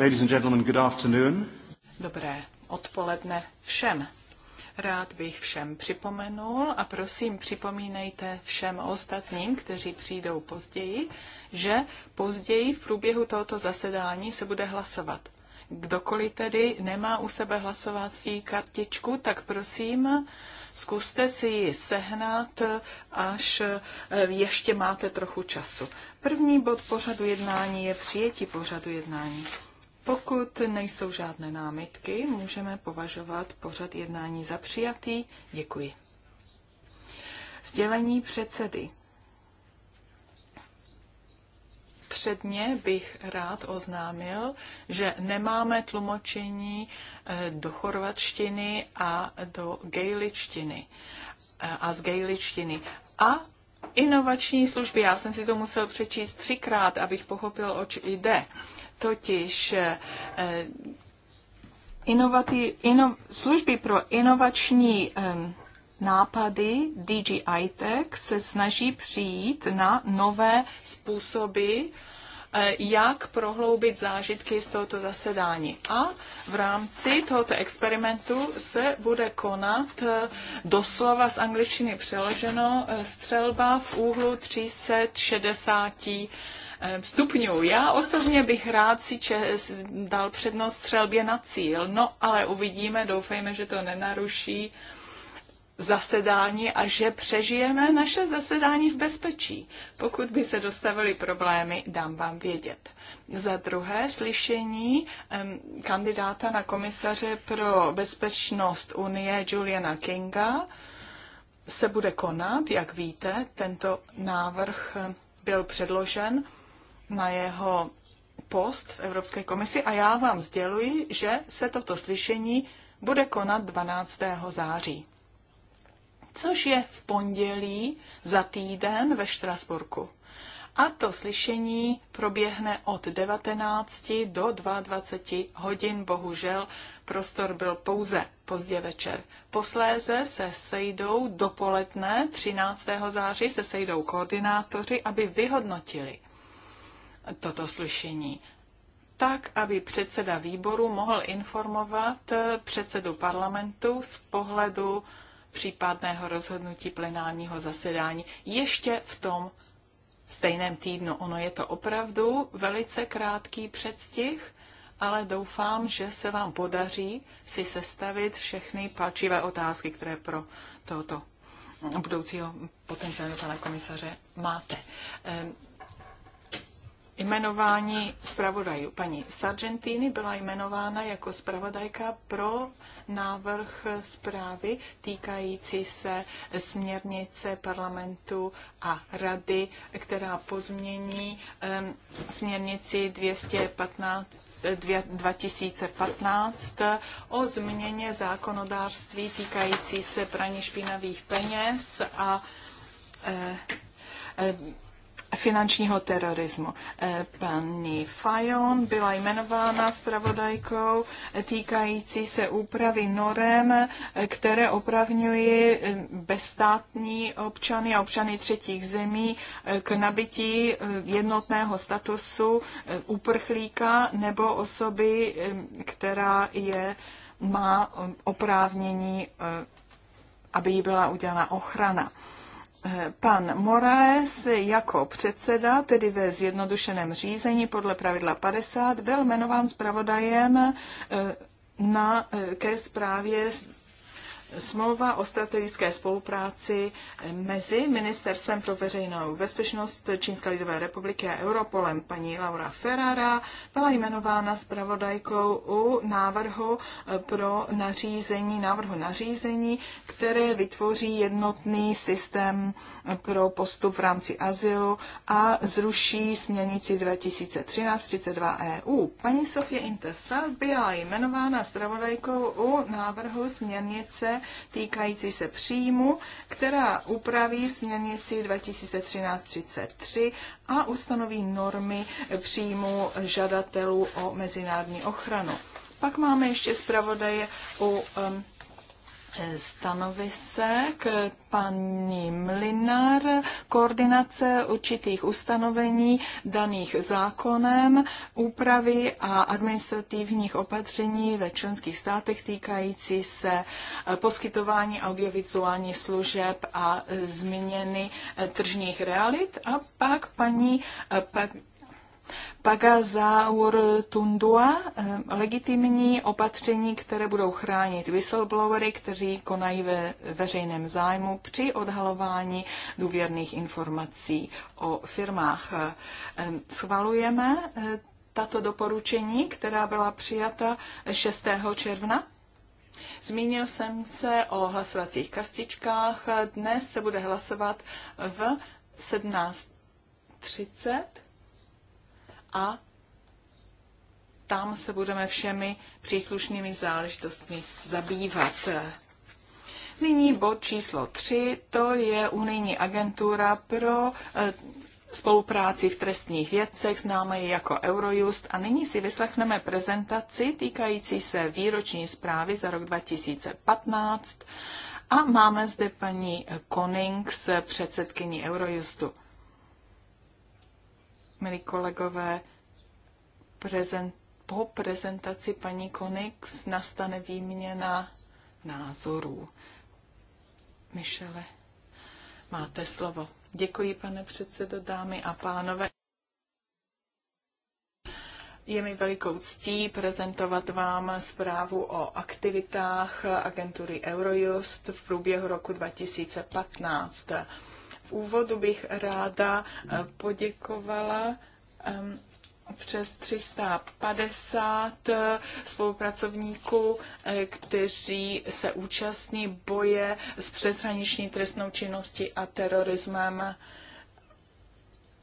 Ladies and gentlemen, good afternoon. Dobré odpoledne všem. Rád bych všem připomenul a prosím připomínejte všem ostatním, kteří přijdou později, že později v průběhu tohoto zasedání se bude hlasovat. Kdokoliv tedy nemá u sebe hlasovací kartičku, tak prosím, zkuste si ji sehnat, až eh, ještě máte trochu času. První bod pořadu jednání je přijetí pořadu jednání. Pokud nejsou žádné námitky, můžeme považovat pořad jednání za přijatý. Děkuji. Sdělení předsedy. Předně bych rád oznámil, že nemáme tlumočení eh, do chorvatštiny a do gejličtiny eh, a z gejličtiny. A inovační služby. Já jsem si to musel přečíst třikrát, abych pochopil, o čem jde totiž eh, ino, služby pro inovační eh, nápady DJI Tech se snaží přijít na nové způsoby, eh, jak prohloubit zážitky z tohoto zasedání. A v rámci tohoto experimentu se bude konat doslova z angličtiny přeloženo střelba v úhlu 360 Eh, stupňů. Já osobně bych rád si čes, dal přednost střelbě na cíl, no ale uvidíme, doufejme, že to nenaruší zasedání a že přežijeme naše zasedání v bezpečí. Pokud by se dostavily problémy, dám vám vědět. Za druhé slyšení kandidáta na komisaře pro bezpečnost Unie Juliana Kinga se bude konat, jak víte, tento návrh eh, byl předložen na jeho post v Evropské komisi a já vám sděluji, že se toto slyšení bude konat 12. září, což je v pondělí za týden ve Štrasburku. A to slyšení proběhne od 19 do 22 hodin. Bohužel prostor byl pouze pozdě večer. Posléze se sejdou dopoledne 13. září, se sejdou koordinátoři, aby vyhodnotili toto slyšení tak, aby předseda výboru mohl informovat eh, předsedu parlamentu z pohledu případného rozhodnutí plenárního zasedání ještě v tom stejném týdnu. Ono je to opravdu velice krátký předstih, ale doufám, že se vám podaří si sestavit všechny palčivé otázky, které pro tohoto budoucího potenciálního pana komisaře máte. Ehm, jmenování zpravodajů. Paní Sargentini byla jmenována jako zpravodajka pro návrh zprávy týkající se směrnice parlamentu a rady, která pozmění um, směrnici 215 2015 o změně zákonodárství týkající se praní špinavých peněz a eh, eh, finančního terorismu. Eh, paní Fajon byla jmenována zpravodajkou týkající se úpravy norem, eh, které opravňují eh, bezstátní občany a občany třetích zemí k nabití jednotného statusu uprchlíka nebo osoby, která je má oprávnění, aby jí byla udělána ochrana. Pan Moraes jako předseda, tedy ve zjednodušeném řízení podle pravidla 50, byl jmenován zpravodajem eh, na, eh, ke zprávě Smlouva o strategické spolupráci mezi Ministerstvem pro veřejnou bezpečnost Čínské lidové republiky a Europolem paní Laura Ferrara byla jmenována zpravodajkou u návrhu pro nařízení, návrhu nařízení, které vytvoří jednotný systém pro postup v rámci azylu a zruší směrnici 2013-32 EU. Paní Sofie Interfeld byla jmenována zpravodajkou u návrhu směrnice týkající se příjmu, která upraví směrnici 2013-33 a ustanoví normy příjmu žadatelů o mezinárodní ochranu. Pak máme ještě zpravodaje u um, stanovisek paní Mlinar, koordinace určitých ustanovení daných zákonem, úpravy a administrativních opatření ve členských státech týkající se poskytování audiovizuálních služeb a změny tržních realit. A pak paní Pagazaur Tundua, eh, legitimní opatření, které budou chránit whistleblowery, kteří konají ve veřejném zájmu při odhalování důvěrných informací o firmách. Eh, schvalujeme eh, tato doporučení, která byla přijata 6. června Zmínil jsem se o hlasovacích kastičkách. Dnes se bude hlasovat v 17.30 a tam se budeme všemi příslušnými záležitostmi zabývat. Nyní bod číslo 3, to je Unijní agentura pro eh, spolupráci v trestních věcech, známe ji jako Eurojust a nyní si vyslechneme prezentaci týkající se výroční zprávy za rok 2015 a máme zde paní Konings, předsedkyni Eurojustu milí kolegové, prezent, po prezentaci paní Konix nastane výměna názorů. Michele, máte slovo. Děkuji, pane předsedo, dámy a pánové. Je mi velikou ctí prezentovat vám zprávu o aktivitách agentury Eurojust v průběhu roku 2015. V úvodu bych ráda eh, poděkovala ehm, přes 350 eh, spolupracovníků, eh, kteří se účastní boje s přeshraniční trestnou činností a terorismem.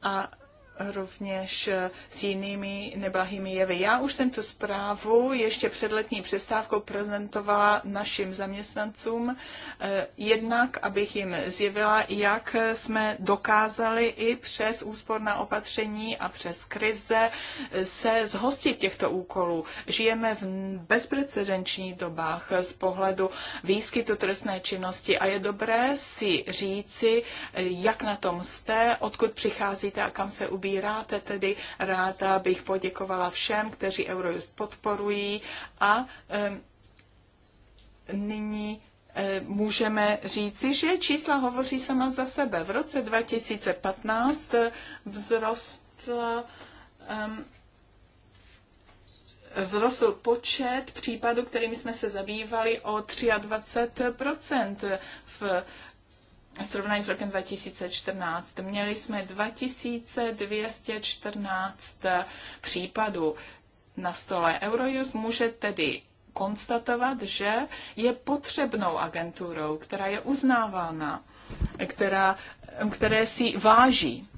A rovněž s jinými neblahými jevy. Já už jsem tu zprávu ještě před letní přestávkou prezentovala našim zaměstnancům, eh, jednak abych jim zjevila, jak jsme dokázali i přes úsporná opatření a přes krize eh, se zhostit těchto úkolů. Žijeme v bezprecedenčních dobách z pohledu výskytu trestné činnosti a je dobré si říci, eh, jak na tom jste, odkud přicházíte a kam se ubíráte odebíráte tedy. Ráda bych poděkovala všem, kteří Eurojust podporují a e, nyní můžeme říci, že čísla hovoří sama za sebe. V roce 2015 eh, vzrostla um, vzrostl počet případů, kterými jsme se zabývali o 23 v srovnání s rokem 2014. Měli jsme 2214 případů na stole. Eurojust může tedy konstatovat, že je potřebnou agenturou, která je uznávána, která, které si váží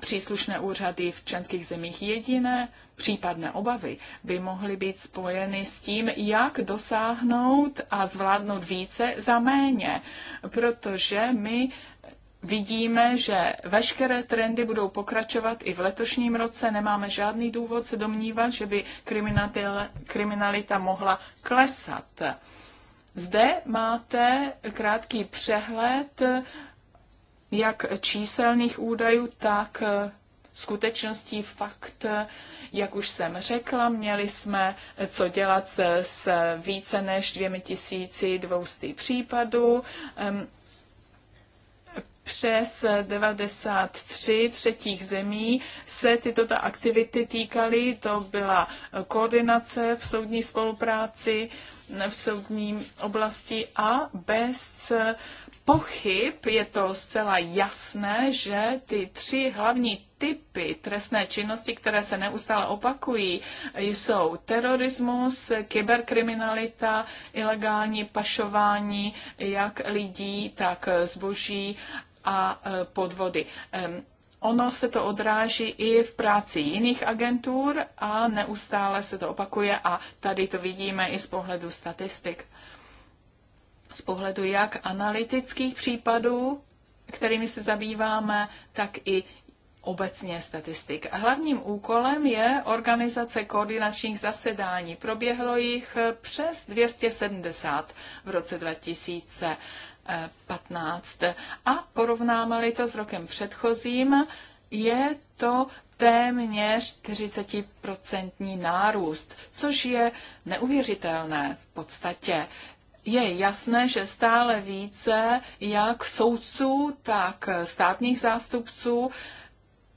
příslušné úřady v členských zemích. Jediné případné obavy by mohly být spojeny s tím, jak dosáhnout a zvládnout více za méně, protože my vidíme, že veškeré trendy budou pokračovat i v letošním roce. Nemáme žádný důvod se domnívat, že by kriminalita mohla klesat. Zde máte krátký přehled jak číselných údajů, tak skutečností fakt, jak už jsem řekla, měli jsme co dělat s více než 2200 případů přes 93 třetích zemí se tyto ta aktivity týkaly. To byla koordinace v soudní spolupráci v soudní oblasti a bez pochyb, je to zcela jasné, že ty tři hlavní typy trestné činnosti, které se neustále opakují, jsou terorismus, kyberkriminalita, ilegální pašování jak lidí, tak zboží a e, podvody. Ono se to odráží i v práci jiných agentur a neustále se to opakuje a tady to vidíme i z pohledu statistik z pohledu jak analytických případů, kterými se zabýváme, tak i obecně statistik. hlavním úkolem je organizace koordinačních zasedání. Proběhlo jich přes 270 v roce 2015. A porovnáme-li to s rokem předchozím, je to téměř 40% nárůst, což je neuvěřitelné v podstatě je jasné, že stále více jak soudců, tak státních zástupců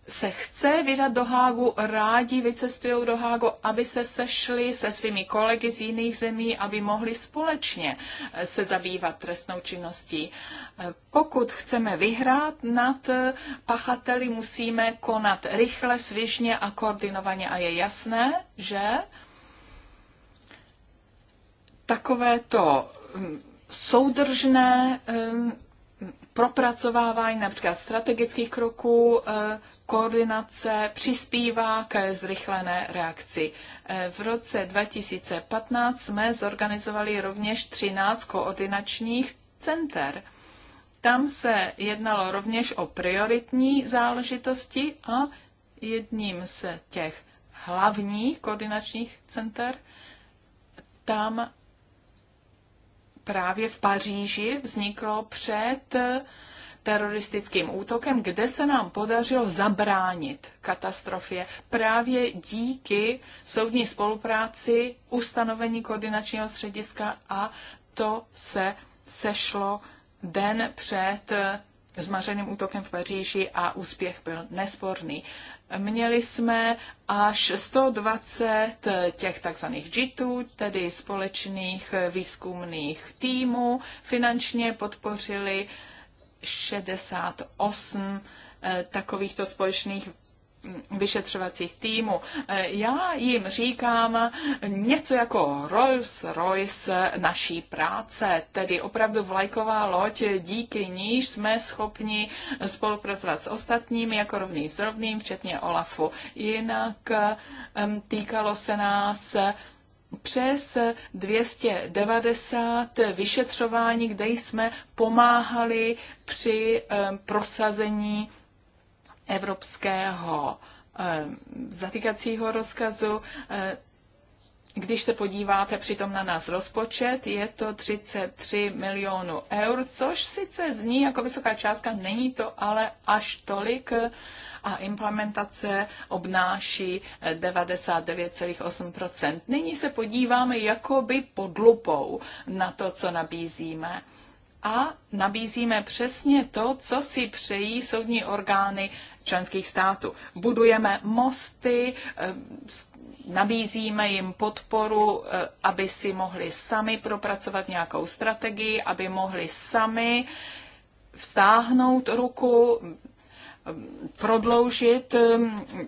se chce vydat do Hágu, rádi vycestují do Hágu, aby se sešli se svými kolegy z jiných zemí, aby mohli společně se zabývat trestnou činností. Pokud chceme vyhrát nad pachateli, musíme konat rychle, svižně a koordinovaně. A je jasné, že takovéto soudržné propracovávání například strategických kroků, eh, koordinace přispívá ke zrychlené reakci. Eh, v roce 2015 jsme zorganizovali rovněž 13 koordinačních center. Tam se jednalo rovněž o prioritní záležitosti a jedním z těch hlavních koordinačních center tam právě v Paříži vzniklo před eh, teroristickým útokem, kde se nám podařilo zabránit katastrofě právě díky soudní spolupráci, ustanovení koordinačního střediska a to se sešlo den před eh, zmařeným útokem v Paříži a úspěch byl nesporný. Měli jsme až 120 těch takzvaných JITů, tedy společných výzkumných týmů, finančně podpořili 68 eh, takovýchto společných vyšetřovacích týmů. E, já jim říkám něco jako Rolls Royce naší práce, tedy opravdu vlajková loď, díky níž jsme schopni spolupracovat s ostatními jako rovný s rovným, včetně Olafu. Jinak týkalo se nás přes 290 vyšetřování, kde jsme pomáhali při prosazení evropského eh, zatýkacího rozkazu. Eh, když se podíváte přitom na nás rozpočet, je to 33 milionů eur, což sice zní jako vysoká částka, není to ale až tolik eh, a implementace obnáší 99,8%. Nyní se podíváme jakoby pod lupou na to, co nabízíme a nabízíme přesně to, co si přejí soudní orgány členských států. Budujeme mosty, eh, nabízíme jim podporu, eh, aby si mohli sami propracovat nějakou strategii, aby mohli sami vstáhnout ruku, eh, prodloužit,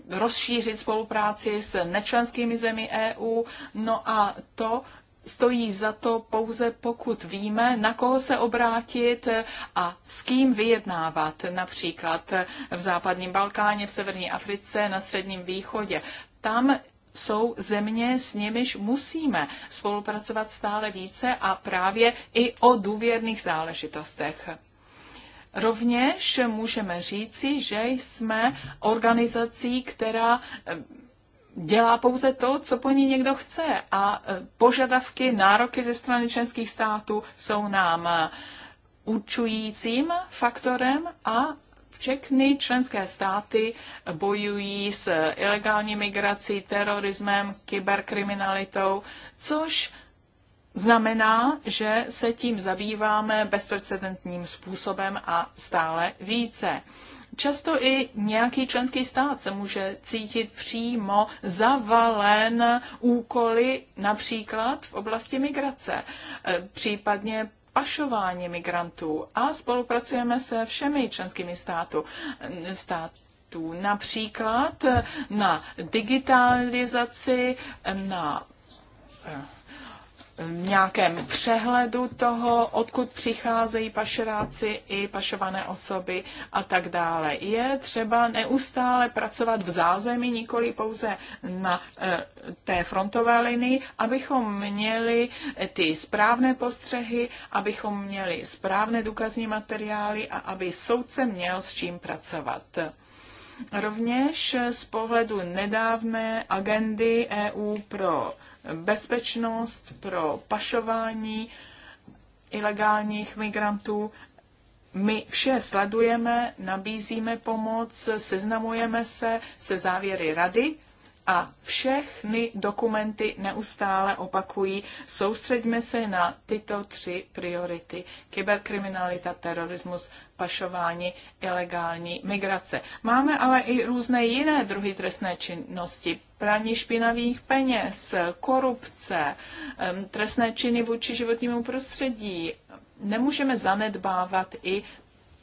rozšířit spolupráci s nečlenskými zemi EU. No a to stojí za to pouze pokud víme, na koho se obrátit a s kým vyjednávat, například v západním Balkáně, v severní Africe, na středním východě. Tam jsou země, s nimiž musíme spolupracovat stále více a právě i o důvěrných záležitostech. Rovněž můžeme říci, že jsme organizací, která dělá pouze to, co po ní někdo chce. A e, požadavky, nároky ze strany členských států jsou nám e, určujícím faktorem a všechny členské státy bojují s ilegální migrací, terorismem, kyberkriminalitou, což znamená, že se tím zabýváme bezprecedentním způsobem a stále více. Často i nějaký členský stát se může cítit přímo zavalen úkoly například v oblasti migrace, e, případně pašování migrantů a spolupracujeme se všemi členskými státu, státy Tu například na digitalizaci, na e, nějakém přehledu toho, odkud přicházejí pašeráci i pašované osoby a tak dále. Je třeba neustále pracovat v zázemí, nikoli pouze na eh, té frontové linii, abychom měli ty správné postřehy, abychom měli správné důkazní materiály a aby soudce měl s čím pracovat. Rovněž z pohledu nedávné agendy EU pro bezpečnost pro pašování ilegálních migrantů. My vše sledujeme, nabízíme pomoc, seznamujeme se se závěry rady a všechny dokumenty neustále opakují, soustředíme se na tyto tři priority. Kyberkriminalita, terorismus, pašování, ilegální migrace. Máme ale i různé jiné druhy trestné činnosti. Praní špinavých peněz, korupce, trestné činy vůči životnímu prostředí. Nemůžeme zanedbávat i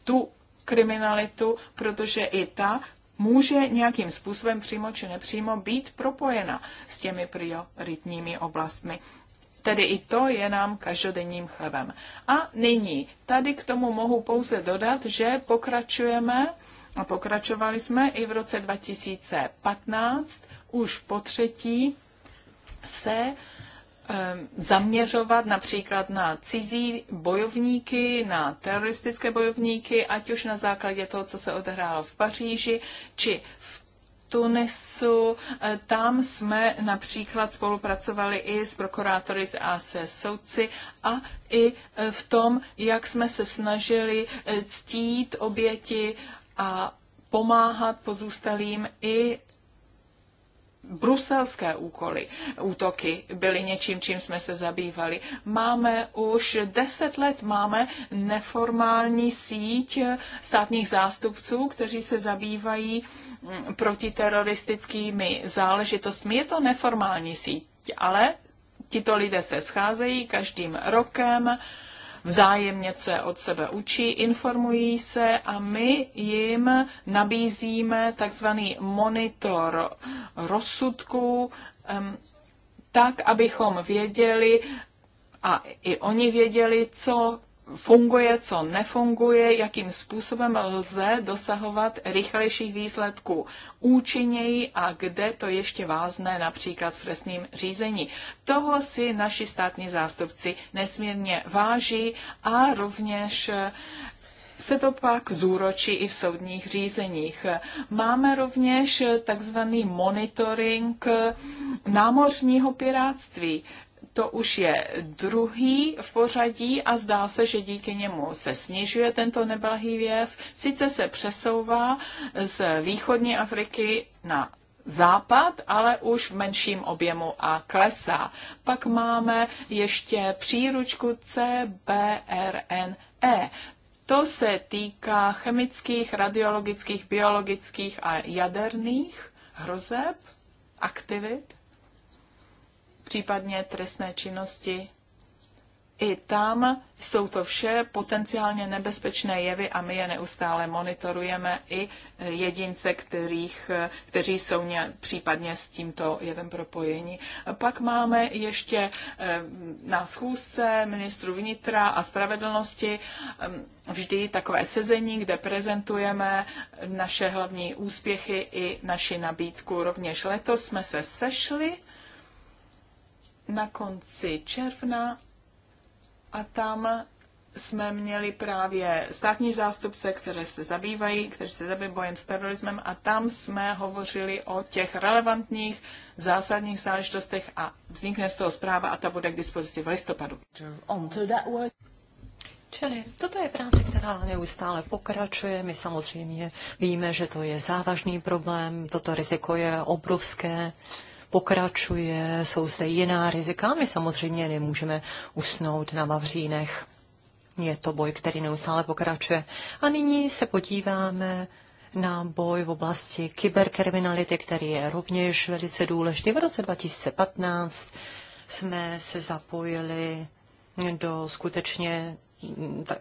tu kriminalitu, protože i ta může nějakým způsobem přímo či nepřímo být propojena s těmi prioritními oblastmi. Tedy i to je nám každodenním chlebem. A nyní, tady k tomu mohu pouze dodat, že pokračujeme a pokračovali jsme i v roce 2015 už po třetí se Ehm, zaměřovat například na cizí bojovníky, na teroristické bojovníky, ať už na základě toho, co se odehrálo v Paříži, či v Tunisu. Eh, tam jsme například spolupracovali i s prokurátory a se soudci a i eh, v tom, jak jsme se snažili eh, ctít oběti a pomáhat pozůstalým i bruselské úkoly, útoky byly něčím, čím jsme se zabývali. Máme už deset let máme neformální síť státních zástupců, kteří se zabývají mm, protiteroristickými záležitostmi. Je to neformální síť, ale tito lidé se scházejí každým rokem, vzájemně se od sebe učí, informují se a my jim nabízíme takzvaný monitor rozsudků, tak, abychom věděli, a i oni věděli, co funguje, co nefunguje, jakým způsobem lze dosahovat rychlejších výsledků účinněji a kde to ještě vázne například v trestním řízení. Toho si naši státní zástupci nesmírně váží a rovněž eh, se to pak zúročí i v soudních řízeních. Máme rovněž eh, takzvaný monitoring eh, námořního piráctví to už je druhý v pořadí a zdá se, že díky němu se snižuje tento neblahý věv. Sice se přesouvá z východní Afriky na západ, ale už v menším objemu a klesá. Pak máme ještě příručku CBRNE. To se týká chemických, radiologických, biologických a jaderných hrozeb, aktivit případně trestné činnosti. I tam jsou to vše potenciálně nebezpečné jevy a my je neustále monitorujeme i eh, jedince, kterých, eh, kteří jsou ně, případně s tímto jevem propojeni. Pak máme ještě eh, na schůzce ministru vnitra a spravedlnosti vždy takové sezení, kde prezentujeme naše hlavní úspěchy i naši nabídku. Rovněž letos jsme se sešli na konci června a tam jsme měli právě státní zástupce, které se zabývají, kteří se zabývají bojem s terorismem a tam jsme hovořili o těch relevantních zásadních záležitostech a vznikne z toho zpráva a ta bude k dispozici v listopadu. Čili toto je práce, která neustále pokračuje. My samozřejmě víme, že to je závažný problém, toto riziko je obrovské pokračuje, jsou zde jiná rizika. My samozřejmě nemůžeme usnout na Vavřínech. Je to boj, který neustále pokračuje. A nyní se podíváme na boj v oblasti kyberkriminality, který je rovněž velice důležitý. V roce 2015 jsme se zapojili do skutečně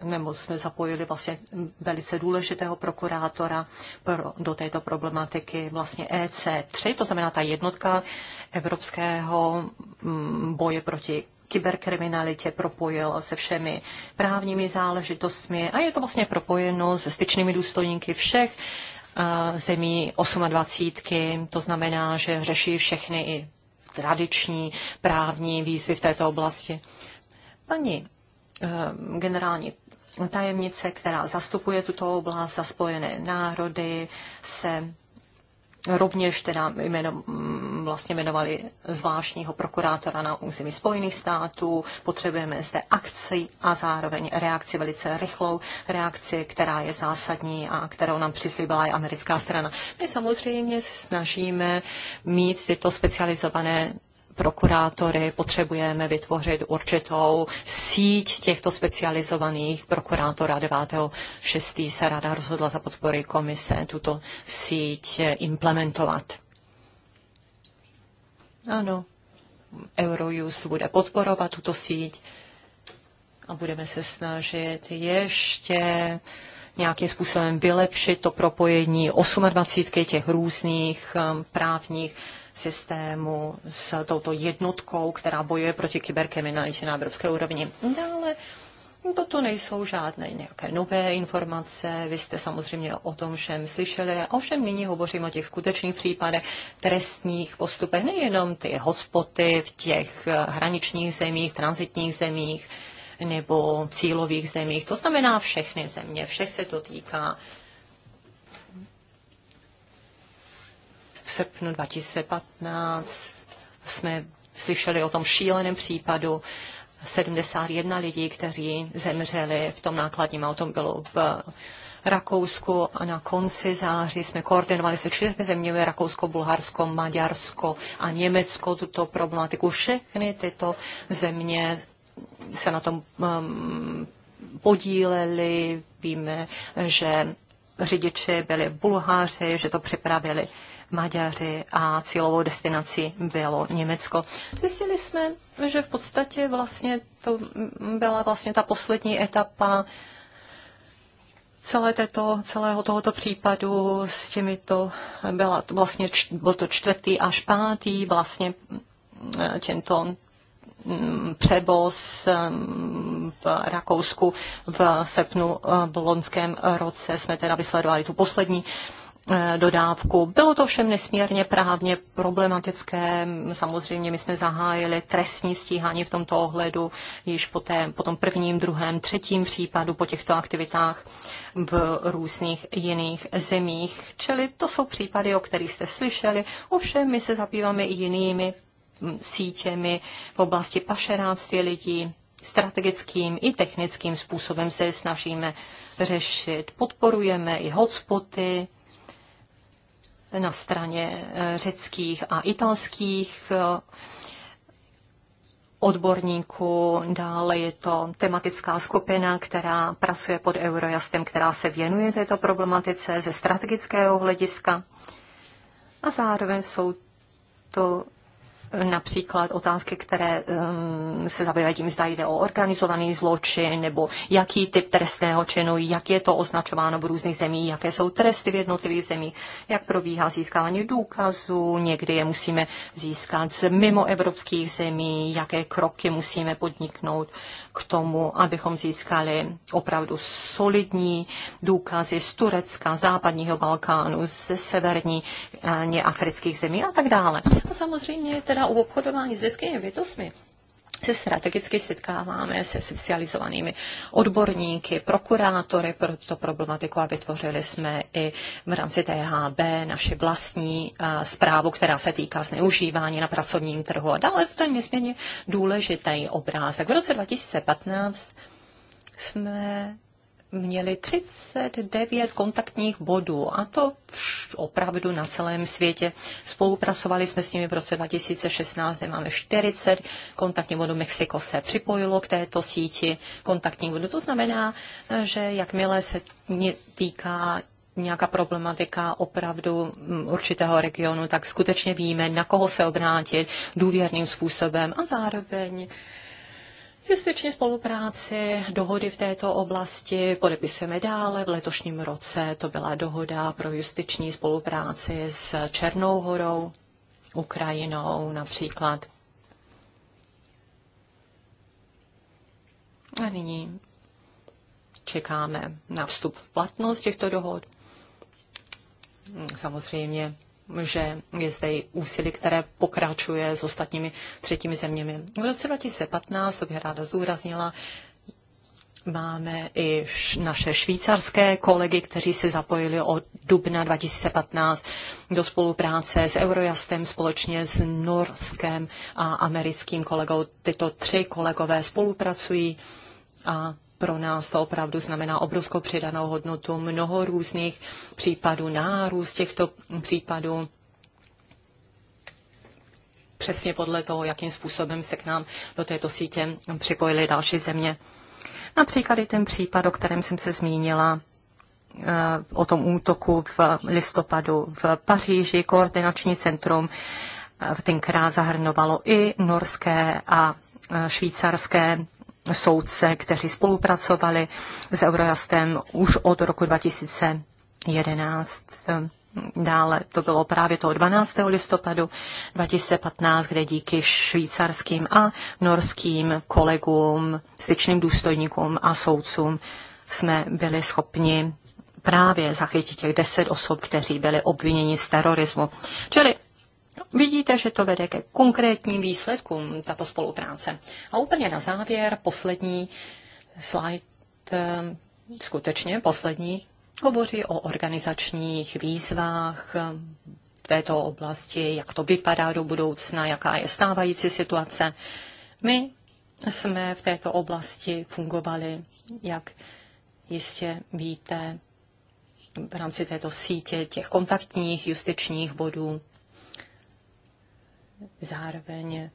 nebo jsme zapojili vlastně velice důležitého prokurátora pro, do této problematiky, vlastně EC3, to znamená ta jednotka evropského mm, boje proti kyberkriminalitě propojil se všemi právními záležitostmi a je to vlastně propojeno se styčnými důstojníky všech zemí 28. To znamená, že řeší všechny i tradiční právní výzvy v této oblasti. Paní Eh, generální tajemnice, která zastupuje tuto oblast za spojené národy, se rovněž teda jmeno, mm, vlastně jmenovali zvláštního prokurátora na území Spojených států. Potřebujeme zde akci a zároveň reakci, velice rychlou reakci, která je zásadní a kterou nám přislíbila i americká strana. My samozřejmě se snažíme mít tyto specializované prokurátory, potřebujeme vytvořit určitou síť těchto specializovaných prokurátora 9.6. se rada rozhodla za podpory komise tuto síť implementovat. Ano, Eurojust bude podporovat tuto síť a budeme se snažit ještě nějakým způsobem vylepšit to propojení 28 těch různých um, právních systému s touto jednotkou, která bojuje proti kyberkriminalitě na evropské úrovni. Dále Toto nejsou žádné nějaké nové informace, vy jste samozřejmě o tom všem slyšeli, ovšem nyní hovořím o těch skutečných případech trestních postupech, nejenom ty hotspoty v těch eh, hraničních zemích, transitních zemích nebo cílových zemích, to znamená všechny země, všech se to týká v srpnu 2015 jsme slyšeli o tom šíleném případu 71 lidí, kteří zemřeli v tom nákladním automobilu v Rakousku a na konci září jsme koordinovali se čtyřmi zeměmi Rakousko, Bulharsko, Maďarsko a Německo tuto problematiku. Všechny tyto země se na tom um, podíleli. Víme, že řidiči byli Bulháři, že to připravili Maďaři a cílovou destinací bylo Německo. Zjistili jsme, že v podstatě vlastně to byla vlastně ta poslední etapa celé této, celého tohoto případu s těmi to byla vlastně, byl to čtvrtý až pátý vlastně eh, tento mm, přeboz mm, v Rakousku v srpnu eh, v loňském roce. Jsme teda vysledovali tu poslední Eh, dodávku. Bylo to všem nesmírně právně problematické. Samozřejmě my jsme zahájili trestní stíhání v tomto ohledu již po, té, po tom prvním, druhém, třetím případu po těchto aktivitách v různých jiných zemích. Čili to jsou případy, o kterých jste slyšeli. Ovšem my se zabýváme i jinými hm, sítěmi v oblasti pašeráctví lidí, strategickým i technickým způsobem se snažíme řešit. Podporujeme i hotspoty, na straně eh, řeckých a italských eh, odborníků, dále je to tematická skupina, která pracuje pod Eurojastem, která se věnuje této problematice ze strategického hlediska. A zároveň jsou to například otázky, které um, se zabývají tím, zda jde o organizovaný zločin nebo jaký typ trestného činu, jak je to označováno v různých zemích, jaké jsou tresty v jednotlivých zemích, jak probíhá získávání důkazů, někdy je musíme získat z mimo evropských zemí, jaké kroky musíme podniknout k tomu, abychom získali opravdu solidní důkazy z Turecka, západního Balkánu, ze severní eh, afrických zemí a tak dále. A samozřejmě teda u obchodování s lidskými bytostmi se strategicky setkáváme se specializovanými odborníky, prokurátory pro tuto problematiku a vytvořili jsme i v rámci THB naši vlastní zprávu, která se týká zneužívání na pracovním trhu. A dále to je nesmírně důležitý obrázek. V roce 2015 jsme měli 39 kontaktních bodů a to opravdu na celém světě. Spolupracovali jsme s nimi v roce 2016, kde máme 40 kontaktních bodů. Mexiko se připojilo k této síti kontaktních bodů. To znamená, že jakmile se týká nějaká problematika opravdu mm, určitého regionu, tak skutečně víme, na koho se obrátit důvěrným způsobem a zároveň Justiční spolupráci, dohody v této oblasti podepisujeme dále. V letošním roce to byla dohoda pro justiční spolupráci s Černou horou, Ukrajinou například. A nyní čekáme na vstup v platnost těchto dohod. Samozřejmě že je zde i úsilí, které pokračuje s ostatními třetími zeměmi. V roce 2015, to bych ráda zdůraznila, Máme i naše švýcarské kolegy, kteří se zapojili od dubna 2015 do spolupráce s Eurojastem společně s norským a americkým kolegou. Tyto tři kolegové spolupracují a pro nás to opravdu znamená obrovskou přidanou hodnotu, mnoho různých případů, nárůst těchto případů přesně podle toho, jakým způsobem se k nám do této sítě připojily další země. Například i ten případ, o kterém jsem se zmínila, eh, o tom útoku v listopadu v Paříži, koordinační centrum eh, tenkrát zahrnovalo i norské a eh, švýcarské soudce, kteří spolupracovali s Eurojustem už od roku 2011. Dále to bylo právě toho 12. listopadu 2015, kde díky švýcarským a norským kolegům, styčným důstojníkům a soudcům jsme byli schopni právě zachytit těch deset osob, kteří byli obviněni z terorismu. Čili Vidíte, že to vede ke konkrétním výsledkům, tato spolupráce. A úplně na závěr, poslední slide, ehm, skutečně poslední, hovoří o organizačních výzvách ehm, v této oblasti, jak to vypadá do budoucna, jaká je stávající situace. My jsme v této oblasti fungovali, jak jistě víte, v rámci této sítě těch kontaktních justičních bodů Zároveň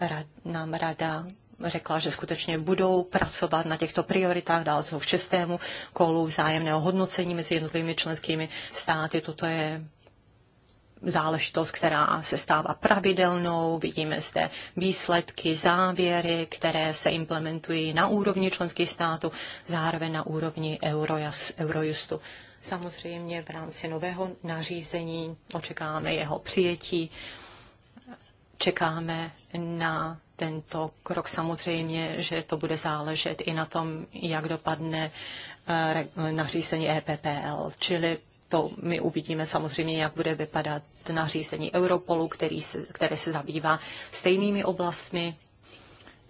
rad, nám rada řekla, že skutečně budou pracovat na těchto prioritách, dál to k šestému kolu vzájemného hodnocení mezi jednotlivými členskými státy. Toto je záležitost, která se stává pravidelnou. Vidíme zde výsledky, závěry, které se implementují na úrovni členských států, zároveň na úrovni Eurojustu. Samozřejmě v rámci nového nařízení očekáme jeho přijetí čekáme na tento krok. Samozřejmě, že to bude záležet i na tom, jak dopadne eh, nařízení EPPL, čili to my uvidíme samozřejmě, jak bude vypadat nařízení Europolu, který se, které se zabývá stejnými oblastmi.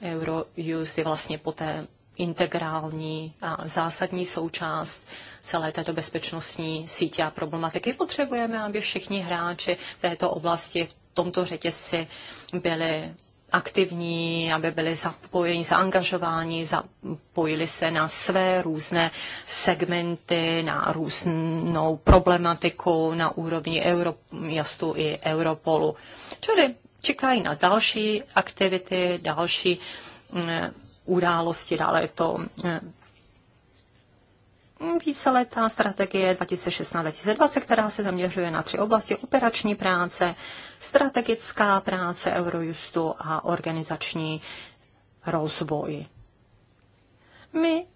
Eurojust je vlastně poté integrální a zásadní součást celé této bezpečnostní sítě a problematiky. Potřebujeme, aby všichni hráči v této oblasti, v tomto řetězci byli aktivní, aby byli zapojeni, zaangažováni, zapojili se na své různé segmenty, na různou problematiku na úrovni Eurojustu i Europolu. Čili čekají nás další aktivity, další mm, události, dále je to mm, Mm, víceletá strategie 2016-2020, která se zaměřuje na tři oblasti operační práce, strategická práce Eurojustu a organizační rozvoj. My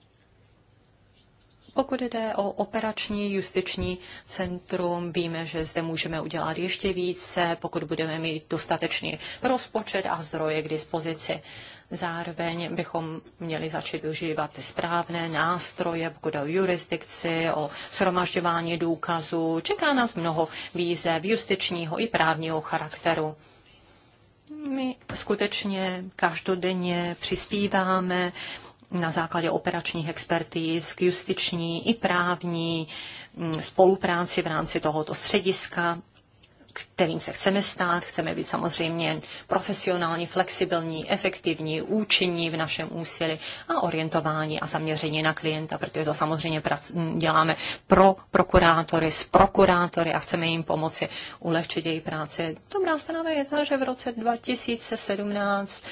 pokud jde o operační justiční centrum, víme, že zde můžeme udělat ještě více, pokud budeme mít dostatečný rozpočet a zdroje k dispozici. Zároveň bychom měli začít užívat ty správné nástroje, pokud o jurisdikci, o shromažďování důkazů. Čeká nás mnoho výzev justičního i právního charakteru. My skutečně každodenně přispíváme na základě operačních expertíz k justiční i právní mm, spolupráci v rámci tohoto střediska kterým se chceme stát. Chceme být samozřejmě profesionální, flexibilní, efektivní, účinní v našem úsilí a orientování a zaměření na klienta, protože to samozřejmě děláme pro prokurátory, s prokurátory a chceme jim pomoci ulehčit její práci. Dobrá zpráva je ta, že v roce 2017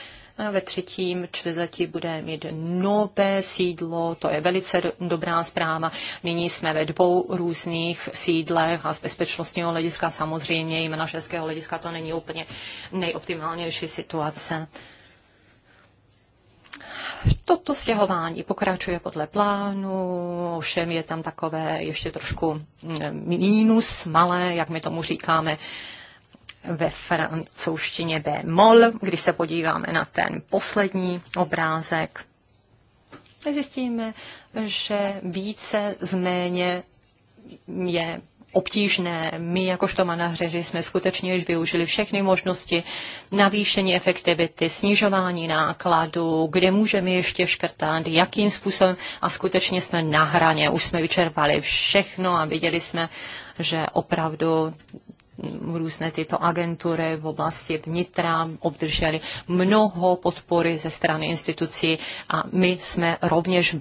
ve třetím čtvrtletí bude mít nové sídlo, to je velice dobrá zpráva. Nyní jsme ve dvou různých sídlech a z bezpečnostního hlediska samozřejmě i manažerského hlediska to není úplně nejoptimálnější situace. Toto stěhování pokračuje podle plánu, ovšem je tam takové ještě trošku mm, mínus malé, jak my tomu říkáme, ve francouzštině B mol. Když se podíváme na ten poslední obrázek, zjistíme, že více z méně je obtížné. My jakožto manažeři jsme skutečně již využili všechny možnosti navýšení efektivity, snižování nákladů, kde můžeme ještě škrtat, jakým způsobem a skutečně jsme na hraně. Už jsme vyčerpali všechno a viděli jsme, že opravdu různé tyto agentury v oblasti vnitra obdrželi mnoho podpory ze strany institucí a my jsme rovněž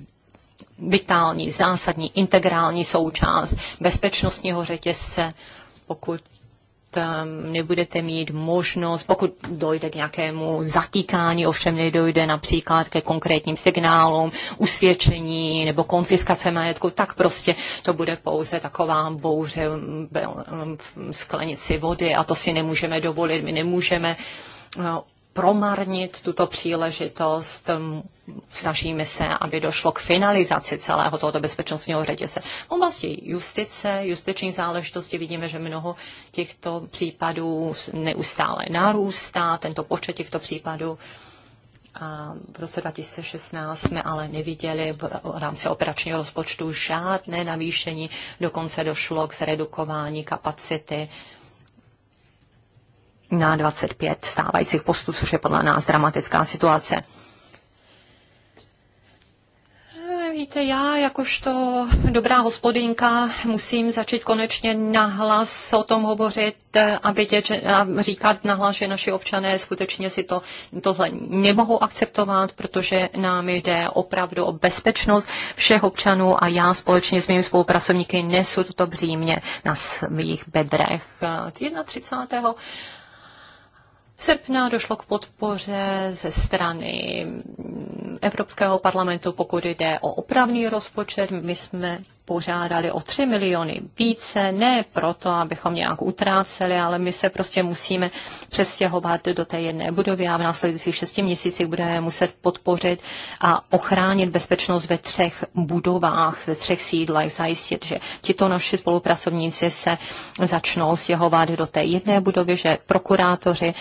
vitální, zásadní, integrální součást bezpečnostního řetězce, pokud nebudete mít možnost, pokud dojde k nějakému zatýkání, ovšem nedojde například ke konkrétním signálům, usvědčení nebo konfiskace majetku, tak prostě to bude pouze taková bouře v sklenici vody a to si nemůžeme dovolit. My nemůžeme promarnit tuto příležitost. Snažíme se, aby došlo k finalizaci celého tohoto bezpečnostního řetězce. V oblasti justice, justiční záležitosti vidíme, že mnoho těchto případů neustále narůstá, tento počet těchto případů. A v roce 2016 jsme ale neviděli v rámci operačního rozpočtu žádné navýšení, dokonce došlo k zredukování kapacity na 25 stávajících postů, což je podle nás dramatická situace. Víte, já jakožto dobrá hospodinka musím začít konečně nahlas o tom hovořit a, vědět, že, a říkat nahlas, že naši občané skutečně si to, tohle nemohou akceptovat, protože nám jde opravdu o bezpečnost všech občanů a já společně s mými spolupracovníky nesu toto břímě na svých bedrech. 31. V srpna došlo k podpoře ze strany Evropského parlamentu, pokud jde o opravný rozpočet. My jsme požádali o 3 miliony více, ne proto, abychom nějak utráceli, ale my se prostě musíme přestěhovat do té jedné budovy a v následujících 6 měsících budeme muset podpořit a ochránit bezpečnost ve třech budovách, ve třech sídlech, zajistit, že tito naši spolupracovníci se začnou stěhovat do té jedné budovy, že prokurátoři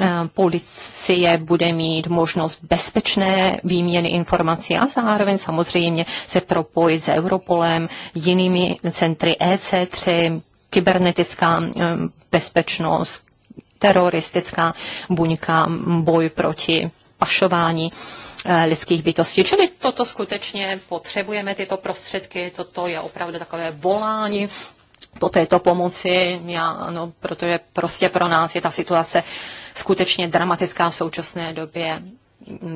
Eh, policie bude mít možnost bezpečné výměny informací a zároveň samozřejmě se propojit s Europolem, jinými centry EC3, kybernetická eh, bezpečnost, teroristická buňka, boj proti pašování eh, lidských bytostí. Čili toto skutečně potřebujeme, tyto prostředky, toto je opravdu takové volání po této pomoci, já, no, protože prostě pro nás je ta situace skutečně dramatická v současné době.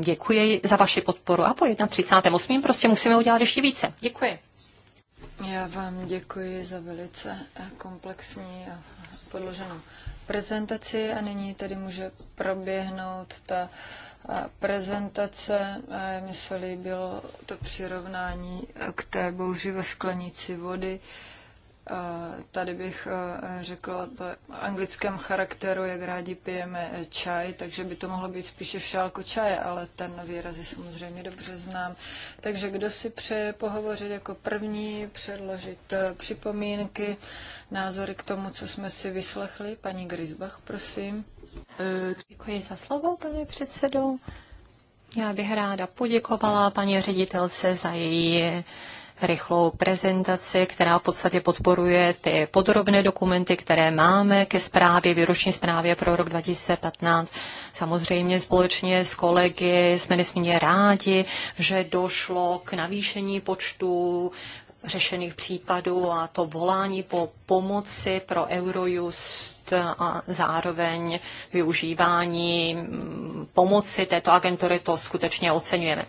Děkuji za vaši podporu a po 31.8. prostě musíme udělat ještě více. Děkuji. Já vám děkuji za velice komplexní a podloženou prezentaci a nyní tedy může proběhnout ta prezentace. Mně se líbilo to přirovnání k té bouři ve sklenici vody. Tady bych e, řekla v anglickém charakteru, jak rádi pijeme čaj, takže by to mohlo být spíše v šálku čaje, ale ten výraz je samozřejmě dobře znám. Takže kdo si přeje pohovořit jako první, předložit e, připomínky, názory k tomu, co jsme si vyslechli? Paní Grisbach, prosím. E, děkuji za slovo, pane předsedo. Já bych ráda poděkovala paní ředitelce za její rychlou prezentaci, která v podstatě podporuje ty podrobné dokumenty, které máme ke zprávě, výroční zprávě pro rok 2015. Samozřejmě společně s kolegy jsme nesmírně rádi, že došlo k navýšení počtu řešených případů a to volání po pomoci pro Eurojust a zároveň využívání mm, pomoci této agentury, to skutečně oceňujeme.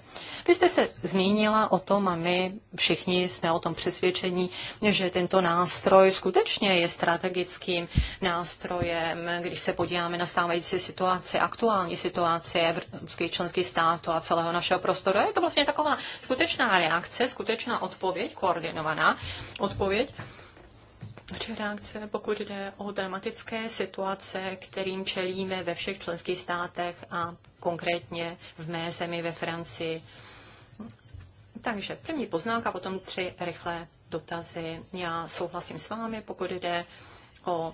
Vy jste se zmínila o tom a my všichni jsme o tom přesvědčení, že tento nástroj skutečně je strategickým nástrojem, když se podíváme na stávající situaci, aktuální situaci evropských členských států a celého našeho prostoru. Je to vlastně taková skutečná reakce, skutečná odpověď, koordinovaná odpověď vaše reakce, pokud jde o dramatické situace, kterým čelíme ve všech členských státech a konkrétně v mé zemi ve Francii. Takže první poznámka, potom tři rychlé dotazy. Já souhlasím s vámi, pokud jde o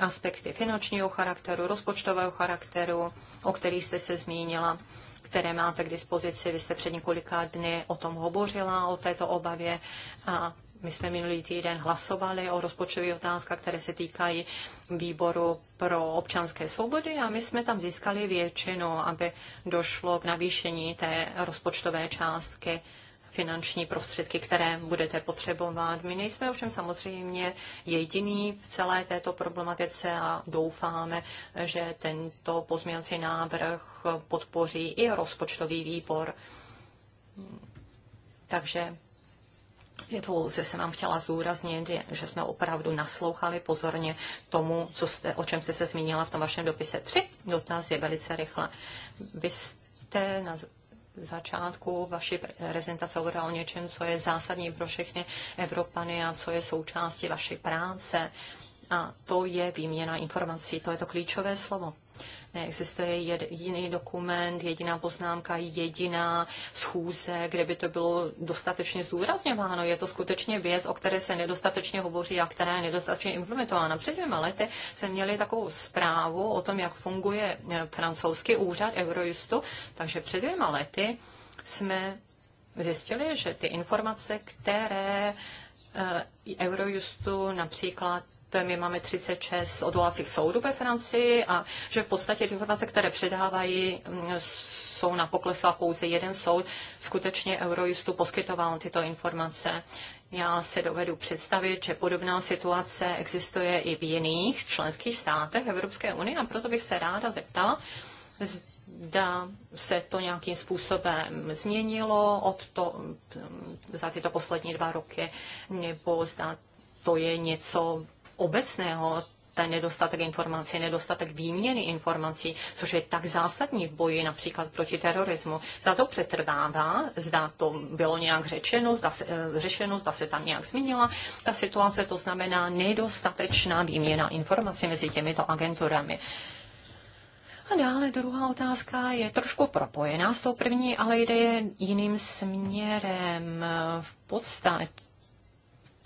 aspekty finančního charakteru, rozpočtového charakteru, o kterých jste se zmínila, které máte k dispozici. Vy jste před několika dny o tom hovořila, o této obavě a my jsme minulý týden hlasovali o rozpočtových otázkách, které se týkají výboru pro občanské svobody a my jsme tam získali většinu, aby došlo k navýšení té rozpočtové částky finanční prostředky, které budete potřebovat. My nejsme ovšem samozřejmě jediný v celé této problematice a doufáme, že tento pozměňovací návrh podpoří i rozpočtový výbor. Takže že jsem vám chtěla zdůraznit, že jsme opravdu naslouchali pozorně tomu, co jste, o čem jste se zmínila v tom vašem dopise. Tři dotaz je velice rychle. Vy jste na začátku vaší prezentace hovorila o něčem, co je zásadní pro všechny Evropany a co je součástí vaší práce. A to je výměna informací. To je to klíčové slovo neexistuje jed, jiný dokument, jediná poznámka, jediná schůze, kde by to bylo dostatečně zdůrazněváno. Je to skutečně věc, o které se nedostatečně hovoří a která je nedostatečně implementována. Před dvěma lety jsme měli takovou zprávu o tom, jak funguje eh, francouzský úřad Eurojustu, takže před dvěma lety jsme zjistili, že ty informace, které eh, Eurojustu například my máme 36 odvolacích soudů ve Francii a že v podstatě informace, které předávají, mm, jsou na a pouze jeden soud. Skutečně Eurojustu poskytoval tyto informace. Já se dovedu představit, že podobná situace existuje i v jiných členských státech Evropské unie a proto bych se ráda zeptala, zda se to nějakým způsobem změnilo od to, mm, za tyto poslední dva roky, nebo zda to je něco, obecného ten nedostatek informací, nedostatek výměny informací, což je tak zásadní v boji například proti terorismu. Za to přetrvává, zda to bylo nějak řečeno, zda se, eh, řešeno, zda se tam nějak změnila ta situace, to znamená nedostatečná výměna informací mezi těmito agenturami. A dále druhá otázka je trošku propojená s tou první, ale jde jiným směrem. V podstatě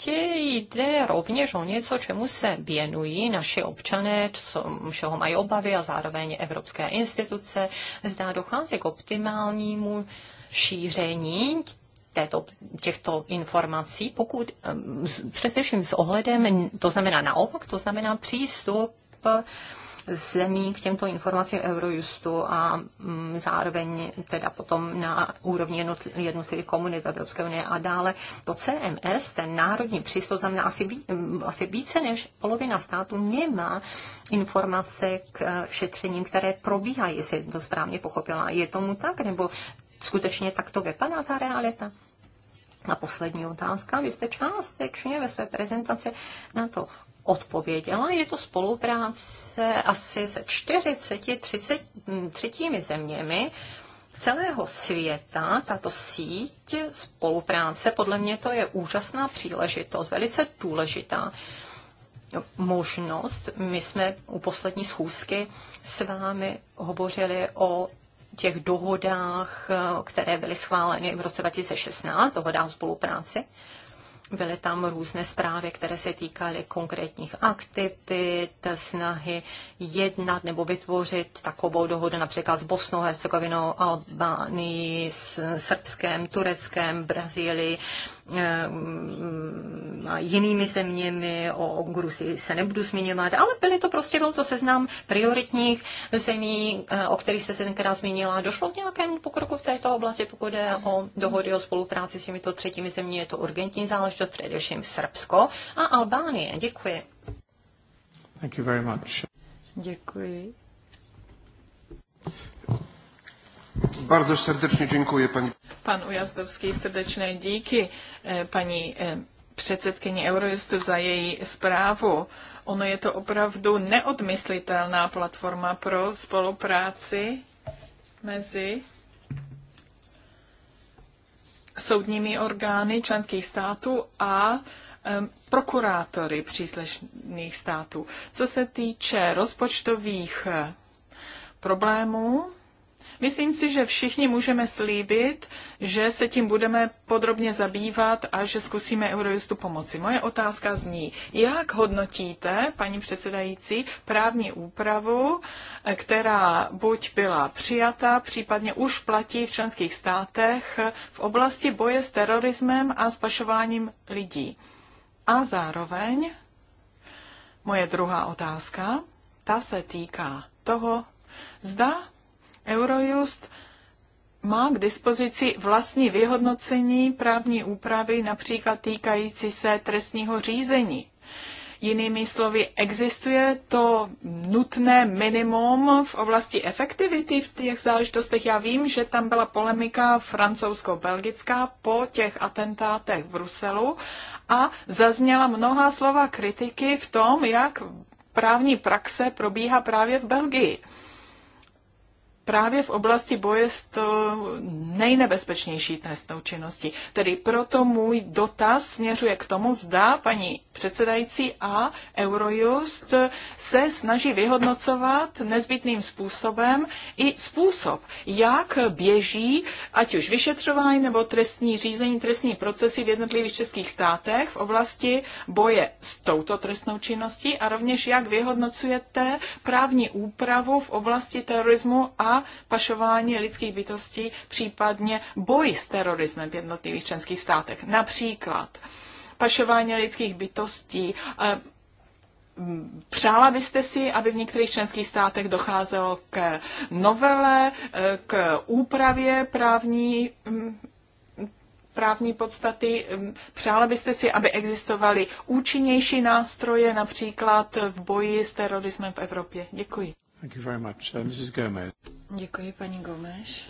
podstatě jde rovněž o něco, čemu se věnují naši občané, co, všeho mají obavy a zároveň evropské instituce. Zdá dochází k optimálnímu šíření této, těchto informací, pokud především s ohledem, to znamená naopak, to znamená přístup zemí k těmto informacím Eurojustu a mm, zároveň teda potom na úrovni jednotlivých komunit Evropské unie a dále. To CMS, ten národní přístup, znamená asi, mm, asi více než polovina států nemá informace k eh, šetřením, které probíhají, jestli to správně pochopila. Je tomu tak, nebo skutečně tak to vypadá ta realita? A poslední otázka. Vy jste částečně ve své prezentaci na to odpověděla. Je to spolupráce asi se 40 30, třetími zeměmi celého světa. Tato síť spolupráce, podle mě to je úžasná příležitost, velice důležitá možnost. My jsme u poslední schůzky s vámi hovořili o těch dohodách, které byly schváleny v roce 2016, dohodách o spolupráci. Byly tam různé zprávy, které se týkaly konkrétních aktivit, snahy jednat nebo vytvořit takovou dohodu například s Bosnou, Hercegovinou, Albánií, s Srbskem, Tureckem, Brazílií Eh, jinými zeměmi, o, Gruzi se nebudu zmiňovat, ale byly to prostě, byl to seznam prioritních zemí, eh, o kterých se tenkrát zmínila. Došlo k nějakému pokroku v této oblasti, pokud je o dohody o spolupráci s těmito třetími zemí, je to urgentní záležitost, především Srbsko a Albánie. Děkuji. Thank you very much. Děkuji. Bardzo serdecznie dziękuję pani. Pan Ujazdowski, serdeczne díky e, pani e, předsedkyni Eurojustu za její zprávu. Ono je to opravdu neodmyslitelná platforma pro spolupráci mezi soudními orgány členských států a e, prokurátory příslušných států. Co se týče rozpočtových problémů, Myslím si, že všichni můžeme slíbit, že se tím budeme podrobně zabývat a že zkusíme Eurojustu pomoci. Moje otázka zní, jak hodnotíte, paní předsedající, právní úpravu, eh, která buď byla přijata, případně už platí v členských státech eh, v oblasti boje s terorismem a spašováním lidí. A zároveň moje druhá otázka, ta se týká toho, zda Eurojust má k dispozici vlastní vyhodnocení právní úpravy, například týkající se trestního řízení. Jinými slovy, existuje to nutné minimum v oblasti efektivity v těch záležitostech. Já vím, že tam byla polemika francouzsko-belgická po těch atentátech v Bruselu a zazněla mnoha slova kritiky v tom, jak právní praxe probíhá právě v Belgii právě v oblasti boje s to nejnebezpečnější trestnou činností. Tedy proto můj dotaz směřuje k tomu, zda paní předsedající a Eurojust se snaží vyhodnocovat nezbytným způsobem i způsob, jak běží ať už vyšetřování nebo trestní řízení, trestní procesy v jednotlivých českých státech v oblasti boje s touto trestnou činností a rovněž jak vyhodnocujete právní úpravu v oblasti terorismu a pašování lidských bytostí, případně boj s terorismem v jednotlivých členských státech. Například pašování lidských bytostí, eh, Přála byste si, aby v některých členských státech docházelo k novele, eh, k úpravě právní, mm, právní podstaty? Mm, přála byste si, aby existovaly účinnější nástroje, například v boji s terorismem v Evropě? Děkuji. Thank you very much. Uh, Mrs. Gomez. Děkuji, paní Gomes.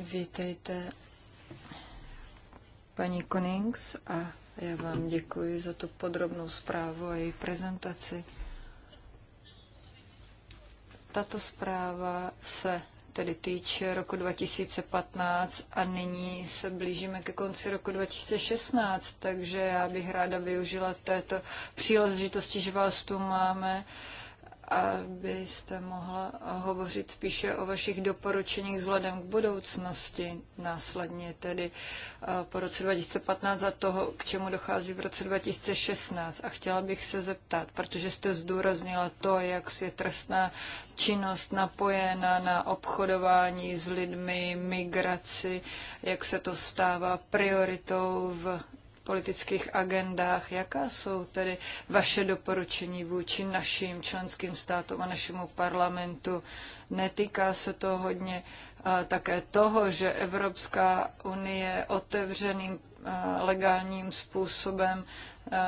Vítejte, paní Konings, a já vám děkuji za tu podrobnou zprávu a její prezentaci. Tato zpráva se tedy týč roku 2015 a nyní se blížíme ke konci roku 2016, takže já bych ráda využila této příležitosti, že vás tu máme abyste mohla hovořit spíše o vašich doporučeních vzhledem k budoucnosti, následně tedy eh, po roce 2015 a toho, k čemu dochází v roce 2016. A chtěla bych se zeptat, protože jste zdůraznila to, jak je trestná činnost napojena na obchodování s lidmi, migraci, jak se to stává prioritou v politických agendách. Jaká jsou tedy vaše doporučení vůči našim členským státům a našemu parlamentu? Netýká se to hodně eh, také toho, že Evropská unie otevřeným eh, legálním způsobem eh,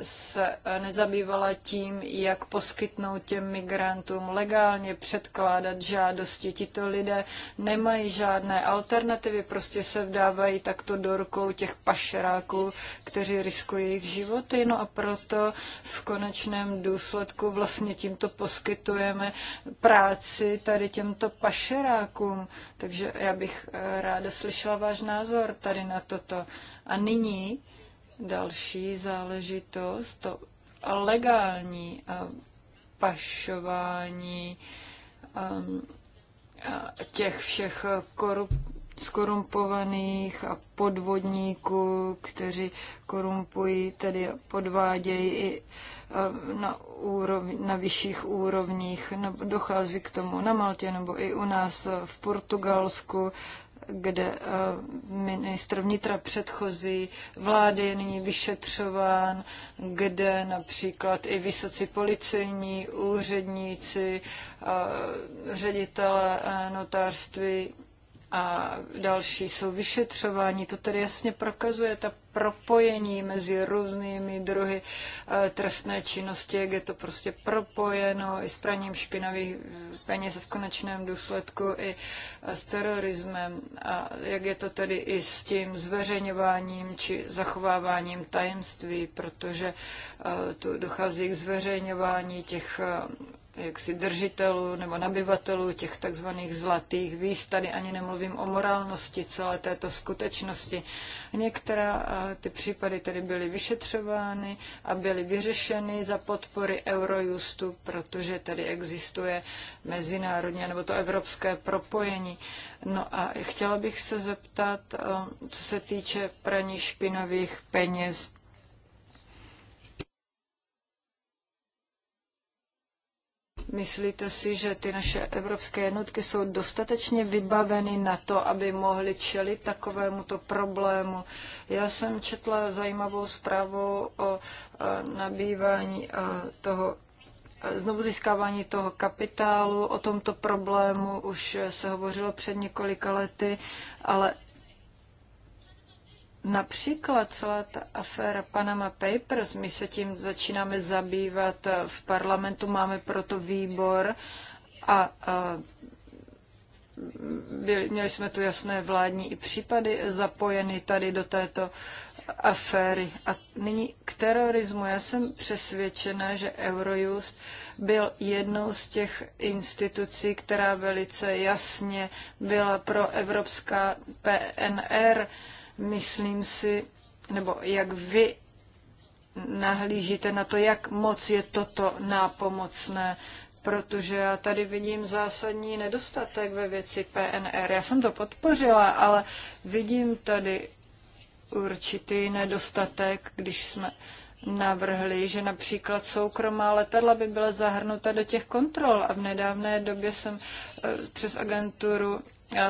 se nezabývala tím, jak poskytnout těm migrantům legálně předkládat žádosti. Tito lidé nemají žádné alternativy, prostě se vdávají takto do rukou těch pašeráků, kteří riskují jejich životy. No a proto v konečném důsledku vlastně tímto poskytujeme práci tady těmto pašerákům. Takže já bych eh, ráda slyšela váš názor tady na toto. A nyní další záležitost, to legální eh, pašování eh, eh, těch všech korup, skorumpovaných a podvodníků, kteří korumpují, tedy podvádějí i na, úrovni, na vyšších úrovních, no, dochází k tomu na Maltě nebo i u nás v Portugalsku kde eh, ministr vnitra předchozí vlády je nyní vyšetřován, kde například i vysocí policejní úředníci, eh, ředitele eh, notářství a další jsou vyšetřování. To tedy jasně prokazuje ta propojení mezi různými druhy eh, trestné činnosti, jak je to prostě propojeno i s praním špinavých eh, peněz v konečném důsledku, i eh, s terorismem, a jak je to tedy i s tím zveřejňováním či zachováváním tajemství, protože tu dochází k zveřejňování těch jaksi držitelů nebo nabyvatelů těch takzvaných zlatých víz. Tady ani nemluvím o morálnosti celé této skutečnosti. Některá ty případy tedy byly vyšetřovány a byly vyřešeny za podpory Eurojustu, protože tady existuje mezinárodně nebo to evropské propojení. No a chtěla bych se zeptat, co se týče praní špinavých peněz Myslíte si, že ty naše evropské jednotky jsou dostatečně vybaveny na to, aby mohly čelit takovémuto problému? Já jsem četla zajímavou zprávu o e, nabývání e, toho e, znovu získávání toho kapitálu. O tomto problému už se hovořilo před několika lety, ale Například celá ta aféra Panama Papers, my se tím začínáme zabývat eh, v parlamentu, máme proto výbor a, a byli, měli jsme tu jasné vládní i případy zapojeny tady do této aféry. A nyní k terorismu. Já jsem přesvědčena, že Eurojust byl jednou z těch institucí, která velice jasně byla pro evropská PNR, Myslím si, nebo jak vy nahlížíte na to, jak moc je toto nápomocné, protože já tady vidím zásadní nedostatek ve věci PNR. Já jsem to podpořila, ale vidím tady určitý nedostatek, když jsme navrhli, že například soukromá letadla by byla zahrnuta do těch kontrol. A v nedávné době jsem eh, přes agenturu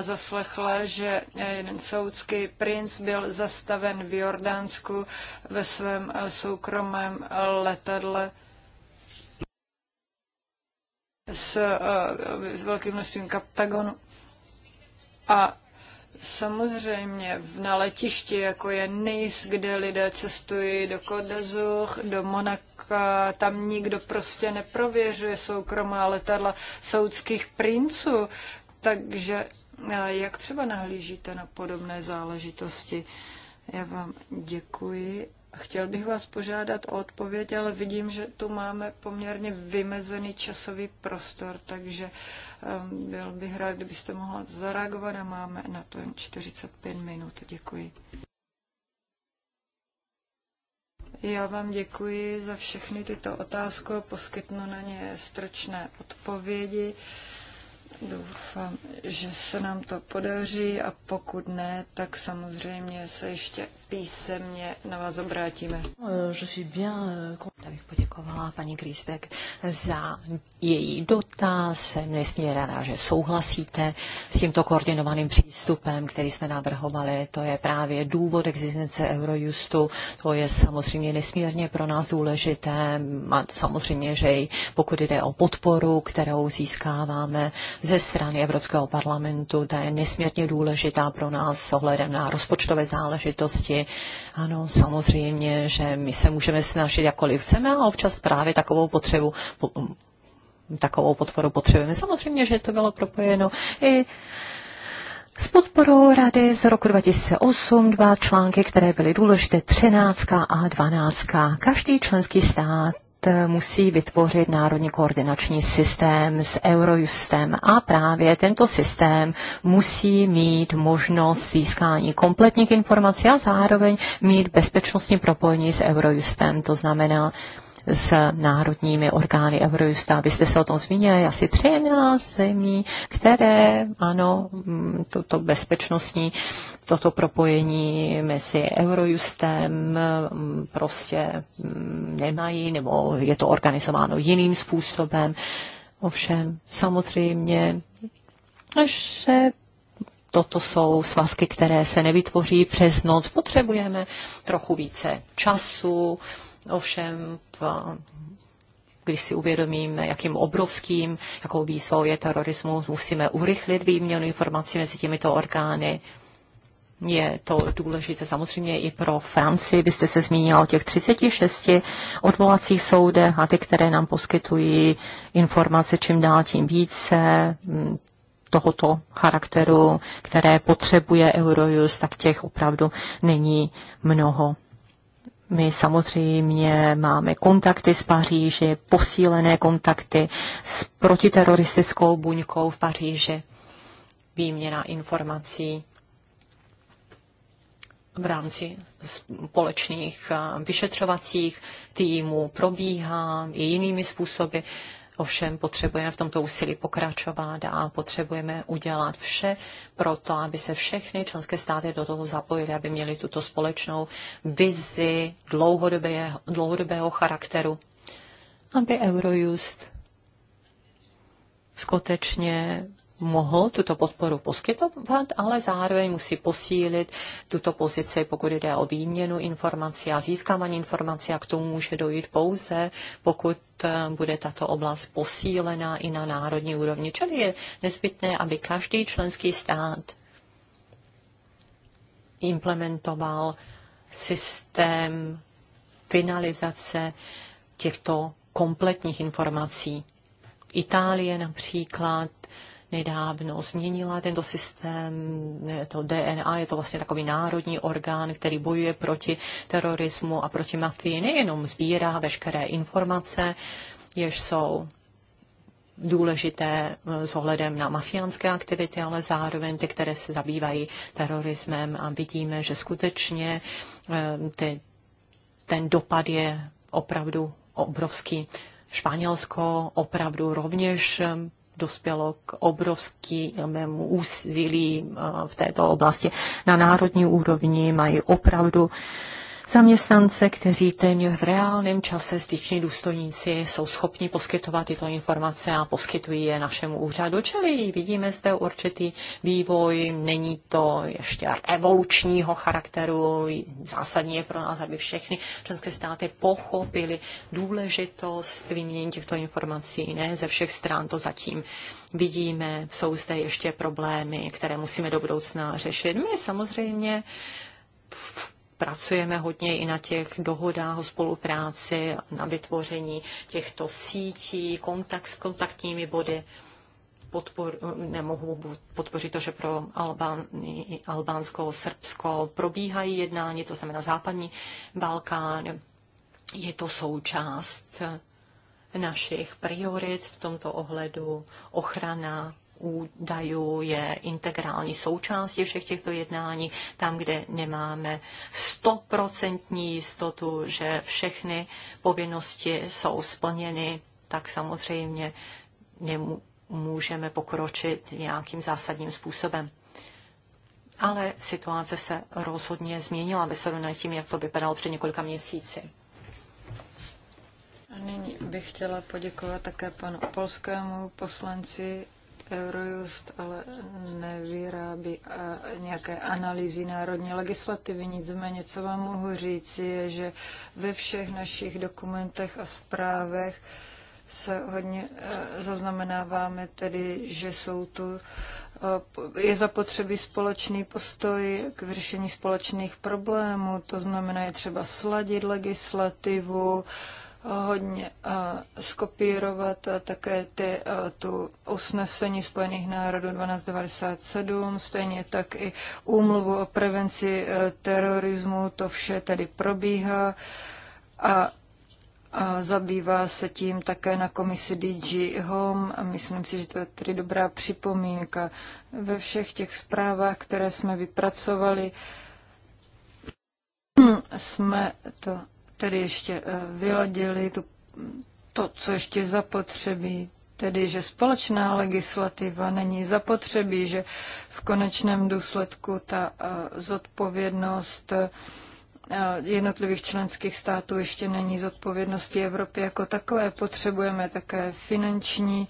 zaslechla, že eh, jeden saudský princ byl zastaven v Jordánsku ve svém eh, soukromém eh, letadle s velkým množstvím kaptagonu. A Samozřejmě na letišti, jako je Nys, kde lidé cestují do Côte do Monaka, tam nikdo prostě neprověřuje soukromá letadla saudských princů, takže jak třeba nahlížíte na podobné záležitosti? Já vám děkuji. Chtěl bych vás požádat o odpověď, ale vidím, že tu máme poměrně vymezený časový prostor, takže um, byl bych rád, kdybyste mohla zareagovat a máme na to jen 45 minut. Děkuji. Já vám děkuji za všechny tyto otázky, poskytnu na ně stručné odpovědi. Doufám, že se nám to podaří a pokud ne, tak samozřejmě se ještě písemně na vás obrátíme. Euh, Já bych poděkovala paní Grisbeck za její dotaz. Jsem nesmírně ráda, že souhlasíte s tímto koordinovaným přístupem, který jsme navrhovali. To je právě důvod existence Eurojustu. To je samozřejmě nesmírně pro nás důležité. A samozřejmě, že i pokud jde o podporu, kterou získáváme ze strany Evropského parlamentu, ta je nesmírně důležitá pro nás s ohledem na rozpočtové záležitosti, ano, samozřejmě, že my se můžeme snažit jakkoliv chceme a občas právě takovou potřebu takovou podporu potřebujeme. Samozřejmě, že to bylo propojeno i s podporou rady z roku 2008 dva články, které byly důležité, 13 a 12. Každý členský stát musí vytvořit národní koordinační systém s Eurojustem a právě tento systém musí mít možnost získání kompletních informací a zároveň mít bezpečnostní propojení s Eurojustem. To znamená, s národními orgány Eurojusta. Vy jste se o tom zmínili, asi tři zemí, které, ano, mm, toto bezpečnostní, toto propojení mezi Eurojustem mm, prostě mm, nemají, nebo je to organizováno jiným způsobem. Ovšem, samozřejmě, že toto jsou svazky, které se nevytvoří přes noc. Potřebujeme trochu více času, Ovšem, když si uvědomíme, jakým obrovským, jakou výzvou je terorismus, musíme urychlit výměnu informací mezi těmito orgány. Je to důležité samozřejmě i pro Francii. Vy jste se zmínila o těch 36 odvolacích soudech a ty, které nám poskytují informace čím dál tím více mm, tohoto charakteru, které potřebuje Eurojust, tak těch opravdu není mnoho. My samozřejmě máme kontakty s Paříži, posílené kontakty s protiteroristickou buňkou v Paříži, výměna informací v rámci společných eh, vyšetřovacích týmů probíhá i jinými způsoby. Ovšem potřebujeme v tomto úsilí pokračovat a potřebujeme udělat vše pro to, aby se všechny členské státy do toho zapojily, aby měly tuto společnou vizi dlouhodobého, dlouhodobého charakteru, aby Eurojust skutečně mohl tuto podporu poskytovat, ale zároveň musí posílit tuto pozici, pokud jde o výměnu informací a získávání informací a k tomu může dojít pouze, pokud eh, bude tato oblast posílená i na národní úrovni. Čili je nezbytné, aby každý členský stát implementoval systém finalizace těchto kompletních informací. Itálie například nedávno změnila tento systém, to DNA, je to vlastně takový národní orgán, který bojuje proti terorismu a proti mafii, nejenom sbírá veškeré informace, jež jsou důležité eh, s ohledem na mafiánské aktivity, ale zároveň ty, které se zabývají terorismem a vidíme, že skutečně eh, ty, ten dopad je opravdu obrovský. Španělsko opravdu rovněž eh, dospělo k obrovskému úsilí eh, v této oblasti. Na národní úrovni mají opravdu zaměstnance, kteří téměř v reálném čase styční důstojníci jsou schopni poskytovat tyto informace a poskytují je našemu úřadu. Čili vidíme zde určitý vývoj, není to ještě evolučního charakteru, zásadní je pro nás, aby všechny členské státy pochopili důležitost výměny těchto informací, ne ze všech stran to zatím vidíme, jsou zde ještě problémy, které musíme do budoucna řešit. My samozřejmě v pracujeme hodně i na těch dohodách o spolupráci, na vytvoření těchto sítí, kontakt s kontaktními body. Podpor, nemohu podpořit to, že pro Albánsko, Srbsko probíhají jednání, to znamená západní Balkán. Je to součást našich priorit v tomto ohledu, ochrana údajů je integrální součástí všech těchto jednání, tam, kde nemáme stoprocentní jistotu, že všechny povinnosti jsou splněny, tak samozřejmě nemůžeme pokročit nějakým zásadním způsobem. Ale situace se rozhodně změnila ve srovnání tím, jak to vypadalo před několika měsíci. A nyní bych chtěla poděkovat také panu polskému poslanci Eurojust ale nevyrábí eh, nějaké analýzy národní legislativy, nicméně co vám mohu říct, je, že ve všech našich dokumentech a zprávech se hodně eh, zaznamenáváme tedy, že jsou tu, eh, je zapotřebí společný postoj k vyřešení společných problémů, to znamená je třeba sladit legislativu, hodně eh, skopírovat eh, také ty, eh, tu usnesení Spojených národů 1297, stejně tak i úmluvu o prevenci terorismu, to vše tedy probíhá a a zabývá se tím také na komisi DG Home a myslím si, že to je tedy dobrá připomínka. Ve všech těch zprávách, které jsme vypracovali, jsme to tedy ještě eh, vyladili tu, to, co ještě zapotřebí, tedy že společná legislativa není zapotřebí, že v konečném důsledku ta eh, zodpovědnost eh, jednotlivých členských států ještě není zodpovědnosti Evropy jako takové. Potřebujeme také finanční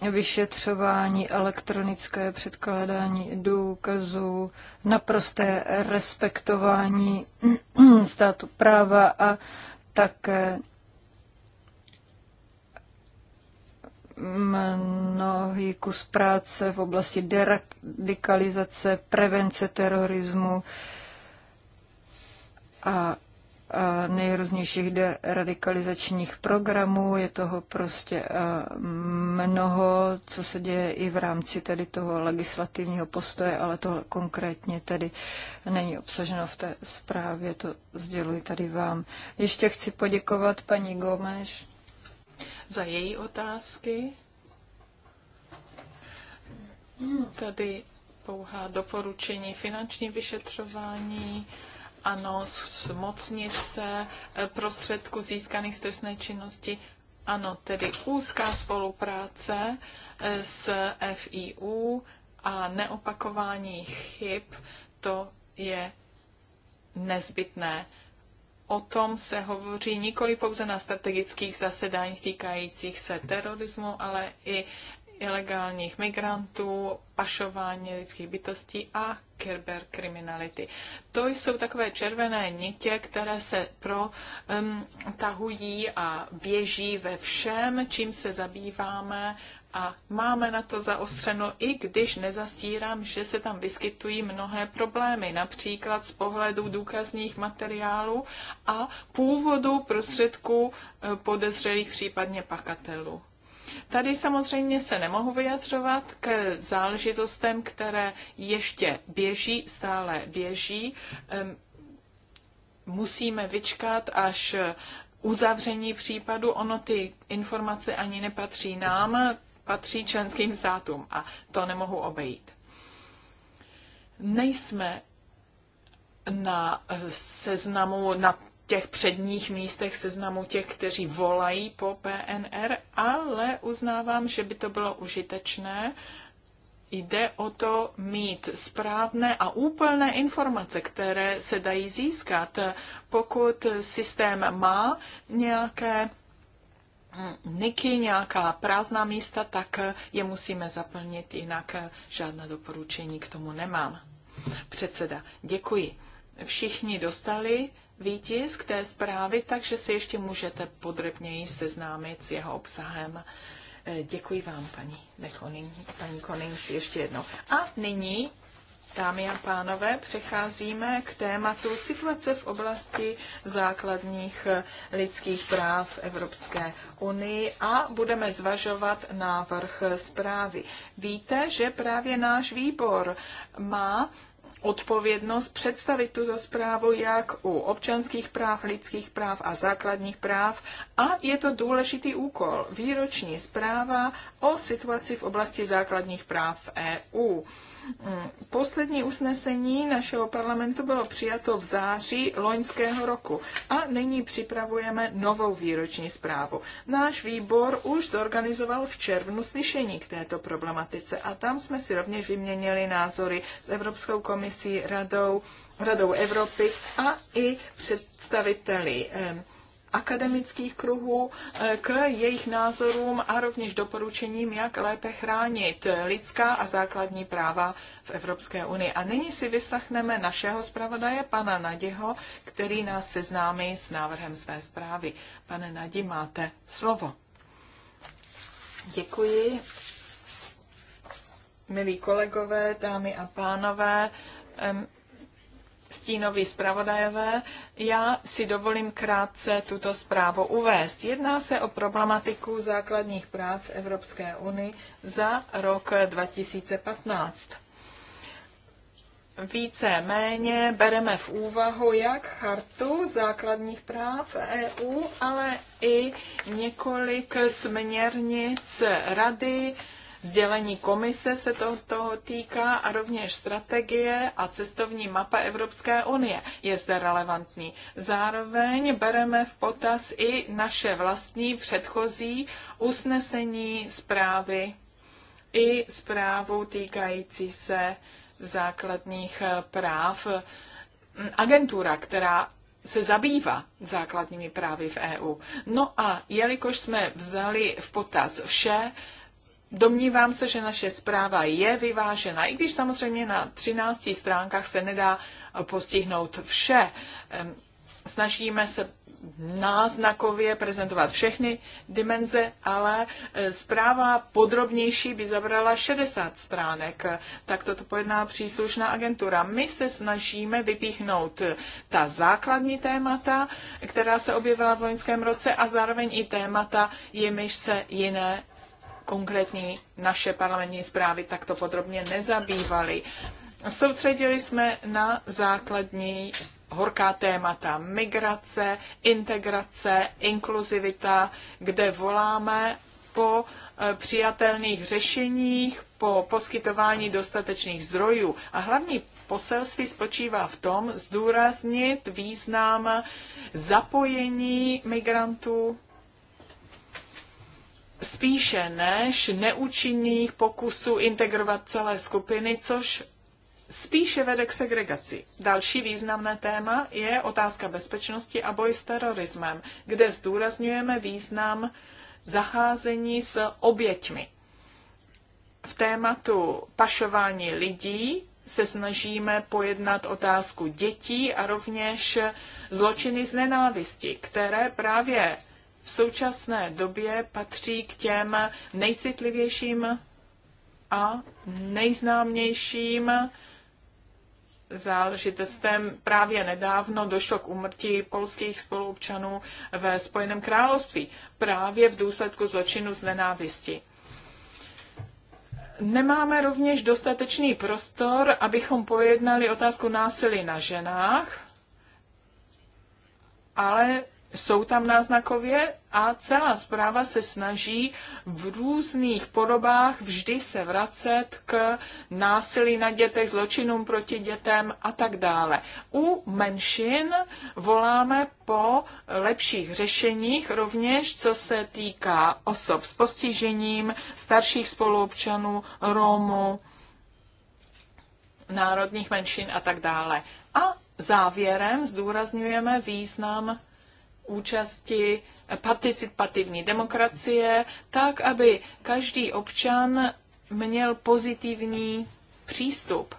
vyšetřování, elektronické předkládání důkazů, naprosté respektování státu práva a také mnohý kus práce v oblasti deradikalizace, prevence terorismu a nejrůznějších radikalizačních programů, je toho prostě mnoho, co se děje i v rámci tedy toho legislativního postoje, ale to konkrétně tedy není obsaženo v té zprávě, to sděluji tady vám. Ještě chci poděkovat paní Gomeš za její otázky. Tady pouhá doporučení finanční vyšetřování, ano, zmocnit se eh, prostředku získaných z trestné činnosti, ano, tedy úzká spolupráce eh, s FIU a neopakování chyb, to je nezbytné. O tom se hovoří nikoli pouze na strategických zasedáních týkajících se terorismu, ale i ilegálních migrantů, pašování lidských bytostí a kriminality. To jsou takové červené nitě, které se protahují um, a běží ve všem, čím se zabýváme a máme na to zaostřeno, i když nezastírám, že se tam vyskytují mnohé problémy, například z pohledu důkazních materiálů a původu prostředků eh, podezřelých případně pakatelů. Tady samozřejmě se nemohu vyjadřovat k záležitostem, které ještě běží, stále běží. Musíme vyčkat, až uzavření případu, ono ty informace ani nepatří nám, patří členským státům a to nemohu obejít. Nejsme na eh, seznamu, na těch předních místech seznamu těch, kteří volají po PNR, ale uznávám, že by to bylo užitečné. Jde o to mít správné a úplné informace, které se dají získat, pokud systém má nějaké niky, nějaká prázdná místa, tak je musíme zaplnit, jinak žádná doporučení k tomu nemám. Předseda, děkuji. Všichni dostali výtisk té zprávy, takže se ještě můžete podrobněji seznámit s jeho obsahem. Eh, děkuji vám, paní, Nekoning, paní Konings, ještě jednou. A nyní, dámy a pánové, přecházíme k tématu situace v oblasti základních eh, lidských práv Evropské unii a budeme zvažovat návrh zprávy. Víte, že právě náš výbor má odpovědnost představit tuto zprávu jak u občanských práv, lidských práv a základních práv. A je to důležitý úkol. Výroční zpráva o situaci v oblasti základních práv v EU. Poslední usnesení našeho parlamentu bylo přijato v září loňského roku a nyní připravujeme novou výroční zprávu. Náš výbor už zorganizoval v červnu slyšení k této problematice a tam jsme si rovněž vyměnili názory s Evropskou komisí, radou, radou Evropy a i představiteli eh, akademických kruhů eh, k jejich názorům a rovněž doporučením, jak lépe chránit lidská a základní práva v Evropské unii. A nyní si vyslechneme našeho zpravodaje, pana Naděho, který nás seznámí s návrhem své zprávy. Pane Nadi, máte slovo. Děkuji. Milí kolegové, dámy a pánové, stínoví zpravodajové, já si dovolím krátce tuto zprávu uvést. Jedná se o problematiku základních práv Evropské unii za rok 2015. Více méně bereme v úvahu jak chartu základních práv EU, ale i několik směrnic Rady, Sdělení komise se to, toho týká a rovněž strategie a cestovní mapa Evropské unie je zde relevantní. Zároveň bereme v potaz i naše vlastní předchozí usnesení zprávy i zprávu týkající se základních eh, práv. Hm, agentura, která se zabývá základními právy v EU. No a jelikož jsme vzali v potaz vše, Domnívám se, že naše zpráva je vyvážena, i když samozřejmě na 13 stránkách se nedá postihnout vše. Snažíme se náznakově prezentovat všechny dimenze, ale e, zpráva podrobnější by zabrala 60 stránek. Tak toto pojedná příslušná agentura. My se snažíme vypíchnout e, ta základní témata, která se objevila v loňském roce a zároveň i témata, jimiž se jiné konkrétní naše parlamentní zprávy takto podrobně nezabývaly. Soustředili jsme na základní horká témata migrace, integrace, inkluzivita, kde voláme po e, přijatelných řešeních, po poskytování dostatečných zdrojů. A hlavní poselství spočívá v tom zdůraznit význam zapojení migrantů spíše než neúčinných pokusů integrovat celé skupiny, což spíše vede k segregaci. Další významné téma je otázka bezpečnosti a boj s terorismem, kde zdůrazňujeme význam zacházení s oběťmi. V tématu pašování lidí se snažíme pojednat otázku dětí a rovněž zločiny z nenávisti, které právě v současné době patří k těm nejcitlivějším a nejznámějším záležitostem právě nedávno došlo k umrtí polských spoluobčanů ve Spojeném království právě v důsledku zločinu z nenávisti. Nemáme rovněž dostatečný prostor, abychom pojednali otázku násilí na ženách, ale jsou tam náznakově a celá zpráva se snaží v různých podobách vždy se vracet k násilí na dětech, zločinům proti dětem a tak dále. U menšin voláme po lepších řešeních, rovněž co se týká osob s postižením, starších spoluobčanů, Romů, národních menšin a tak dále. A závěrem zdůrazňujeme význam účasti participativní demokracie, tak, aby každý občan měl pozitivní přístup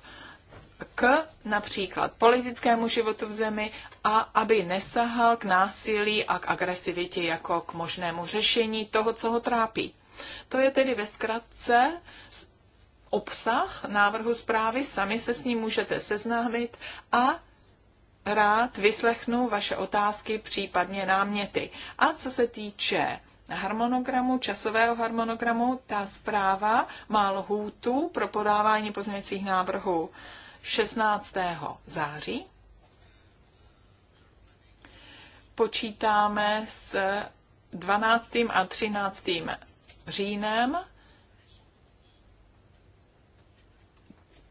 k například politickému životu v zemi a aby nesahal k násilí a k agresivitě jako k možnému řešení toho, co ho trápí. To je tedy ve zkratce obsah návrhu zprávy, sami se s ním můžete seznámit a rád vyslechnu vaše otázky, případně náměty. A co se týče harmonogramu, časového harmonogramu, ta zpráva má lhůtu pro podávání pozměňovacích návrhů 16. září. Počítáme s 12. a 13. říjnem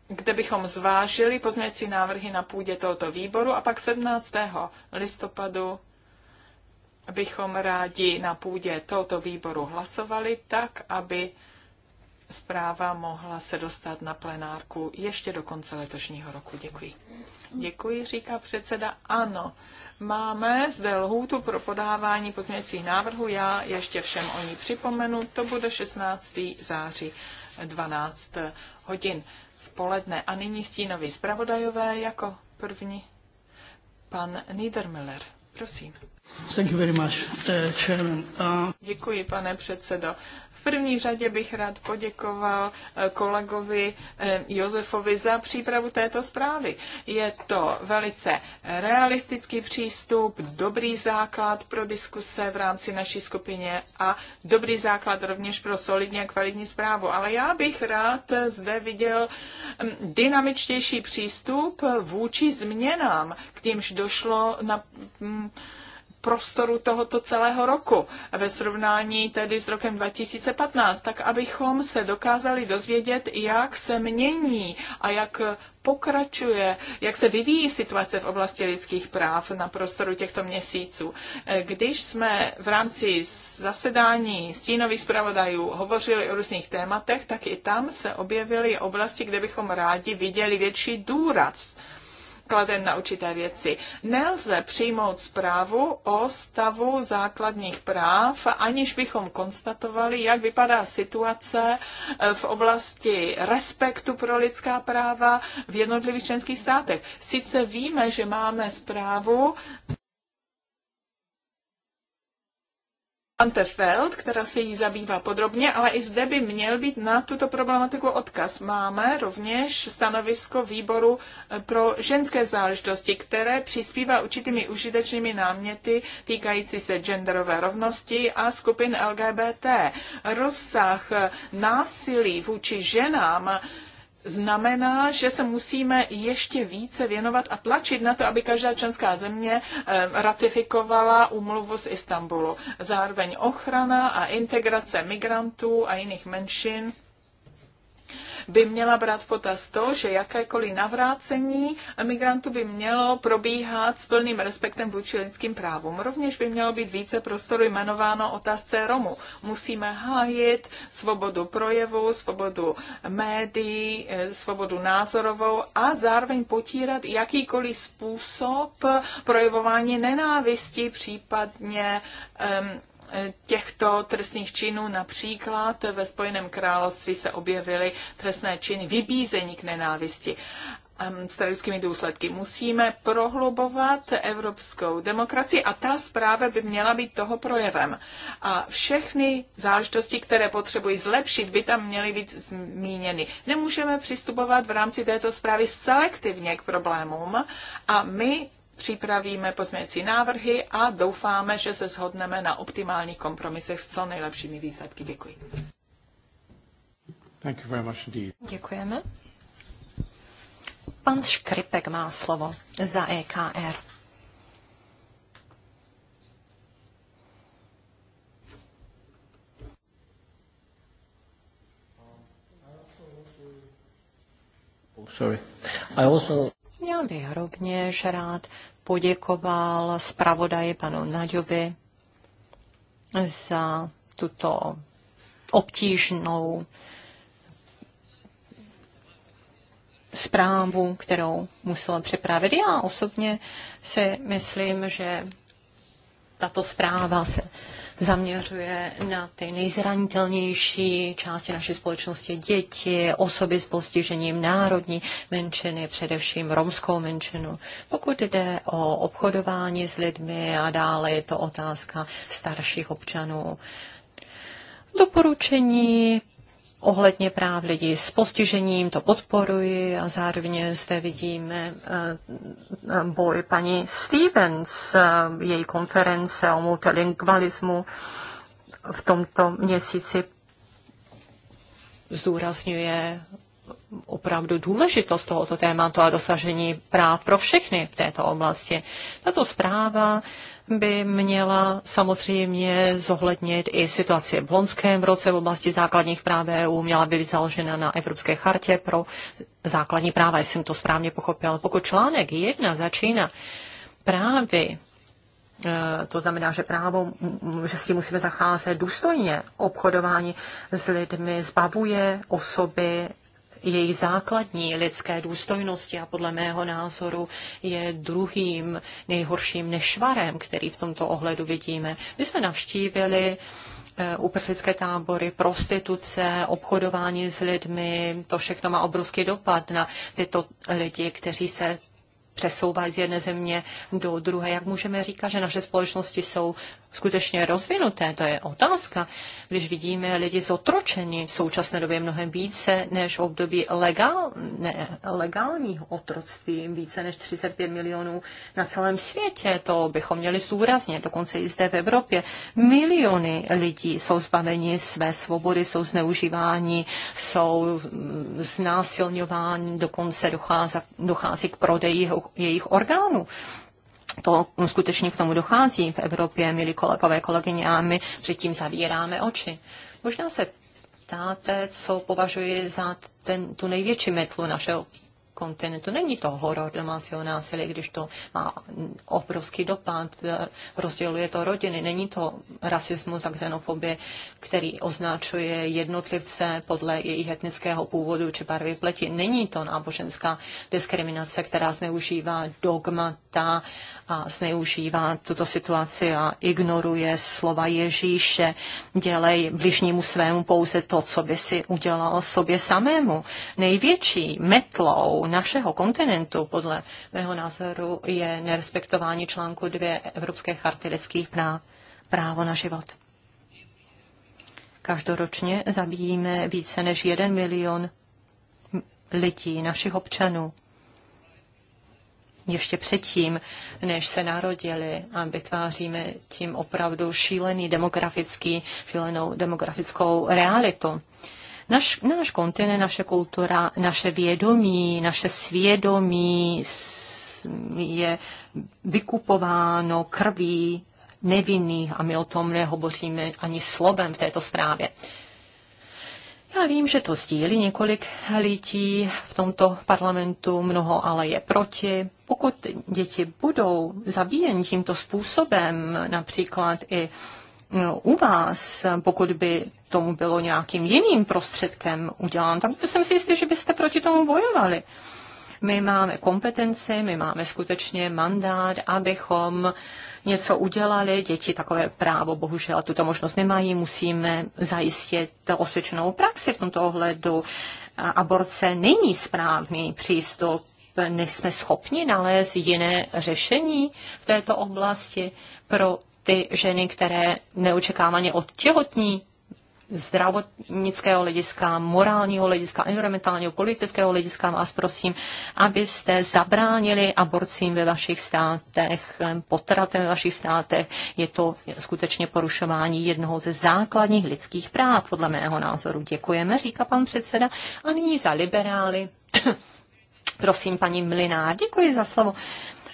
kde bychom zvážili pozměňovací návrhy na půdě tohoto výboru a pak 17. listopadu bychom rádi na půdě tohoto výboru hlasovali tak, aby zpráva mohla se dostat na plenárku ještě do konce letošního roku. Děkuji. Děkuji, říká předseda. Ano, máme zde lhůtu pro podávání pozměňovacích návrhů. Já ještě všem o ní připomenu. To bude 16. září 12 hodin poledne. A nyní stínoví zpravodajové jako první. Pan Niedermüller, prosím. Thank you very much, uh, chairman. Uh... Děkuji, pane předsedo první řadě bych rád poděkoval eh, kolegovi eh, Josefovi za přípravu této zprávy. Je to velice realistický přístup, dobrý základ pro diskuse v rámci naší skupině a dobrý základ rovněž pro solidní a kvalitní zprávu. Ale já bych rád zde viděl hm, dynamičtější přístup vůči změnám, k nímž došlo na hm, prostoru tohoto celého roku ve srovnání tedy s rokem 2015, tak abychom se dokázali dozvědět, jak se mění a jak pokračuje, jak se vyvíjí situace v oblasti lidských práv na prostoru těchto měsíců. Když jsme v rámci zasedání stínových zpravodajů hovořili o různých tématech, tak i tam se objevily oblasti, kde bychom rádi viděli větší důraz kladen na určité věci. Nelze přijmout zprávu o stavu základních práv, aniž bychom konstatovali, jak vypadá situace eh, v oblasti respektu pro lidská práva v jednotlivých členských státech. Sice víme, že máme zprávu Antefeld, která se jí zabývá podrobně, ale i zde by měl být na tuto problematiku odkaz. Máme rovněž stanovisko výboru eh, pro ženské záležitosti, které přispívá určitými užitečnými náměty týkající se genderové rovnosti a skupin LGBT. Rozsah eh, násilí vůči ženám znamená, že se musíme ještě více věnovat a tlačit na to, aby každá členská země eh, ratifikovala umluvu z Istanbulu. Zároveň ochrana a integrace migrantů a jiných menšin by měla brát v potaz to, že jakékoliv navrácení migrantů by mělo probíhat s plným respektem vůči lidským právům. Rovněž by mělo být více prostoru jmenováno otázce Romu. Musíme hájit svobodu projevu, svobodu médií, eh, svobodu názorovou a zároveň potírat jakýkoliv způsob projevování nenávisti, případně um, těchto trestných činů například ve Spojeném království se objevily trestné činy vybízení k nenávisti ehm, s tradickými důsledky. Musíme prohlubovat evropskou demokracii a ta zpráva by měla být toho projevem. A všechny záležitosti, které potřebují zlepšit, by tam měly být zmíněny. Nemůžeme přistupovat v rámci této zprávy selektivně k problémům a my připravíme pozměňující návrhy a doufáme, že se shodneme na optimálních kompromisech s co nejlepšími výsledky. Děkuji. Thank you very much indeed. Děkujeme. Pan Škripek má slovo za EKR. Sorry. I also já bych rovněž rád poděkoval zpravodaji panu Naďovi za tuto obtížnou zprávu, kterou musel připravit. Já osobně si myslím, že tato zpráva se zaměřuje na ty nejzranitelnější části naší společnosti, děti, osoby s postižením, národní menšiny, především romskou menšinu. Pokud jde o obchodování s lidmi a dále je to otázka starších občanů. Doporučení ohledně práv lidí s postižením, to podporuji a zároveň zde vidíme eh, eh, boj paní Stevens, eh, její konference o multilingvalismu v tomto měsíci zdůrazňuje opravdu důležitost tohoto tématu a dosažení práv pro všechny v této oblasti. Tato zpráva by měla samozřejmě zohlednit i situaci v loňském roce v oblasti základních práv EU, měla by být založena na Evropské chartě pro základní práva, jestli jsem to správně pochopil. Pokud článek 1 začíná právě e, to znamená, že právo, že s tím musíme zacházet důstojně, obchodování s lidmi zbavuje osoby jejich základní lidské důstojnosti a podle mého názoru je druhým nejhorším nešvarem, který v tomto ohledu vidíme. My jsme navštívili eh, uprchlické tábory, prostituce, obchodování s lidmi, to všechno má obrovský dopad na tyto lidi, kteří se přesouvají z jedné země do druhé. Jak můžeme říkat, že naše společnosti jsou skutečně rozvinuté? To je otázka. Když vidíme lidi zotročeni v současné době mnohem více než v období legál, ne, legálního otroctví, více než 35 milionů na celém světě, to bychom měli zdůraznit, dokonce i zde v Evropě. Miliony lidí jsou zbaveni své svobody, jsou zneužíváni, jsou znásilňováni, dokonce dochází, dochází k prodeji jejich orgánů to skutečně k tomu dochází v Evropě, milí kolegové, kolegyně, a my předtím zavíráme oči. Možná se ptáte, co považuji za ten, tu největší metlu našeho kontinentu. Není to horor domácího násilí, když to má obrovský dopad, rozděluje to rodiny. Není to rasismus a xenofobie, který označuje jednotlivce podle jejich etnického původu či barvy pleti. Není to náboženská diskriminace, která zneužívá dogmata a zneužívá tuto situaci a ignoruje slova Ježíše. Dělej bližnímu svému pouze to, co by si udělal sobě samému. Největší metlou našeho kontinentu, podle mého názoru, je nerespektování článku 2 Evropské charty lidských práv, právo na život. Každoročně zabíjíme více než jeden milion lidí, našich občanů, ještě předtím, než se narodili a vytváříme tím opravdu šílený demografický, šílenou demografickou realitu. Naš, náš kontinent, naše kultura, naše vědomí, naše svědomí je vykupováno krví nevinných a my o tom nehovoříme ani slovem v této zprávě. Já vím, že to sdílí několik lidí v tomto parlamentu, mnoho ale je proti. Pokud děti budou zabíjeni tímto způsobem, například i u vás, pokud by tomu bylo nějakým jiným prostředkem udělán, tak jsem si jistý, že byste proti tomu bojovali. My máme kompetenci, my máme skutečně mandát, abychom něco udělali. Děti takové právo bohužel tuto možnost nemají. Musíme zajistit osvědčenou praxi v tomto ohledu. Aborce není správný přístup nejsme schopni nalézt jiné řešení v této oblasti pro ty ženy, které neočekávaně odtěhotní zdravotnického hlediska, morálního hlediska, environmentálního, politického hlediska vás prosím, abyste zabránili aborcím ve vašich státech, potratem ve vašich státech. Je to skutečně porušování jednoho ze základních lidských práv, podle mého názoru. Děkujeme, říká pan předseda. A nyní za liberály. prosím, paní Mlinár, děkuji za slovo.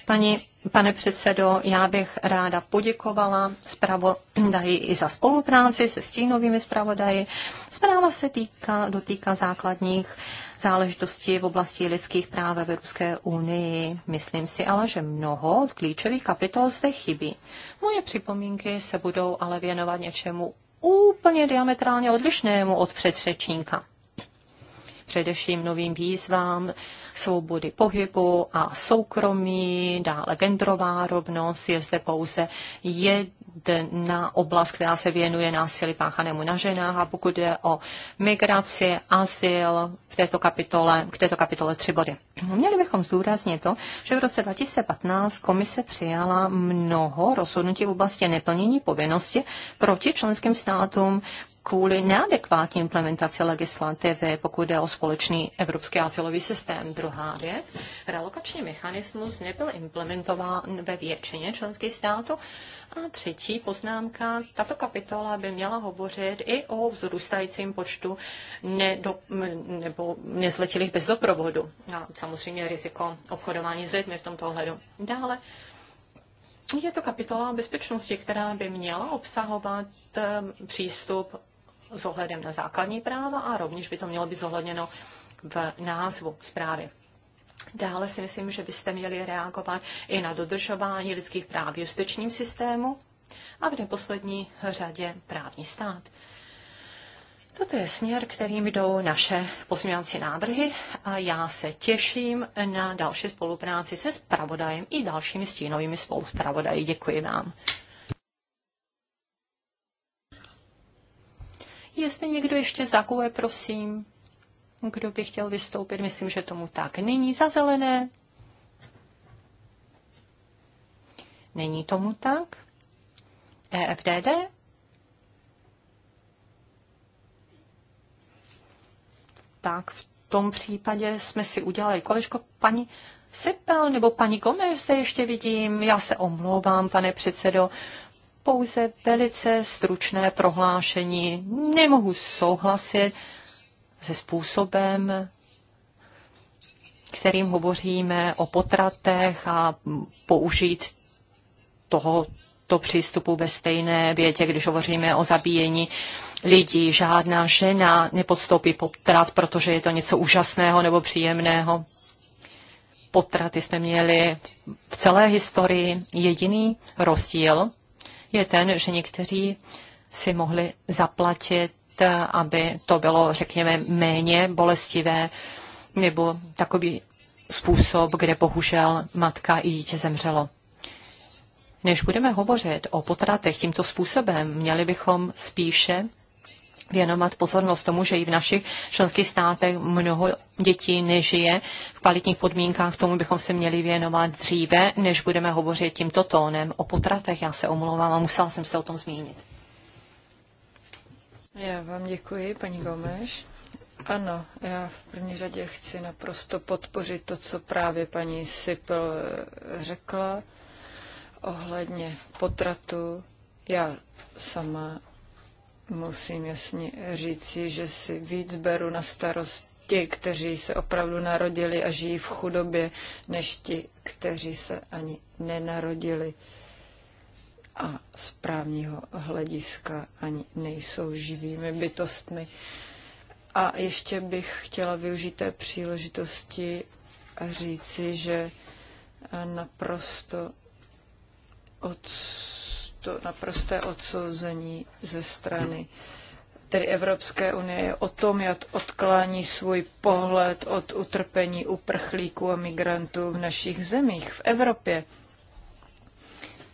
Paní Pane předsedo, já bych ráda poděkovala zpravodaji i za spolupráci se stínovými zpravodaji. Zpráva se týká, dotýká základních záležitostí v oblasti lidských práv v Evropské unii. Myslím si ale, že mnoho od klíčových kapitol zde chybí. Moje připomínky se budou ale věnovat něčemu úplně diametrálně odlišnému od předřečníka především novým výzvám svobody pohybu a soukromí, dále genderová rovnost, je zde pouze jedna oblast, která se věnuje násilí páchanému na ženách a pokud je o migraci, azyl, v této kapitole, k této kapitole tři body. Měli bychom zdůraznit to, že v roce 2015 komise přijala mnoho rozhodnutí v oblasti neplnění povinnosti proti členským státům, kvůli neadekvátní implementaci legislativy, pokud jde o společný evropský asilový systém. Druhá věc, relokační mechanismus nebyl implementován ve většině členských států. A třetí poznámka, tato kapitola by měla hovořit i o vzrůstajícím počtu nedo, nebo nezletilých bez doprovodu. A samozřejmě riziko obchodování s lidmi v tomto ohledu. Dále, je to kapitola bezpečnosti, která by měla obsahovat eh, přístup s ohledem na základní práva a rovněž by to mělo být zohledněno v názvu zprávy. Dále si myslím, že byste měli reagovat i na dodržování lidských práv v justičním systému a v neposlední řadě právní stát. Toto je směr, kterým jdou naše pozměňovací návrhy a já se těším na další spolupráci se spravodajem i dalšími stínovými spoluzpravodaji. Děkuji vám. Jestli někdo ještě zakuje, prosím, kdo by chtěl vystoupit, myslím, že tomu tak není. Za zelené? Není tomu tak? EFDD? Tak v tom případě jsme si udělali kolečko paní Sipel nebo paní Gomez, se ještě vidím. Já se omlouvám, pane předsedo pouze velice stručné prohlášení. Nemohu souhlasit se způsobem, kterým hovoříme o potratech a použít toho, to přístupu ve stejné větě, když hovoříme o zabíjení lidí. Žádná žena nepodstoupí potrat, protože je to něco úžasného nebo příjemného. Potraty jsme měli v celé historii. Jediný rozdíl je ten, že někteří si mohli zaplatit, aby to bylo, řekněme, méně bolestivé, nebo takový způsob, kde bohužel matka i dítě zemřelo. Než budeme hovořit o potratech tímto způsobem, měli bychom spíše věnovat pozornost tomu, že i v našich členských státech mnoho dětí nežije v kvalitních podmínkách. Tomu bychom se měli věnovat dříve, než budeme hovořit tímto tónem o potratech. Já se omlouvám a musela jsem se o tom zmínit. Já vám děkuji, paní Gomeš. Ano, já v první řadě chci naprosto podpořit to, co právě paní Sipl eh, řekla ohledně potratu. Já sama musím jasně říci, že si víc beru na starost ti, kteří se opravdu narodili a žijí v chudobě, než ti, kteří se ani nenarodili a z právního hlediska ani nejsou živými bytostmi. A ještě bych chtěla využít té příležitosti a říci, že naprosto od to naprosté odsouzení ze strany tedy Evropské unie je o tom, jak odklání svůj pohled od utrpení uprchlíků a migrantů v našich zemích, v Evropě.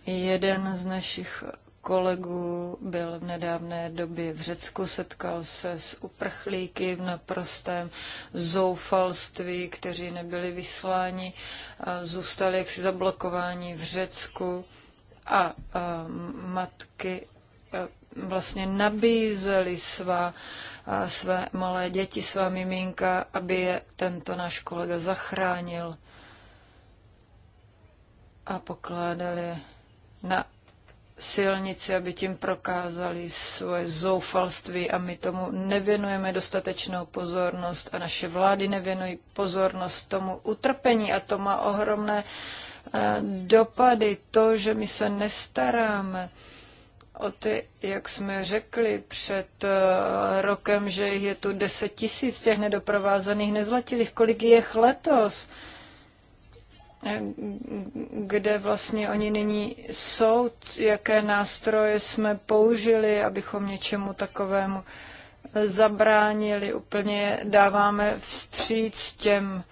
Jeden z našich kolegů byl v nedávné době v Řecku, setkal se s uprchlíky v naprostém zoufalství, kteří nebyli vysláni, zůstali jaksi zablokováni v Řecku a matky e, vlastně nabízely svá, své malé děti, svá miminka, aby je tento náš kolega zachránil a pokládali na silnici, aby tím prokázali svoje zoufalství a my tomu nevěnujeme dostatečnou pozornost a naše vlády nevěnují pozornost tomu utrpení a to má ohromné uh, Eh, dopady, to, že my se nestaráme o ty, jak jsme řekli před eh, rokem, že je tu 10 tisíc těch nedoprovázených nezlatilých, kolik je letos, eh, kde vlastně oni nyní jsou, jaké nástroje jsme použili, abychom něčemu takovému zabránili, úplně dáváme vstříc těm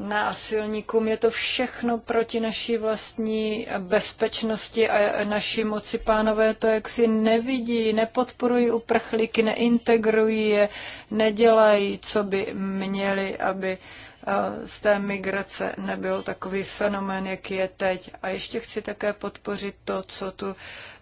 násilníkům. Je to všechno proti naší vlastní bezpečnosti a naší moci. Pánové to jaksi nevidí, nepodporují uprchlíky, neintegrují je, nedělají, co by měli, aby eh, z té migrace nebyl takový fenomén, jaký je teď. A ještě chci také podpořit to, co tu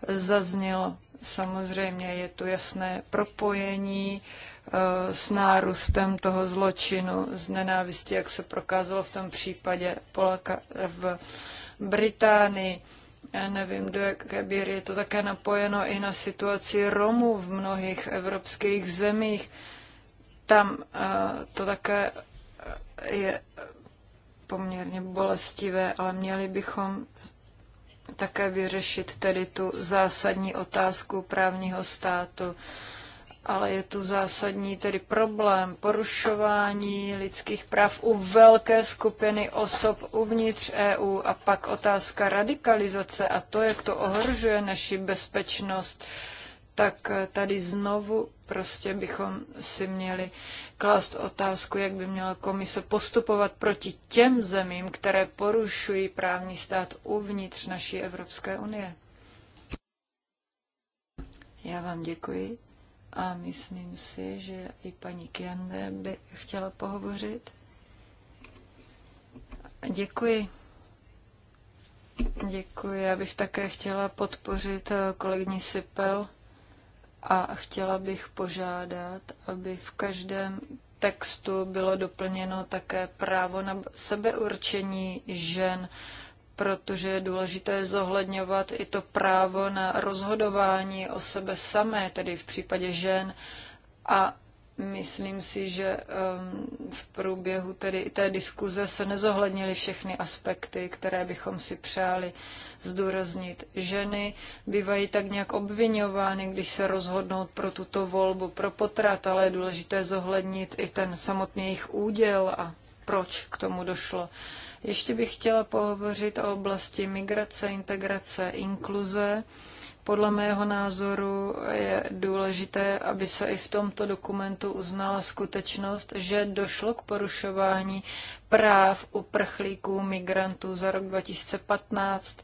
zaznělo. Samozřejmě je tu jasné propojení uh, Eh, s nárůstem toho zločinu z nenávisti, jak se prokázalo v tom případě Polaka v Británii. Já nevím, do jaké míry je to také napojeno i na situaci Romů v mnohých evropských zemích. Tam eh, to také eh, je poměrně bolestivé, ale měli bychom také vyřešit tedy tu zásadní otázku právního státu ale je tu zásadní tedy problém porušování lidských práv u velké skupiny osob uvnitř EU a pak otázka radikalizace a to, jak to ohrožuje naši bezpečnost, tak tady znovu prostě bychom si měli klást otázku, jak by měla komise postupovat proti těm zemím, které porušují právní stát uvnitř naší Evropské unie. Já vám děkuji a myslím si, že i paní Kiande by chtěla pohovořit. Děkuji. Děkuji. Já bych také chtěla podpořit eh, kolegyni Sipel a chtěla bych požádat, aby v každém textu bylo doplněno také právo na sebeurčení žen protože je důležité zohledňovat i to právo na rozhodování o sebe samé, tedy v případě žen. A myslím si, že um, v průběhu tedy i té diskuze se nezohlednily všechny aspekty, které bychom si přáli zdůraznit. Ženy bývají tak nějak obvinovány, když se rozhodnou pro tuto volbu, pro potrat, ale je důležité zohlednit i ten samotný jejich úděl a proč k tomu došlo. Ještě bych chtěla pohovořit o oblasti migrace, integrace, inkluze. Podle mého názoru je důležité, aby se i v tomto dokumentu uznala skutečnost, že došlo k porušování práv uprchlíků migrantů za rok 2015,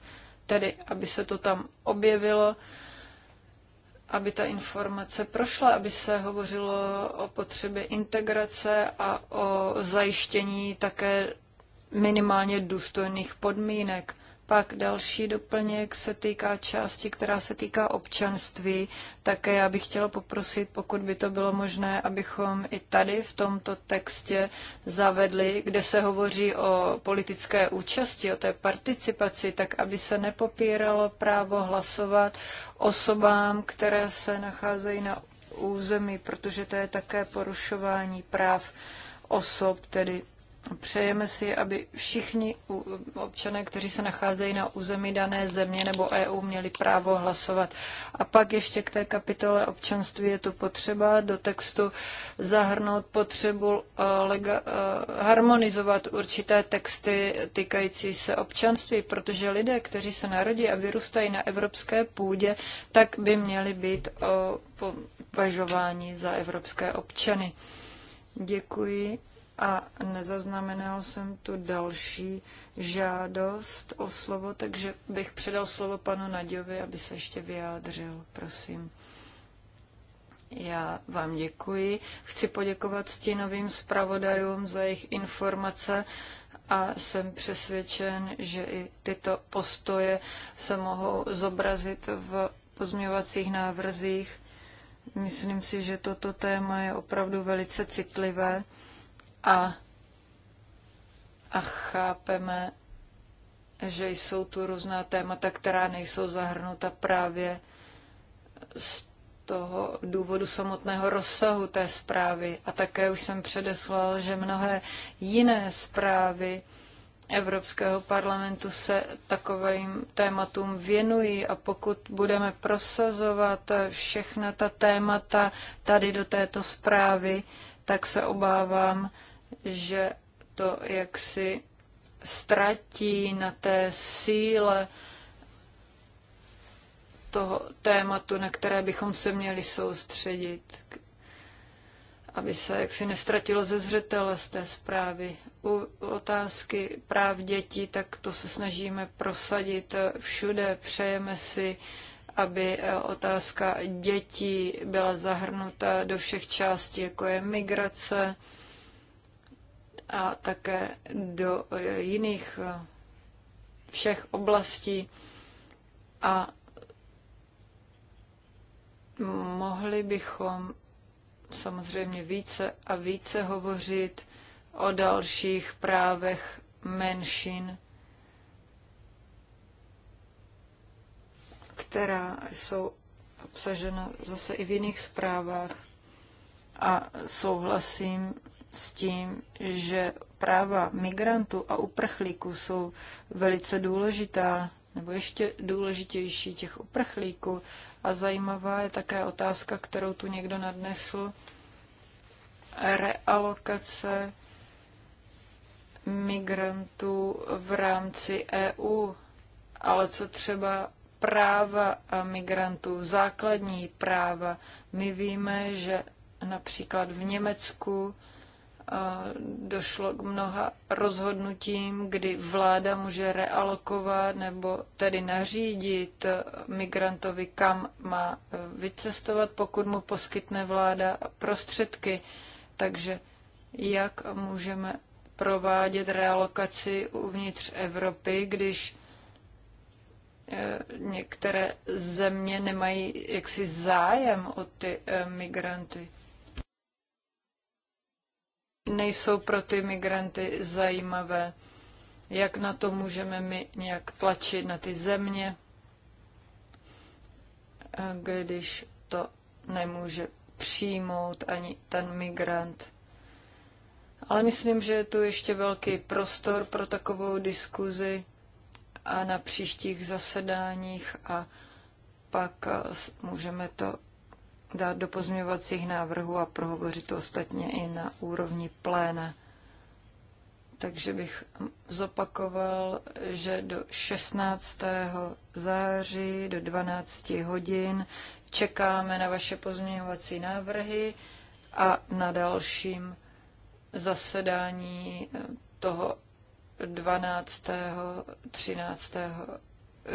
tedy aby se to tam objevilo aby ta informace prošla, aby se hovořilo o potřebě integrace a o zajištění také minimálně důstojných podmínek. Pak další doplněk se týká části, která se týká občanství. Také já bych chtěla poprosit, pokud by to bylo možné, abychom i tady v tomto textě zavedli, kde se hovoří o politické účasti, o té participaci, tak aby se nepopíralo právo hlasovat osobám, které se nacházejí na území, protože to je také porušování práv osob, tedy Přejeme si, aby všichni občané, kteří se nacházejí na území dané země nebo EU, měli právo hlasovat. A pak ještě k té kapitole občanství je tu potřeba do textu zahrnout potřebu eh, lega, eh, harmonizovat určité texty týkající se občanství, protože lidé, kteří se narodí a vyrůstají na evropské půdě, tak by měli být eh, považováni za evropské občany. Děkuji a nezaznamenal jsem tu další žádost o slovo, takže bych předal slovo panu Naďovi, aby se ještě vyjádřil. Prosím. Já vám děkuji. Chci poděkovat stínovým zpravodajům za jejich informace a jsem přesvědčen, že i tyto postoje se mohou zobrazit v pozměvacích návrzích. Myslím si, že toto téma je opravdu velice citlivé a, a chápeme, že jsou tu různá témata, která nejsou zahrnuta právě z toho důvodu samotného rozsahu té zprávy. A také už jsem předeslal, že mnohé jiné zprávy Evropského parlamentu se takovým tématům věnují a pokud budeme prosazovat všechna ta témata tady do této zprávy, tak se obávám, že to jaksi ztratí na té síle toho tématu, na které bychom se měli soustředit, aby se jaksi nestratilo ze zřetele z té zprávy. U otázky práv dětí, tak to se snažíme prosadit všude. Přejeme si, aby eh, otázka dětí byla zahrnuta do všech částí, jako je migrace, a také do eh, jiných eh, všech oblastí a mohli bychom samozřejmě více a více hovořit o dalších právech menšin, která jsou obsažena zase i v jiných zprávách. A souhlasím s tím, že práva migrantů a uprchlíků jsou velice důležitá, nebo ještě důležitější těch uprchlíků. A zajímavá je také otázka, kterou tu někdo nadnesl, realokace migrantů v rámci EU, ale co třeba práva migrantů, základní práva. My víme, že například v Německu došlo k mnoha rozhodnutím, kdy vláda může realokovat nebo tedy nařídit migrantovi, kam má e, vycestovat, pokud mu poskytne vláda prostředky. Takže jak můžeme provádět realokaci uvnitř Evropy, když e, některé země nemají jaksi zájem o ty e, migranty? nejsou pro ty migranty zajímavé. Jak na to můžeme my nějak tlačit na ty země, eh, když to nemůže přijmout ani ten migrant. Ale myslím, že je tu ještě velký prostor pro takovou diskuzi a na příštích zasedáních a pak eh, můžeme to dát do pozměňovacích návrhů a prohovořit to ostatně i na úrovni pléna. Takže bych zopakoval, že do 16. září do 12 hodin čekáme na vaše pozměňovací návrhy a na dalším zasedání eh, toho 12. 13.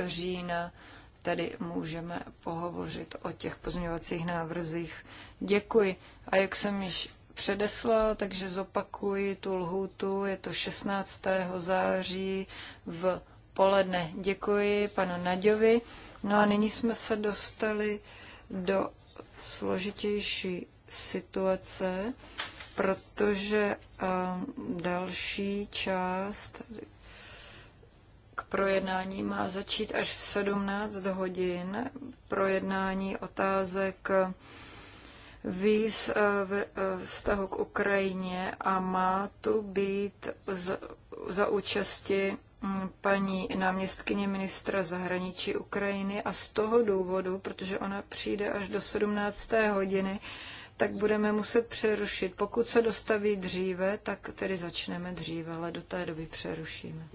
října tedy můžeme pohovořit o těch pozměňovacích návrzích. Děkuji. A jak jsem již předeslal, takže zopakuji tu lhůtu. Je to 16. září v poledne. Děkuji panu Naďovi. No a nyní jsme se dostali do složitější situace, protože eh, další část k projednání má začít až v 17 hodin. Projednání otázek víz eh, ve eh, vztahu k Ukrajině a má tu být z, za účasti mm, paní náměstkyně ministra zahraničí Ukrajiny a z toho důvodu, protože ona přijde až do 17. hodiny, tak budeme muset přerušit. Pokud se dostaví dříve, tak tedy začneme dříve, ale do té doby přerušíme.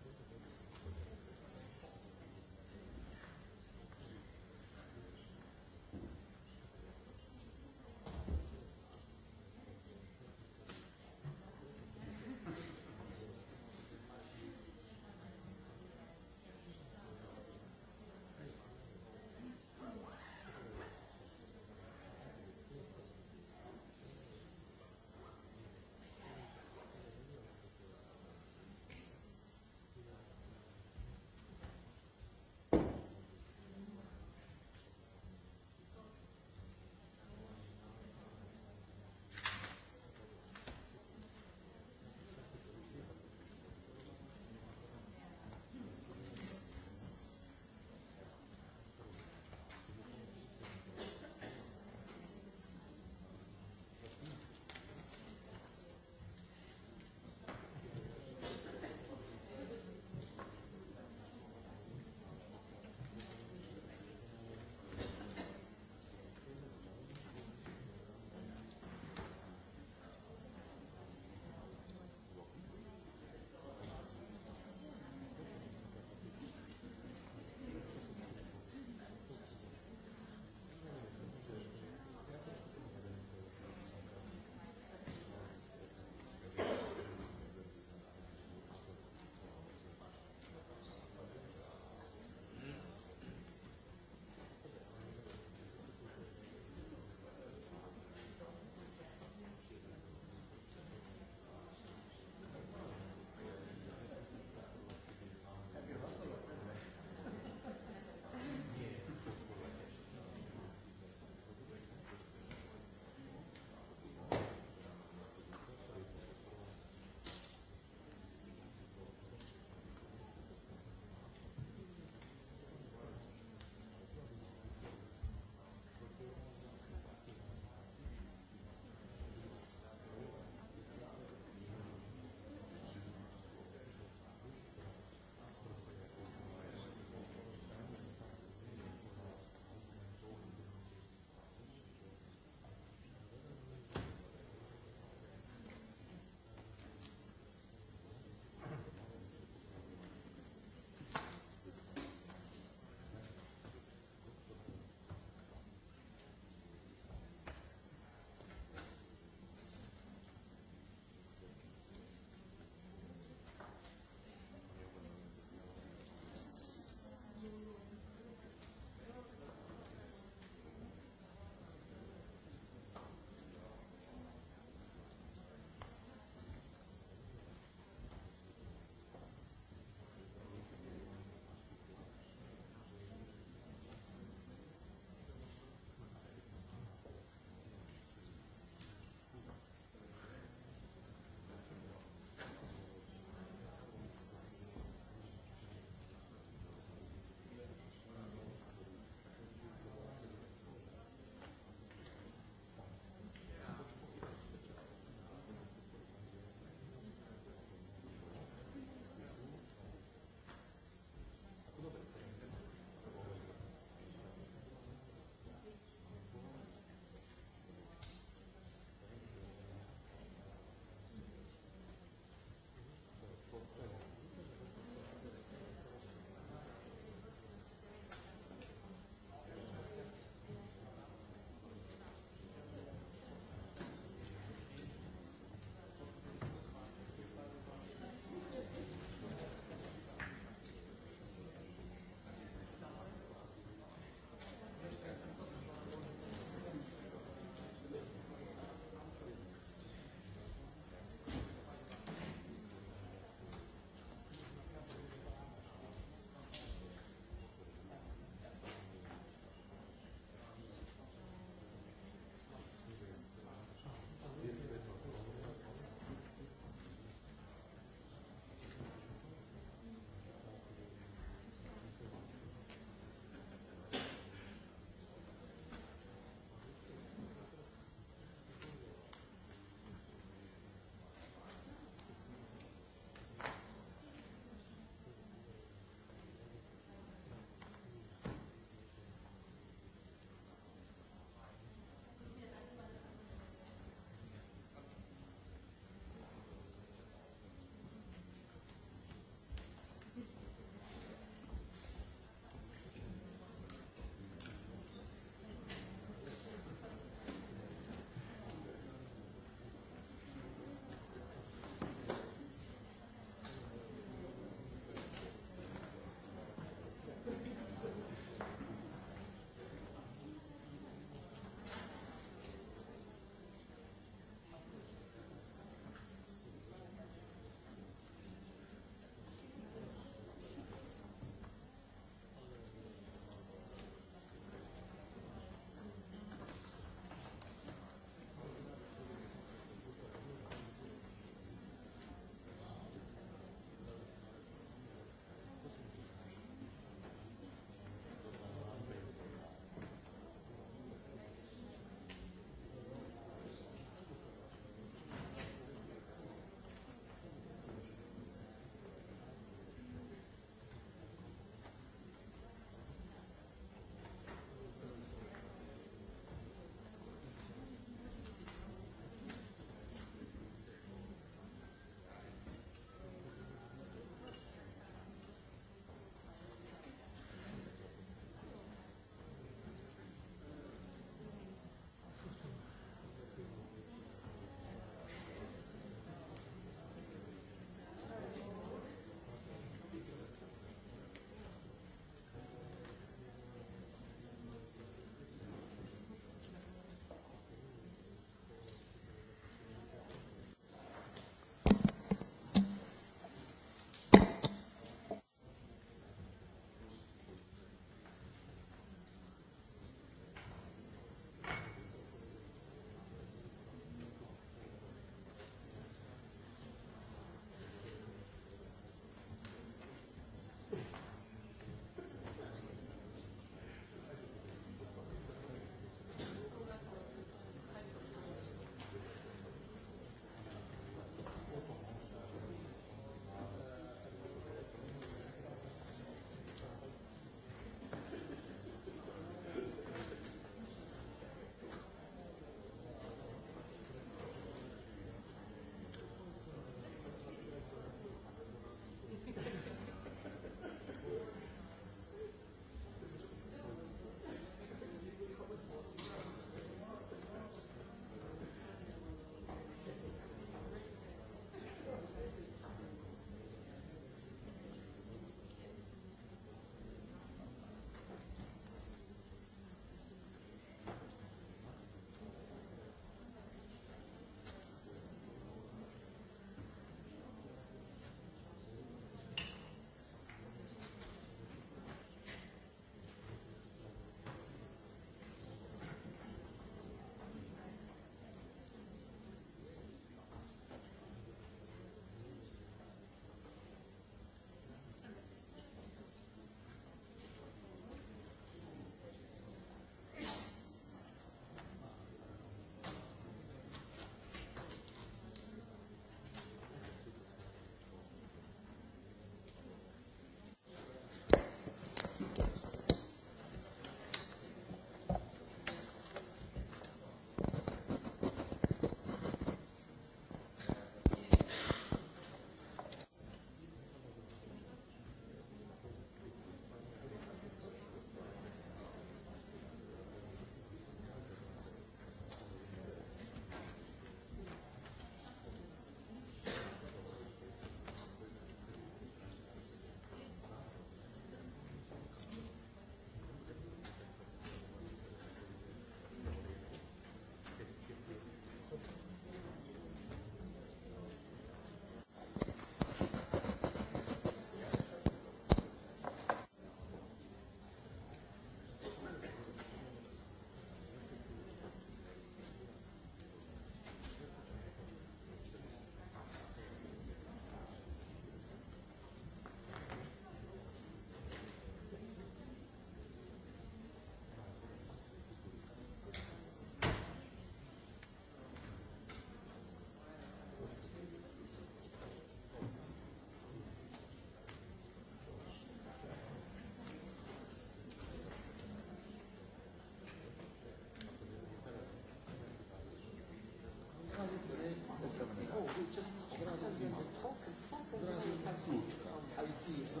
Děkuji.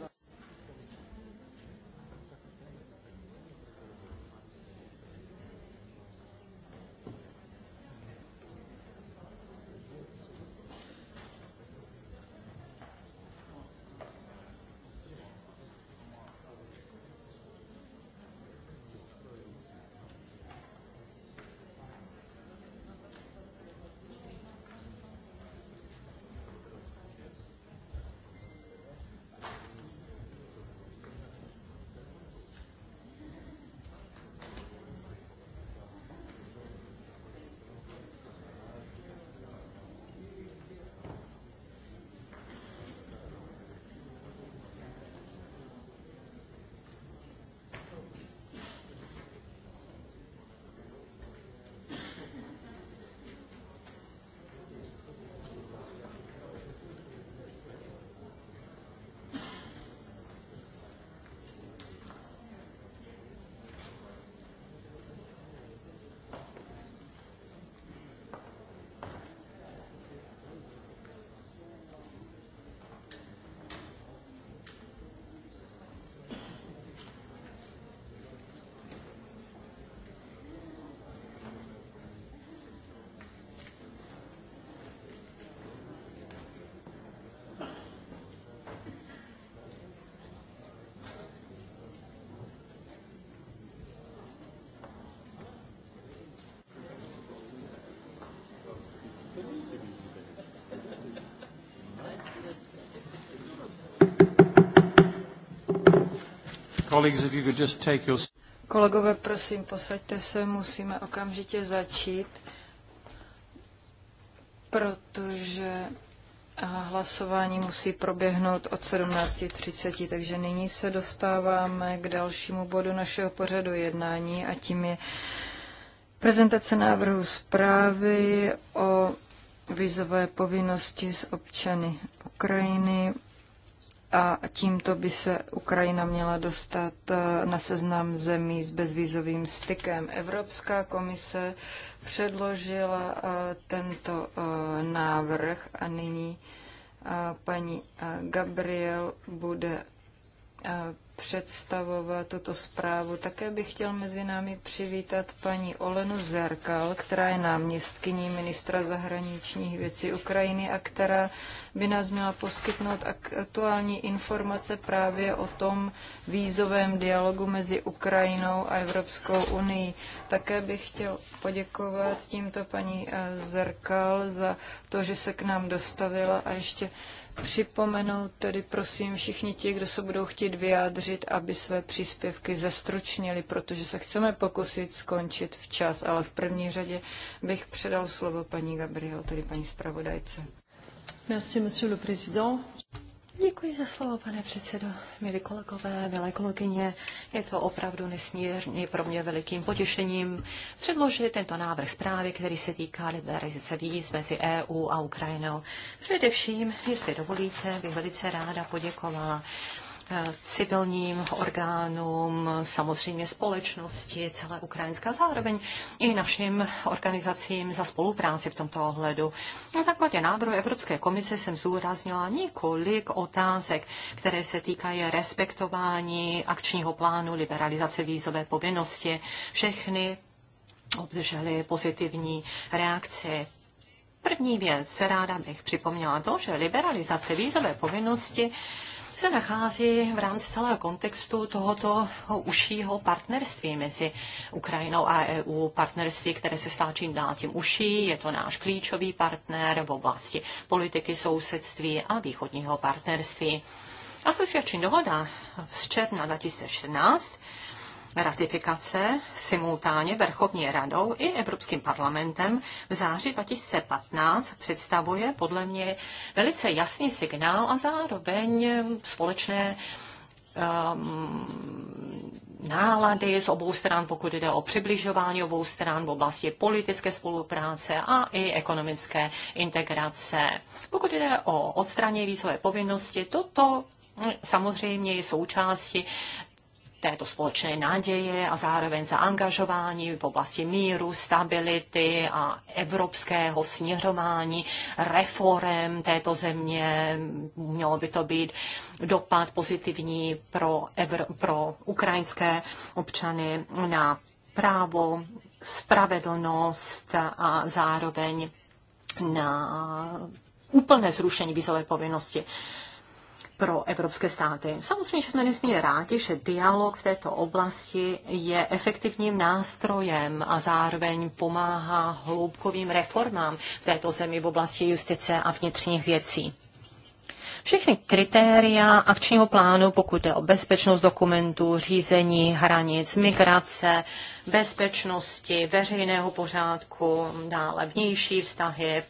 Kolegové, prosím, posaďte se, musíme okamžitě začít, protože hlasování musí proběhnout od 17.30, takže nyní se dostáváme k dalšímu bodu našeho pořadu jednání a tím je prezentace návrhu zprávy o vizové povinnosti z občany Ukrajiny a tímto by se Ukrajina měla dostat eh, na seznam zemí s bezvízovým stykem. Evropská komise předložila eh, tento eh, návrh a nyní paní Gabriel bude představovat tuto zprávu. Také bych chtěl mezi námi přivítat paní Olenu Zerkal, která je náměstkyní ministra zahraničních věcí Ukrajiny a která by nás měla poskytnout aktuální informace právě o tom vízovém dialogu mezi Ukrajinou a Evropskou unii. Také bych chtěl poděkovat tímto paní eh, Zerkal za to, že se k nám dostavila a ještě připomenout tedy prosím všichni ti, kdo se budou chtít vyjádřit, aby své příspěvky zestručnili, protože se chceme pokusit skončit včas, ale v první řadě bych předal slovo paní Gabriel, tedy paní zpravodajce. Merci, monsieur le président. Děkuji za slovo, pane předsedo. Milí kolegové, milé kolegyně, je to opravdu nesmírně pro mě velikým potěšením předložit tento návrh zprávy, který se týká liberalizace víc mezi EU a Ukrajinou. Především, jestli dovolíte, bych velice ráda poděkovala civilním orgánům, samozřejmě společnosti, celé Ukrajinské a zároveň i našim organizacím za spolupráci v tomto ohledu. Na základě návrhu Evropské komise jsem zúraznila několik otázek, které se týkají respektování akčního plánu liberalizace vízové povinnosti. Všechny obdrželi pozitivní reakci První věc, ráda bych připomněla to, že liberalizace vízové povinnosti se nachází v rámci celého kontextu tohoto užšího partnerství mezi Ukrajinou a EU. Partnerství, které se stá čím dál tím uší, je to náš klíčový partner v oblasti politiky sousedství a východního partnerství. Asociační dohoda z června 2014 ratifikace simultánně Verchovní radou i Evropským parlamentem v září 2015 představuje podle mě velice jasný signál a zároveň společné um, nálady z obou stran, pokud jde o přibližování obou stran v oblasti politické spolupráce a i ekonomické integrace. Pokud jde o odstranění vízové povinnosti, toto hm, samozřejmě je součástí této společné naděje a zároveň za angažování v oblasti míru, stability a evropského směřování, reform této země. Mělo by to být dopad pozitivní pro, Evro- pro ukrajinské občany na právo, spravedlnost a zároveň na úplné zrušení vízové povinnosti pro evropské státy. Samozřejmě, že jsme nesmírně rádi, že dialog v této oblasti je efektivním nástrojem a zároveň pomáhá hloubkovým reformám v této zemi v oblasti justice a vnitřních věcí. Všechny kritéria akčního plánu, pokud je o bezpečnost dokumentů, řízení hranic, migrace, bezpečnosti, veřejného pořádku, dále vnější vztahy,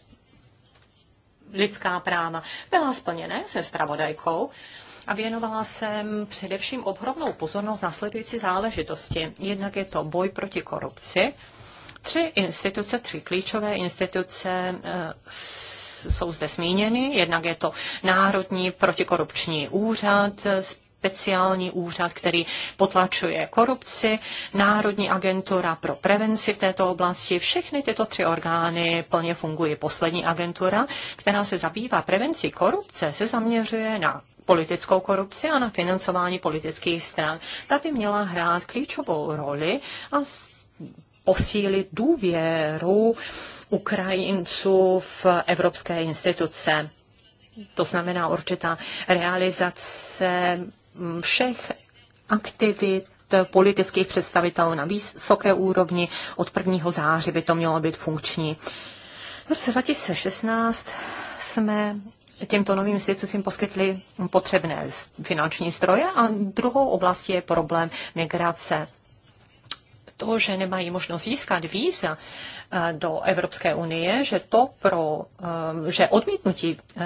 lidská práva byla splněné se spravodajkou a věnovala jsem především obrovnou pozornost nasledující záležitosti. Jednak je to boj proti korupci, Tři instituce, tři klíčové instituce eh, jsou zde zmíněny. Jednak je to Národní protikorupční úřad, eh, speciální úřad, který potlačuje korupci, Národní agentura pro prevenci v této oblasti. Všechny tyto tři orgány plně fungují. Poslední agentura, která se zabývá prevencí korupce, se zaměřuje na politickou korupci a na financování politických stran. Ta by měla hrát klíčovou roli a posílit důvěru Ukrajinců v evropské instituce. To znamená určitá realizace všech aktivit politických představitelů na vysoké úrovni. Od 1. září by to mělo být funkční. V roce 2016 jsme těmto novým institucím poskytli potřebné finanční stroje a druhou oblastí je problém migrace. To, že nemají možnost získat víza do Evropské unie, že to pro, eh, že odmítnutí eh,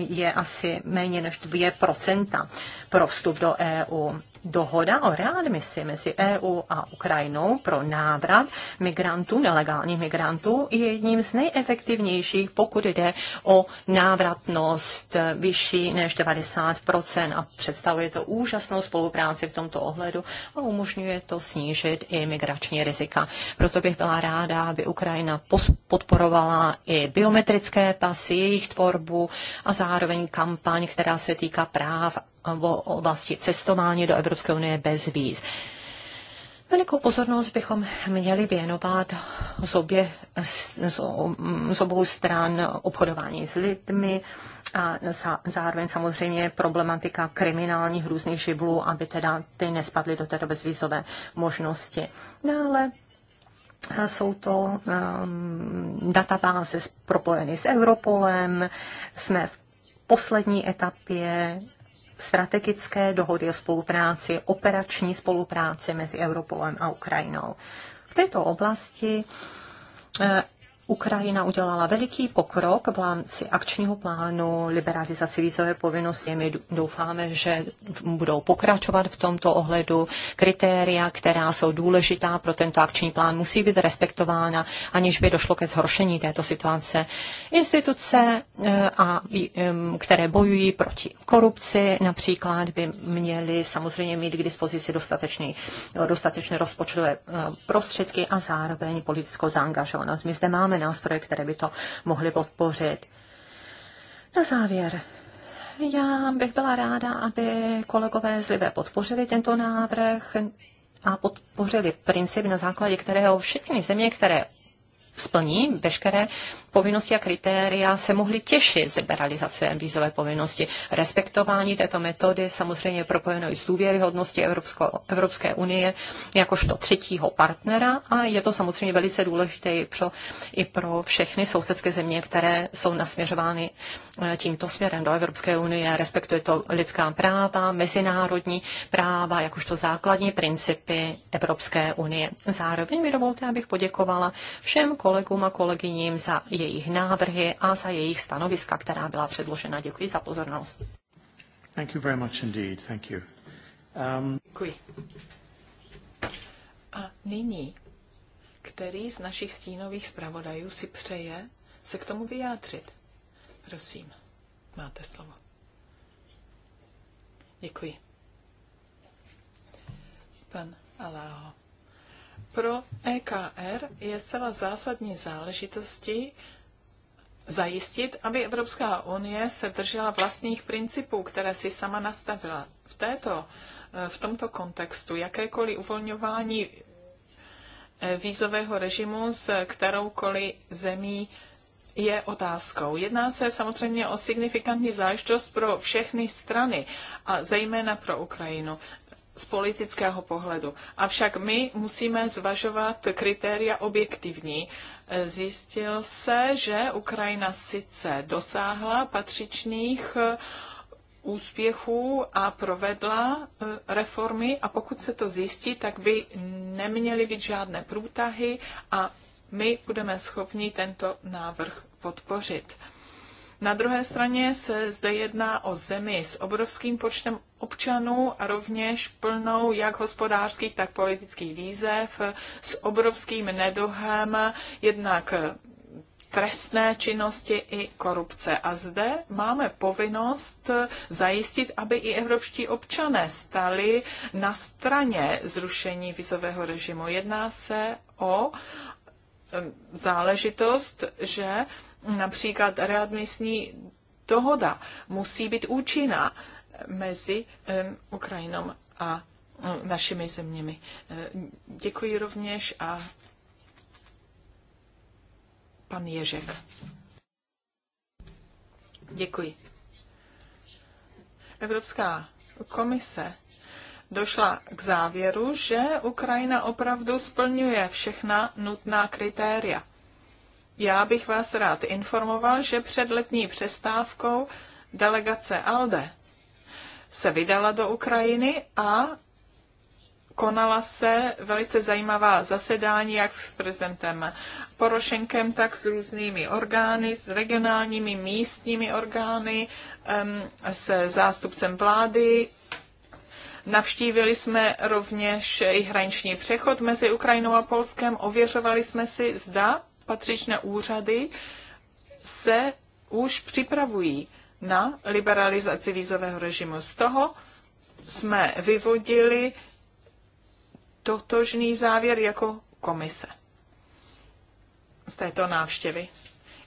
je asi méně než 2% pro vstup do EU dohoda o readmisi mezi EU a Ukrajinou pro návrat migrantů, nelegálních migrantů, je jedním z nejefektivnějších, pokud jde o návratnost vyšší než 90% a představuje to úžasnou spolupráci v tomto ohledu a umožňuje to snížit i migrační rizika. Proto bych byla ráda, aby Ukrajina podporovala i biometrické pasy, jejich tvorbu a zároveň kampaň, která se týká práv v oblasti cestování do Evropské unie bez víz. Velikou pozornost bychom měli věnovat z, obě, z, z obou stran obchodování s lidmi a za, zároveň samozřejmě problematika kriminálních různých živlů, aby teda ty nespadly do této bezvízové možnosti. Dále no, jsou to um, databáze propojeny s Europolem, jsme v poslední etapě strategické dohody o spolupráci, operační spolupráci mezi Europolem a Ukrajinou. V této oblasti eh, Ukrajina udělala veliký pokrok v rámci akčního plánu liberalizace vízové povinnosti. My doufáme, že budou pokračovat v tomto ohledu. Kritéria, která jsou důležitá pro tento akční plán, musí být respektována, aniž by došlo ke zhoršení této situace. Instituce, eh, a, které bojují proti korupci, například by měly samozřejmě mít k dispozici dostatečný, dostatečné rozpočtové eh, prostředky a zároveň politickou zaangažovanost. My zde máme máme nástroje, které by to mohly podpořit. Na závěr, já bych byla ráda, aby kolegové z Libe podpořili tento návrh a podpořili princip, na základě kterého všechny země, které splní veškeré povinnosti a kritéria se mohly těšit z liberalizace vízové povinnosti. Respektování této metody samozřejmě je propojeno i s důvěryhodností Evropsko, Evropské unie jakožto třetího partnera a je to samozřejmě velice důležité i pro, i pro všechny sousedské země, které jsou nasměřovány eh, tímto směrem do Evropské unie. Respektuje to lidská práva, mezinárodní práva, jakožto základní principy Evropské unie. Zároveň mi dovolte, abych poděkovala všem kolegům a kolegyním za jejich návrhy a za jejich stanoviska, která byla předložena. Děkuji za pozornost. Thank you very much indeed. Thank you. Um... Děkuji. A nyní, který z našich stínových zpravodajů si přeje se k tomu vyjádřit? Prosím, máte slovo. Děkuji. Pan Aláho pro EKR je zcela zásadní záležitostí zajistit, aby Evropská unie se držela vlastních principů, které si sama nastavila. V, této, eh, v tomto kontextu jakékoliv uvolňování eh, vízového režimu s kteroukoliv zemí je otázkou. Jedná se samozřejmě o signifikantní záležitost pro všechny strany a zejména pro Ukrajinu z politického pohledu. Avšak my musíme zvažovat kritéria objektivní. E, zjistil se, že Ukrajina sice dosáhla patřičných e, úspěchů a provedla e, reformy a pokud se to zjistí, tak by neměly být žádné průtahy a my budeme schopni tento návrh podpořit. Na druhé straně se zde jedná o zemi s obrovským počtem občanů a rovněž plnou jak hospodářských, tak politických výzev, s obrovským nedohem, jednak trestné činnosti i korupce. A zde máme povinnost zajistit, aby i evropští občané stali na straně zrušení vizového režimu. Jedná se o záležitost, že Například readmisní dohoda musí být účinná mezi Ukrajinou a našimi zeměmi. Děkuji rovněž a pan Ježek. Děkuji. Evropská komise došla k závěru, že Ukrajina opravdu splňuje všechna nutná kritéria já bych vás rád informoval, že před letní přestávkou delegace ALDE se vydala do Ukrajiny a konala se velice zajímavá zasedání jak s prezidentem Porošenkem, tak s různými orgány, s regionálními místními orgány, se zástupcem vlády. Navštívili jsme rovněž i hraniční přechod mezi Ukrajinou a Polskem, ověřovali jsme si, zda patřičné úřady se už připravují na liberalizaci vízového režimu. Z toho jsme vyvodili totožný závěr jako komise z této návštěvy.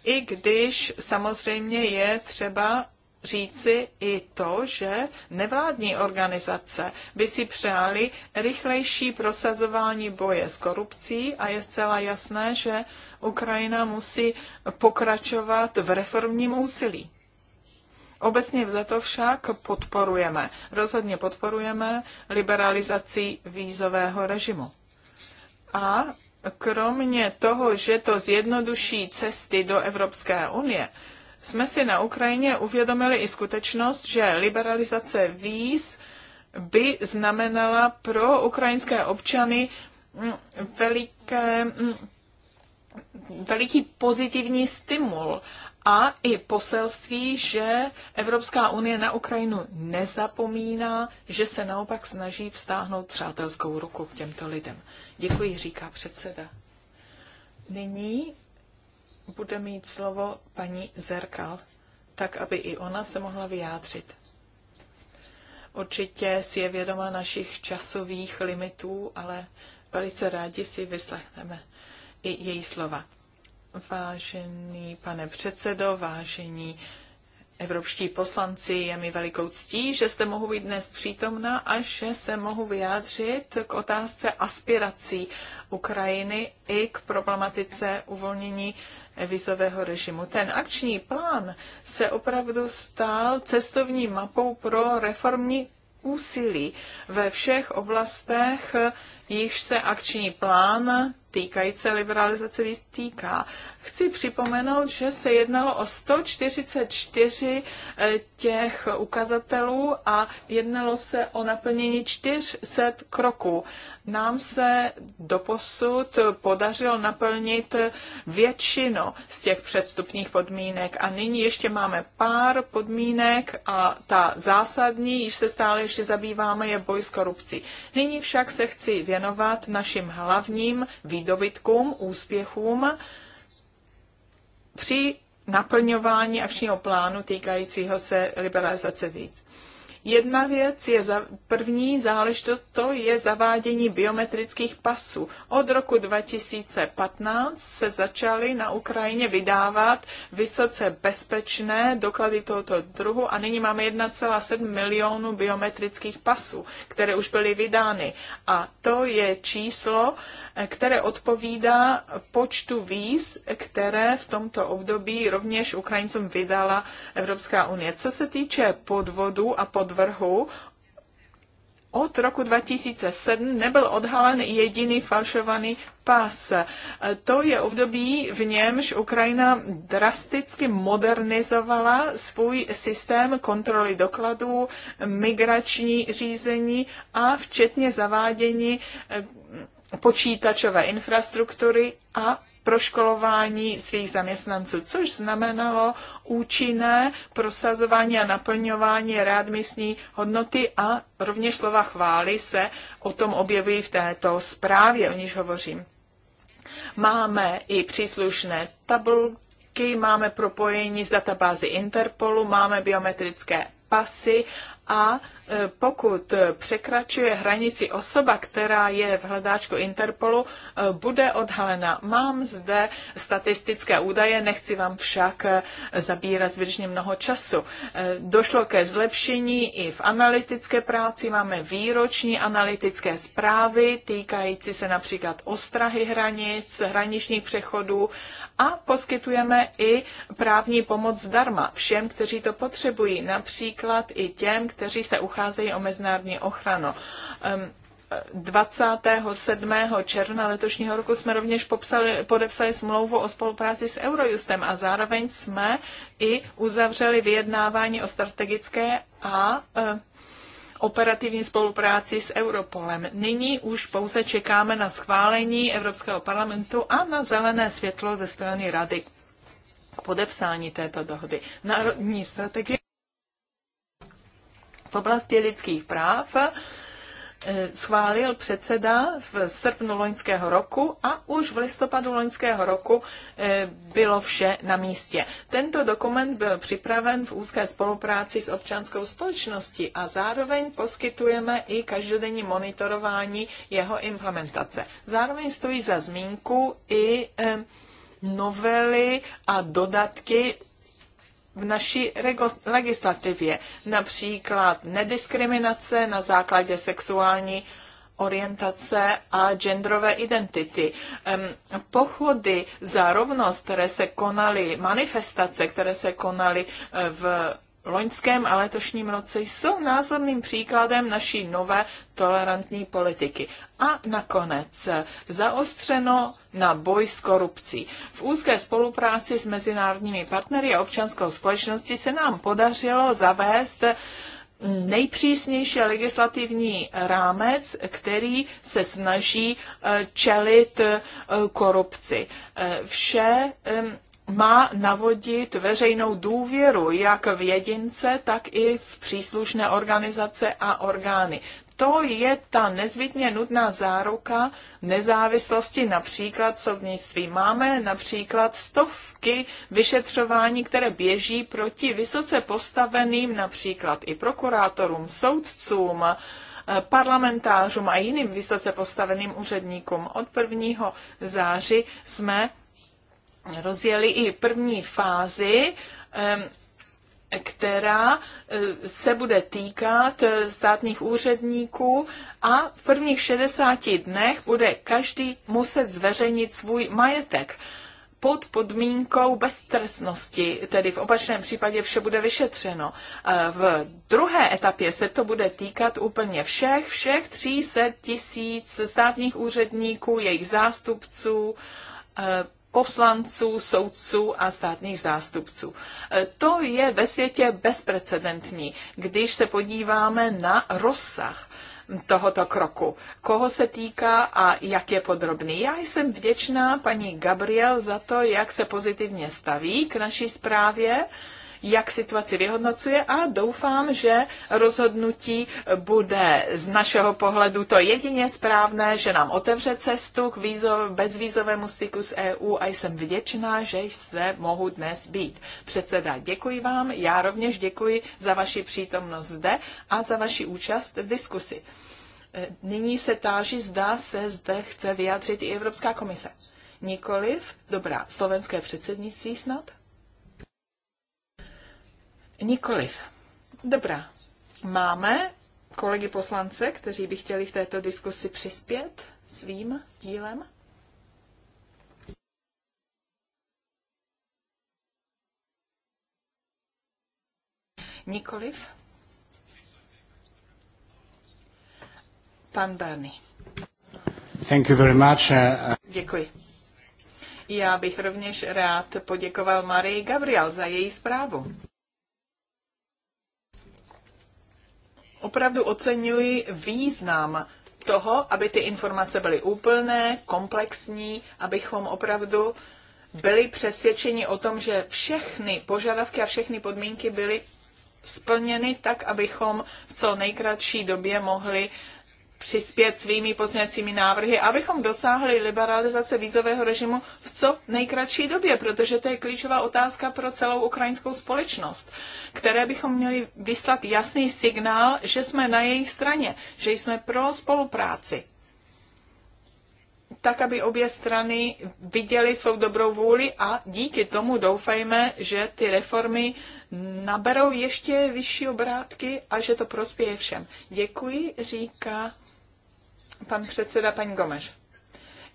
I když samozřejmě je třeba říci i to, že nevládní organizace by si přáli rychlejší prosazování boje s korupcí a je zcela jasné, že Ukrajina musí pokračovat v reformním úsilí. Obecně to však podporujeme, rozhodně podporujeme liberalizaci vízového režimu. A kromě toho, že to zjednoduší cesty do Evropské unie, jsme si na Ukrajině uvědomili i skutečnost, že liberalizace víz by znamenala pro ukrajinské občany mm, veliké mm, veliký pozitivní stimul a i poselství, že Evropská unie na Ukrajinu nezapomíná, že se naopak snaží vztáhnout přátelskou ruku k těmto lidem. Děkuji, říká předseda. Nyní bude mít slovo paní Zerkal, tak aby i ona se mohla vyjádřit. Určitě si je vědoma našich časových limitů, ale velice rádi si vyslechneme i její slova. Vážený pane předsedo, vážení evropští poslanci, je mi velikou ctí, že jste mohu být dnes přítomna a že se mohu vyjádřit k otázce aspirací Ukrajiny i k problematice uvolnění vizového režimu. Ten akční plán se opravdu stal cestovní mapou pro reformní úsilí ve všech oblastech, Již se akční plán týkající se liberalizace víc týká. Chci připomenout, že se jednalo o 144 eh, těch ukazatelů a jednalo se o naplnění 400 kroků. Nám se doposud podařilo naplnit většinu z těch předstupních podmínek a nyní ještě máme pár podmínek a ta zásadní, již se stále ještě zabýváme, je boj s korupcí. Nyní však se chci věnovat našim hlavním výzvám dobytkům, úspěchům při naplňování akčního plánu týkajícího se liberalizace víc. Jedna věc je za, první záležitost, to je zavádění biometrických pasů. Od roku 2015 se začaly na Ukrajině vydávat vysoce bezpečné doklady tohoto druhu a nyní máme 1,7 milionů biometrických pasů, které už byly vydány. A to je číslo, eh, které odpovídá počtu víz, které v tomto období rovněž Ukrajincům vydala Evropská unie. Co se týče podvodů a pod podvrhu od roku 2007 nebyl odhalen jediný falšovaný pas. To je období, v němž Ukrajina drasticky modernizovala svůj systém kontroly dokladů, migrační řízení a včetně zavádění eh, počítačové infrastruktury a proškolování svých zaměstnanců, což znamenalo účinné prosazování a naplňování readmisní hodnoty a rovněž slova chvály se o tom objevují v této zprávě, o níž hovořím. Máme i příslušné tabulky, máme propojení s databázy Interpolu, máme biometrické pasy a e, pokud překračuje hranici osoba, která je v hledáčku Interpolu, e, bude odhalena. Mám zde statistické údaje, nechci vám však e, zabírat zbytečně mnoho času. Došlo ke zlepšení i v analytické práci, máme výroční analytické zprávy týkající se například ostrahy hranic, hraničních přechodů a poskytujeme i právní pomoc zdarma všem, kteří to potřebují, například i těm, kteří se ucházejí o mezinárodní ochranu. 27. Ehm, června letošního roku jsme rovněž popsali, podepsali smlouvu o spolupráci s Eurojustem a zároveň jsme i uzavřeli vyjednávání o strategické a ehm, operativní spolupráci s Europolem. Nyní už pouze čekáme na schválení Evropského parlamentu a na zelené světlo ze strany Rady k podepsání této dohody. Národní strategie v oblasti lidských práv eh, schválil předseda v srpnu loňského roku a už v listopadu loňského roku eh, bylo vše na místě. Tento dokument byl připraven v úzké spolupráci s občanskou společností a zároveň poskytujeme i každodenní monitorování jeho implementace. Zároveň stojí za zmínku i eh, novely a dodatky v naší legislativě, například nediskriminace na základě sexuální orientace a genderové identity. Pochody za rovnost, které se konaly, manifestace, které se konaly eh, v loňském a letošním roce jsou názorným příkladem naší nové tolerantní politiky. A nakonec zaostřeno na boj s korupcí. V úzké spolupráci s mezinárodními partnery a občanskou společností se nám podařilo zavést nejpřísnější legislativní rámec, který se snaží eh, čelit eh, korupci. Eh, vše má navodit veřejnou důvěru jak v jedince, tak i v příslušné organizace a orgány. To je ta nezbytně nutná záruka nezávislosti například soudnictví. Máme například stovky vyšetřování, které běží proti vysoce postaveným například i prokurátorům, soudcům, eh, parlamentářům a jiným vysoce postaveným úředníkům. Od 1. září jsme rozjeli i první fázi, která eh, se bude týkat eh, státních úředníků a v prvních 60 dnech bude každý muset zveřejnit svůj majetek pod podmínkou beztrestnosti, tedy v opačném případě vše bude vyšetřeno. Eh, v druhé etapě se to bude týkat úplně všech, všech 300 tisíc státních úředníků, jejich zástupců, poslanců, soudců a státních zástupců. E, to je ve světě bezprecedentní, když se podíváme na rozsah tohoto kroku. Koho se týká a jak je podrobný. Já jsem vděčná paní Gabriel za to, jak se pozitivně staví k naší zprávě jak situaci vyhodnocuje a doufám, že rozhodnutí bude z našeho pohledu to jedině správné, že nám otevře cestu k vízo, bezvízovému styku s EU a jsem vděčná, že jste mohu dnes být. Předseda, děkuji vám, já rovněž děkuji za vaši přítomnost zde a za vaši účast v diskusi. E, nyní se táží, zda se zde chce vyjádřit i Evropská komise. Nikoliv? Dobrá, slovenské předsednictví snad? Nikoliv. Dobrá. Máme kolegy poslance, kteří by chtěli v této diskusi přispět svým dílem? Nikoliv. Pan Berny. Thank you very much. Uh, uh, Děkuji. Já bych rovněž rád poděkoval Marii Gabriel za její zprávu. opravdu oceňuji význam toho, aby ty informace byly úplné, komplexní, abychom opravdu byli přesvědčeni o tom, že všechny požadavky a všechny podmínky byly splněny tak, abychom v co nejkratší době mohli přispět svými pozměňovacími návrhy, abychom dosáhli liberalizace vízového režimu v co nejkratší době, protože to je klíčová otázka pro celou ukrajinskou společnost, které bychom měli vyslat jasný signál, že jsme na jejich straně, že jsme pro spolupráci tak, aby obě strany viděly svou dobrou vůli a díky tomu doufejme, že ty reformy naberou ještě vyšší obrátky a že to prospěje všem. Děkuji, říká Pan předseda, paní Gomeš.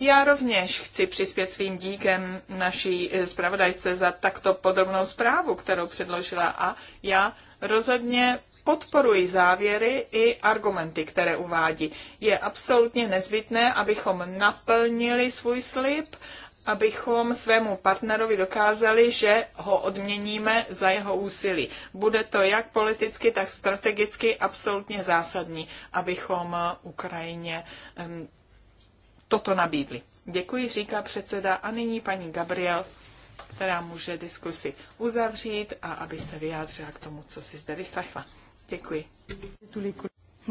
Já rovněž chci přispět svým díkem naší eh, zpravodajce za takto podrobnou zprávu, kterou předložila a já rozhodně podporuji závěry i argumenty, které uvádí. Je absolutně nezbytné, abychom naplnili svůj slib abychom svému partnerovi dokázali, že ho odměníme za jeho úsilí. Bude to jak politicky, tak strategicky absolutně zásadní, abychom eh, Ukrajině toto nabídli. Děkuji, říká předseda. A nyní paní Gabriel, která může diskusi uzavřít a aby se vyjádřila k tomu, co si zde vyslechla. Děkuji.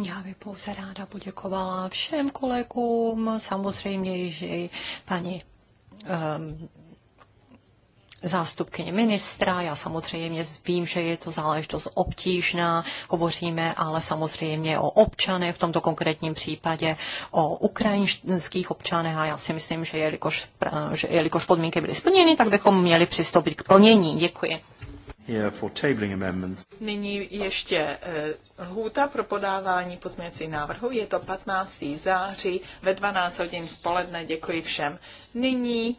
Já bych pouze ráda poděkovala všem kolegům, samozřejmě i paní Ehm, zástupkyně ministra. Já samozřejmě vím, že je to záležitost obtížná, hovoříme ale samozřejmě o občanech, v tomto konkrétním případě o ukrajinských občanech a já si myslím, že jelikož, že jelikož podmínky byly splněny, tak bychom měli přistoupit k plnění. Děkuji. Nyní ještě eh, lhůta pro podávání pozměňovacích návrhu Je to 15. září ve 12 hodin v poledne. Děkuji všem. Nyní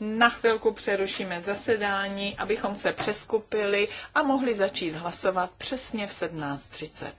na chvilku přerušíme zasedání, abychom se přeskupili a mohli začít hlasovat přesně v 17.30.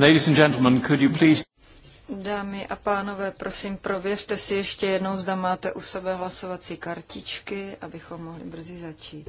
Ladies and gentlemen, could you please... Dámy a pánové, prosím, prověřte si ještě jednou, zda máte u sebe hlasovací kartičky, abychom mohli brzy začít.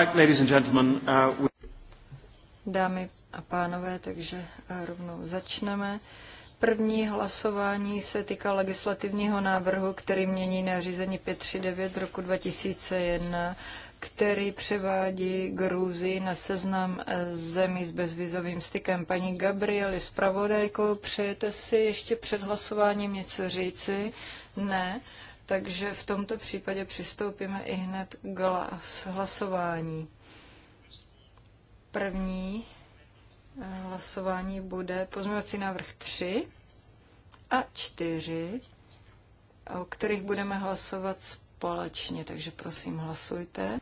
Right, ladies and gentlemen, uh, we... Dámy a pánové, takže eh, rovnou začneme. První hlasování se týká legislativního návrhu, který mění nařízení 539 z roku 2001, který převádí Gruzi na seznam eh, zemí s bezvizovým stykem. Paní Gabrieli, zpravodajko, přejete si ještě před hlasováním něco říci? Ne takže v tomto případě přistoupíme i hned k hlasování. První eh, hlasování bude pozměňovací návrh 3 a 4, o kterých budeme hlasovat společně, takže prosím hlasujte.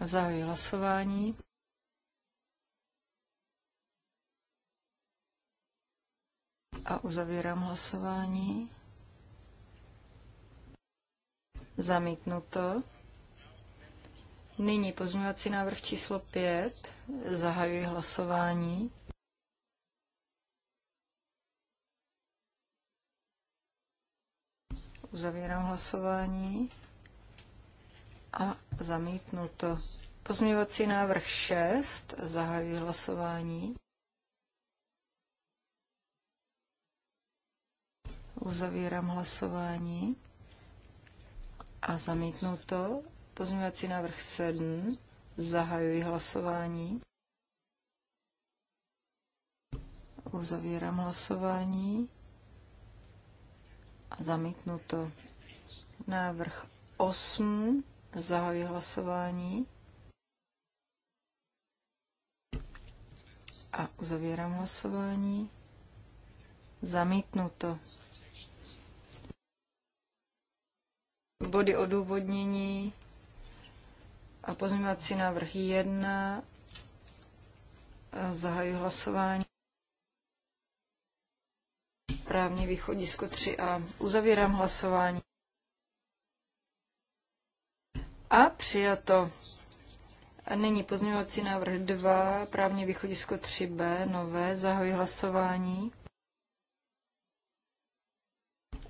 Zahajuji hlasování. A uzavírám hlasování. Zamítnuto. Nyní pozměňovací návrh číslo 5. Zahajuji hlasování. Uzavírám hlasování a zamítnuto. Pozměňovací návrh 6. Zahajuji hlasování. Uzavírám hlasování a zamítnuto. Pozměňovací návrh 7. Zahajuji hlasování. Uzavírám hlasování a zamítnuto. Návrh 8. Zahajuji hlasování a uzavírám hlasování. Zamítnuto. body odůvodnění a pozměňovací návrh 1. Zahajuji hlasování. Právní východisko 3a. Uzavírám hlasování. A přijato. A nyní pozměňovací návrh 2, právní východisko 3b, nové, zahoji hlasování.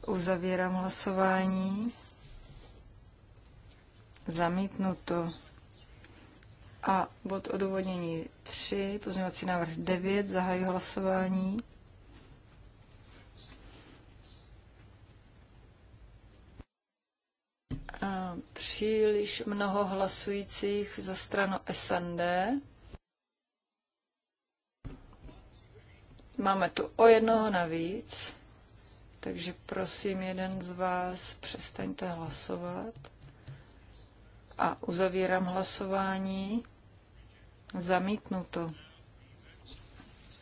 Uzavírám hlasování zamítnuto. A bod odůvodnění 3, pozměňovací návrh 9, zahajuji hlasování. A příliš mnoho hlasujících za stranu SND. Máme tu o jednoho navíc, takže prosím jeden z vás přestaňte hlasovat a uzavírám hlasování. Zamítnuto.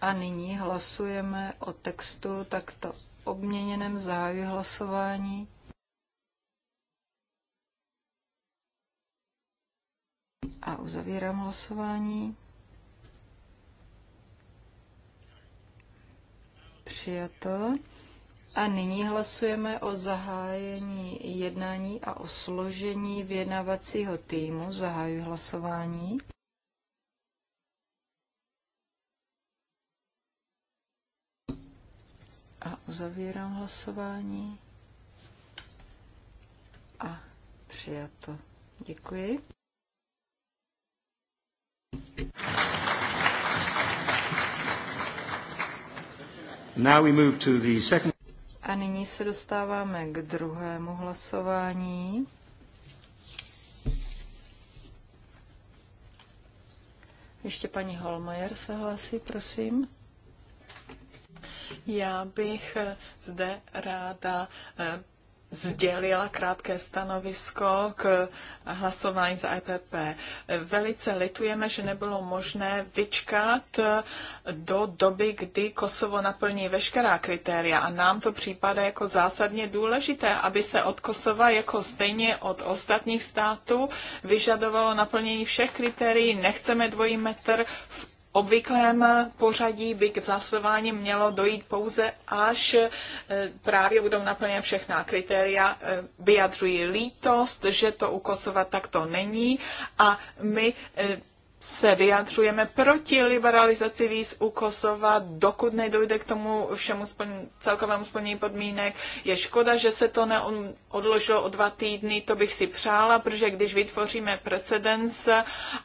A nyní hlasujeme o textu takto obměněném zájmu hlasování. A uzavírám hlasování. Přijato. A nyní hlasujeme o zahájení jednání a o složení vyjednávacího týmu. Zahájuji hlasování. A uzavírám hlasování. A přijato. Děkuji. Now we move to the second... A nyní se dostáváme k druhému hlasování. Ještě paní Holmajer se hlásí, prosím. Já bych zde ráda eh, sdělila krátké stanovisko k hlasování za EPP. Velice litujeme, že nebylo možné vyčkat do doby, kdy Kosovo naplní veškerá kritéria a nám to připadá jako zásadně důležité, aby se od Kosova jako stejně od ostatních států vyžadovalo naplnění všech kritérií. Nechceme dvojí metr v obvyklém pořadí by k zasování mělo dojít pouze, až e, právě budou naplněna všechna kritéria, e, vyjadřují lítost, že to Kosova takto není a my e, se vyjadřujeme proti liberalizaci víz u Kosova, dokud nedojde k tomu všemu splň, celkovému splnění podmínek. Je škoda, že se to neodložilo o dva týdny, to bych si přála, protože když vytvoříme precedens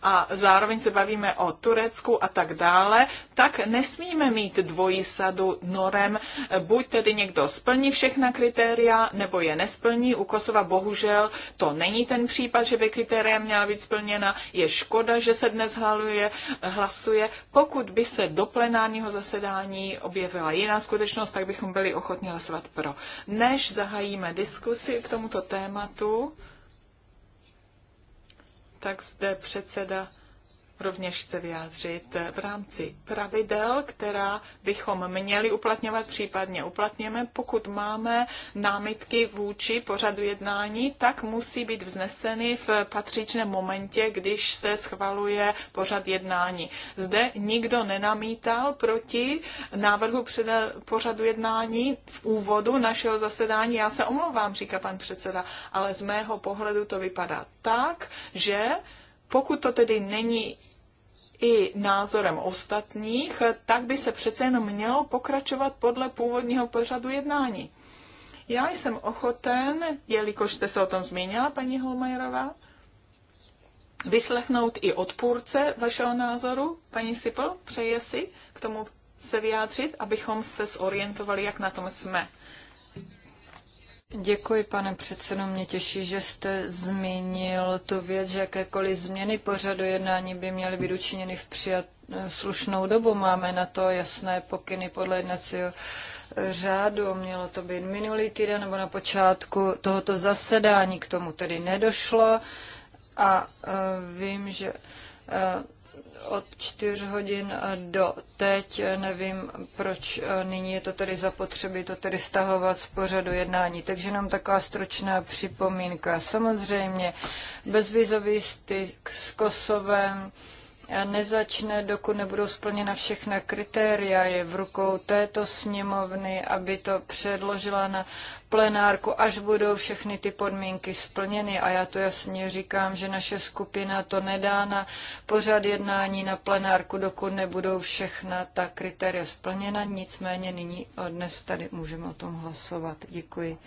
a zároveň se bavíme o Turecku a tak dále, tak nesmíme mít dvojí sadu norem. Buď tedy někdo splní všechna kritéria, nebo je nesplní. U Kosova bohužel to není ten případ, že by kritéria měla být splněna. Je škoda, že se dnes dnes hlasuje. Pokud by se do plenárního zasedání objevila jiná skutečnost, tak bychom byli ochotni hlasovat pro. Než zahájíme diskusi k tomuto tématu, tak zde předseda rovněž chce vyjádřit eh, v rámci pravidel, která bychom měli uplatňovat, případně uplatněme. Pokud máme námitky vůči pořadu jednání, tak musí být vzneseny v patřičném momentě, když se schvaluje pořad jednání. Zde nikdo nenamítal proti návrhu před pořadu jednání v úvodu našeho zasedání. Já se omlouvám, říká pan předseda, ale z mého pohledu to vypadá tak, že pokud to tedy není i názorem ostatních, tak by se přece jenom mělo pokračovat podle původního pořadu jednání. Já jsem ochoten, jelikož jste se o tom zmínila, paní Holmajerová, vyslechnout i odpůrce vašeho názoru. Paní Sipl, přeje si k tomu se vyjádřit, abychom se zorientovali, jak na tom jsme. Děkuji, pane předsedo. Mě těší, že jste zmínil tu věc, že jakékoliv změny pořadu jednání by měly být učiněny v přijat eh, slušnou dobu. Máme na to jasné pokyny podle jednacího eh, řádu. Mělo to být minulý týden nebo na počátku tohoto zasedání. K tomu tedy nedošlo. A eh, vím, že od čtyř hodin do teď. Nevím, proč e, nyní je to tedy zapotřebí to tedy stahovat z pořadu jednání. Takže nám taková stročná připomínka. Samozřejmě bezvizový styk s Kosovem, nezačne, dokud nebudou splněna všechna kritéria. Je v rukou této sněmovny, aby to předložila na plenárku, až budou všechny ty podmínky splněny. A já to jasně říkám, že naše skupina to nedá na pořad jednání na plenárku, dokud nebudou všechna ta kritéria splněna. Nicméně nyní eh, dnes tady můžeme o tom hlasovat. Děkuji.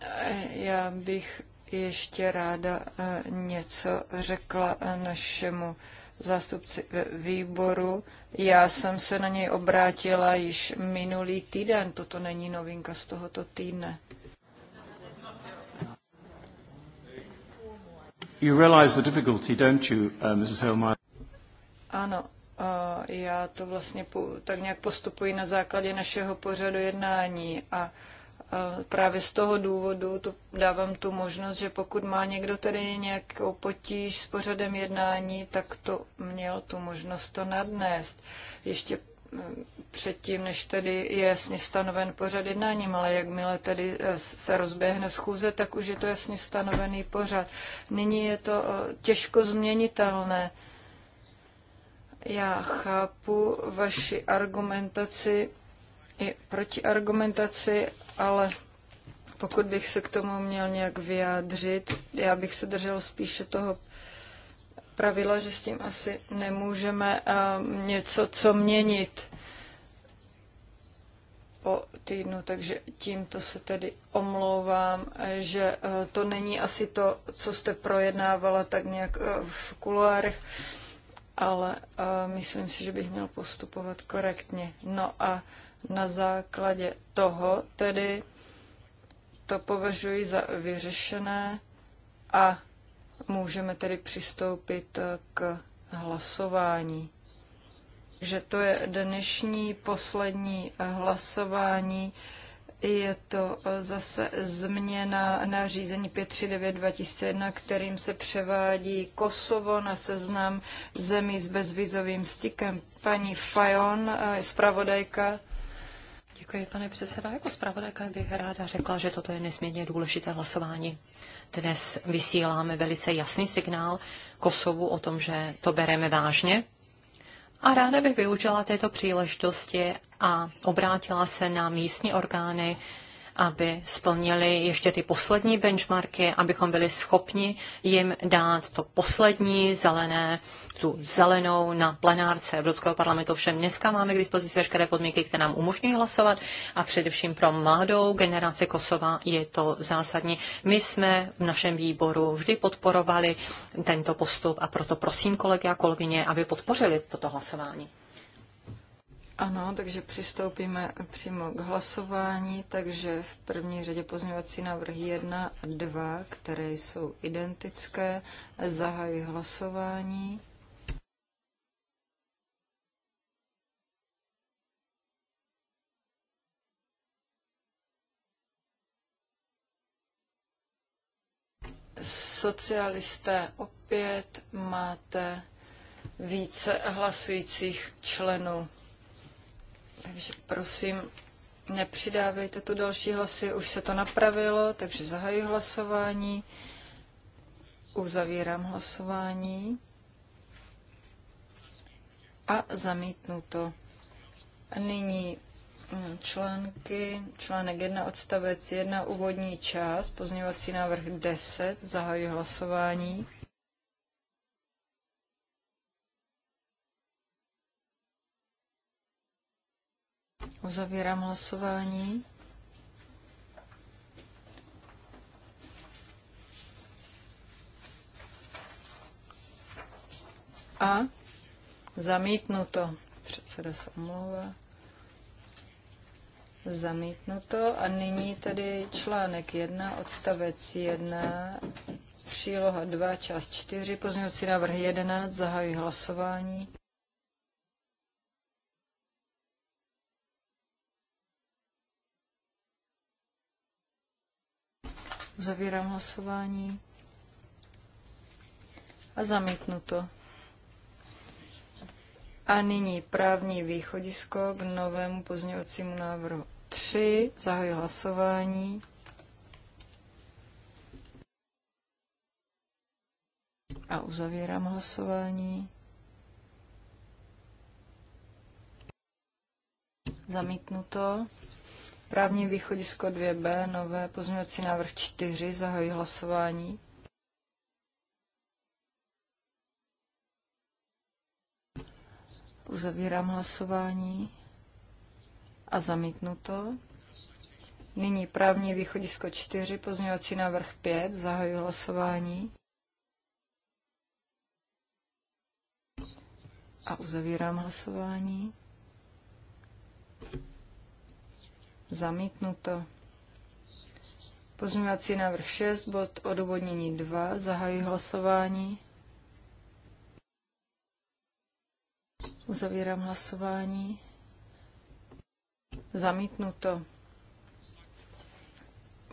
Eh, já bych ještě ráda eh, něco řekla eh, našemu zástupci výboru. Já jsem se na něj obrátila již minulý týden, toto není novinka z tohoto týdne. You realize the difficulty, don't you, uh, Mrs. Holmeyer? Ano, eh, já to vlastně tak nějak postupuji na základě našeho pořadu jednání a právě z toho důvodu tu dávám tu možnost, že pokud má někdo tedy nějakou potíž s pořadem jednání, tak to měl tu možnost to nadnést. Ještě předtím, než tedy je jasně stanoven pořad jednáním, ale jakmile tedy e, se rozběhne schůze, tak už je to jasně stanovený pořad. Nyní je to e, těžko změnitelné. Já chápu vaši argumentaci, i proti argumentaci, ale pokud bych se k tomu měl nějak vyjádřit, já bych se držel spíše toho pravidla, že s tím asi nemůžeme eh, něco co měnit po týdnu, takže tímto se tedy omlouvám, eh, že eh, to není asi to, co jste projednávala tak nějak v kuloárech, ale myslím si, že bych měl postupovat korektně. No a na základě toho tedy to považuji za vyřešené a můžeme tedy přistoupit k hlasování. Že to je dnešní poslední hlasování. Je to zase změna nařízení 539-2001, kterým se převádí Kosovo na seznam zemí s bezvizovým stykem. Paní Fajon, zpravodajka, Děkuji, pane předseda. Jako zpravodajka bych ráda řekla, že toto je nesmírně důležité hlasování. Dnes vysíláme velice jasný signál Kosovu o tom, že to bereme vážně. A ráda bych využila této příležitosti a obrátila se na místní orgány aby splnili ještě ty poslední benchmarky, abychom byli schopni jim dát to poslední zelené, tu zelenou na plenárce Evropského parlamentu. Všem dneska máme k dispozici veškeré podmínky, které nám umožní hlasovat a především pro mladou generaci Kosova je to zásadní. My jsme v našem výboru vždy podporovali tento postup a proto prosím kolegy a kolegyně, aby podpořili toto hlasování. Ano, takže přistoupíme přímo k hlasování, takže v první řadě pozměňovací návrhy 1 a 2, které jsou identické, zahajuji hlasování. Socialisté opět máte více hlasujících členů. Takže prosím, nepřidávejte tu další hlasy, už se to napravilo, takže zahajuji hlasování, uzavírám hlasování a zamítnu to. Nyní hm, články, článek 1, odstavec 1, úvodní část, pozměňovací návrh 10, zahajuji hlasování. Uzavírám hlasování. A zamítnuto. Předseda se omlouvá. Zamítnuto. A nyní tady článek 1, odstavec 1, příloha 2, část 4, pozměňovací návrh 11, zahajuji hlasování. Zavírám hlasování. A zamítnuto. A nyní právní východisko k novému pozněvacímu návrhu 3. Zahajuji hlasování. A uzavírám hlasování. Zamítnuto. Právní východisko 2b, nové pozměňovací návrh 4, zahají hlasování. Uzavírám hlasování a zamítnu to. Nyní právní východisko 4, pozměňovací návrh 5, zahají hlasování. A uzavírám hlasování. Zamítnuto. Pozměňovací návrh 6, bod odůvodnění 2, zahajuji hlasování. Uzavírám hlasování. Zamítnuto.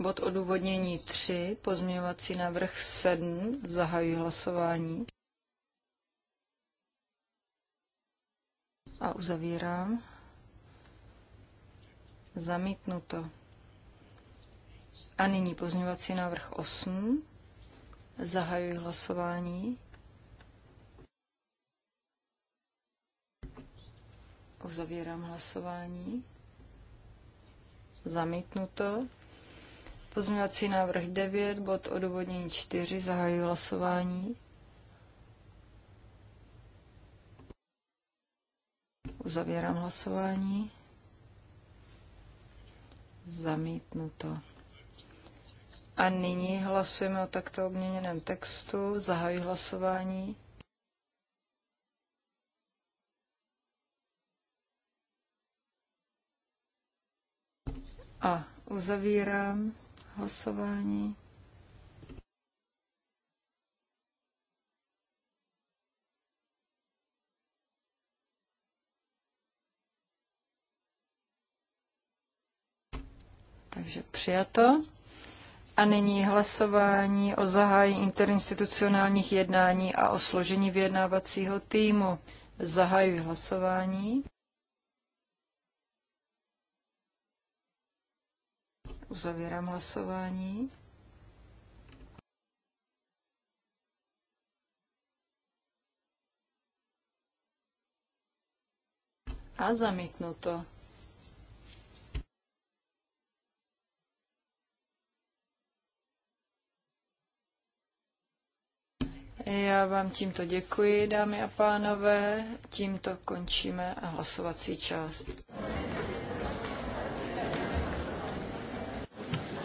Bod odůvodnění 3, pozměňovací návrh 7, zahajuji hlasování. A uzavírám. Zamítnuto. A nyní pozměňovací návrh 8. Zahajuji hlasování. Uzavírám hlasování. Zamítnuto. Pozměňovací návrh 9, bod odůvodnění 4, zahajuji hlasování. Uzavírám hlasování. Zamítnuto. A nyní hlasujeme o takto obměněném textu. Zahajuji hlasování. A uzavírám hlasování. Takže přijato. A nyní hlasování o zahájení interinstitucionálních jednání a o složení vyjednávacího týmu. Zahajuji hlasování. Uzavírám hlasování. A zamítnuto. Já vám tímto děkuji, dámy a pánové. Tímto končíme hlasovací část.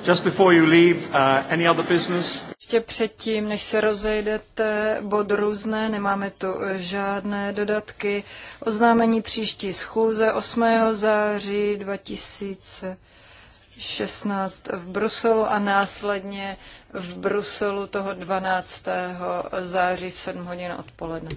Just before you leave, uh, any other business? Ještě předtím, než se rozejdete, bod různé, nemáme tu žádné dodatky. Oznámení příští schůze 8. září 2000. 16 v Bruselu a následně v Bruselu toho 12. září v 7 hodin odpoledne.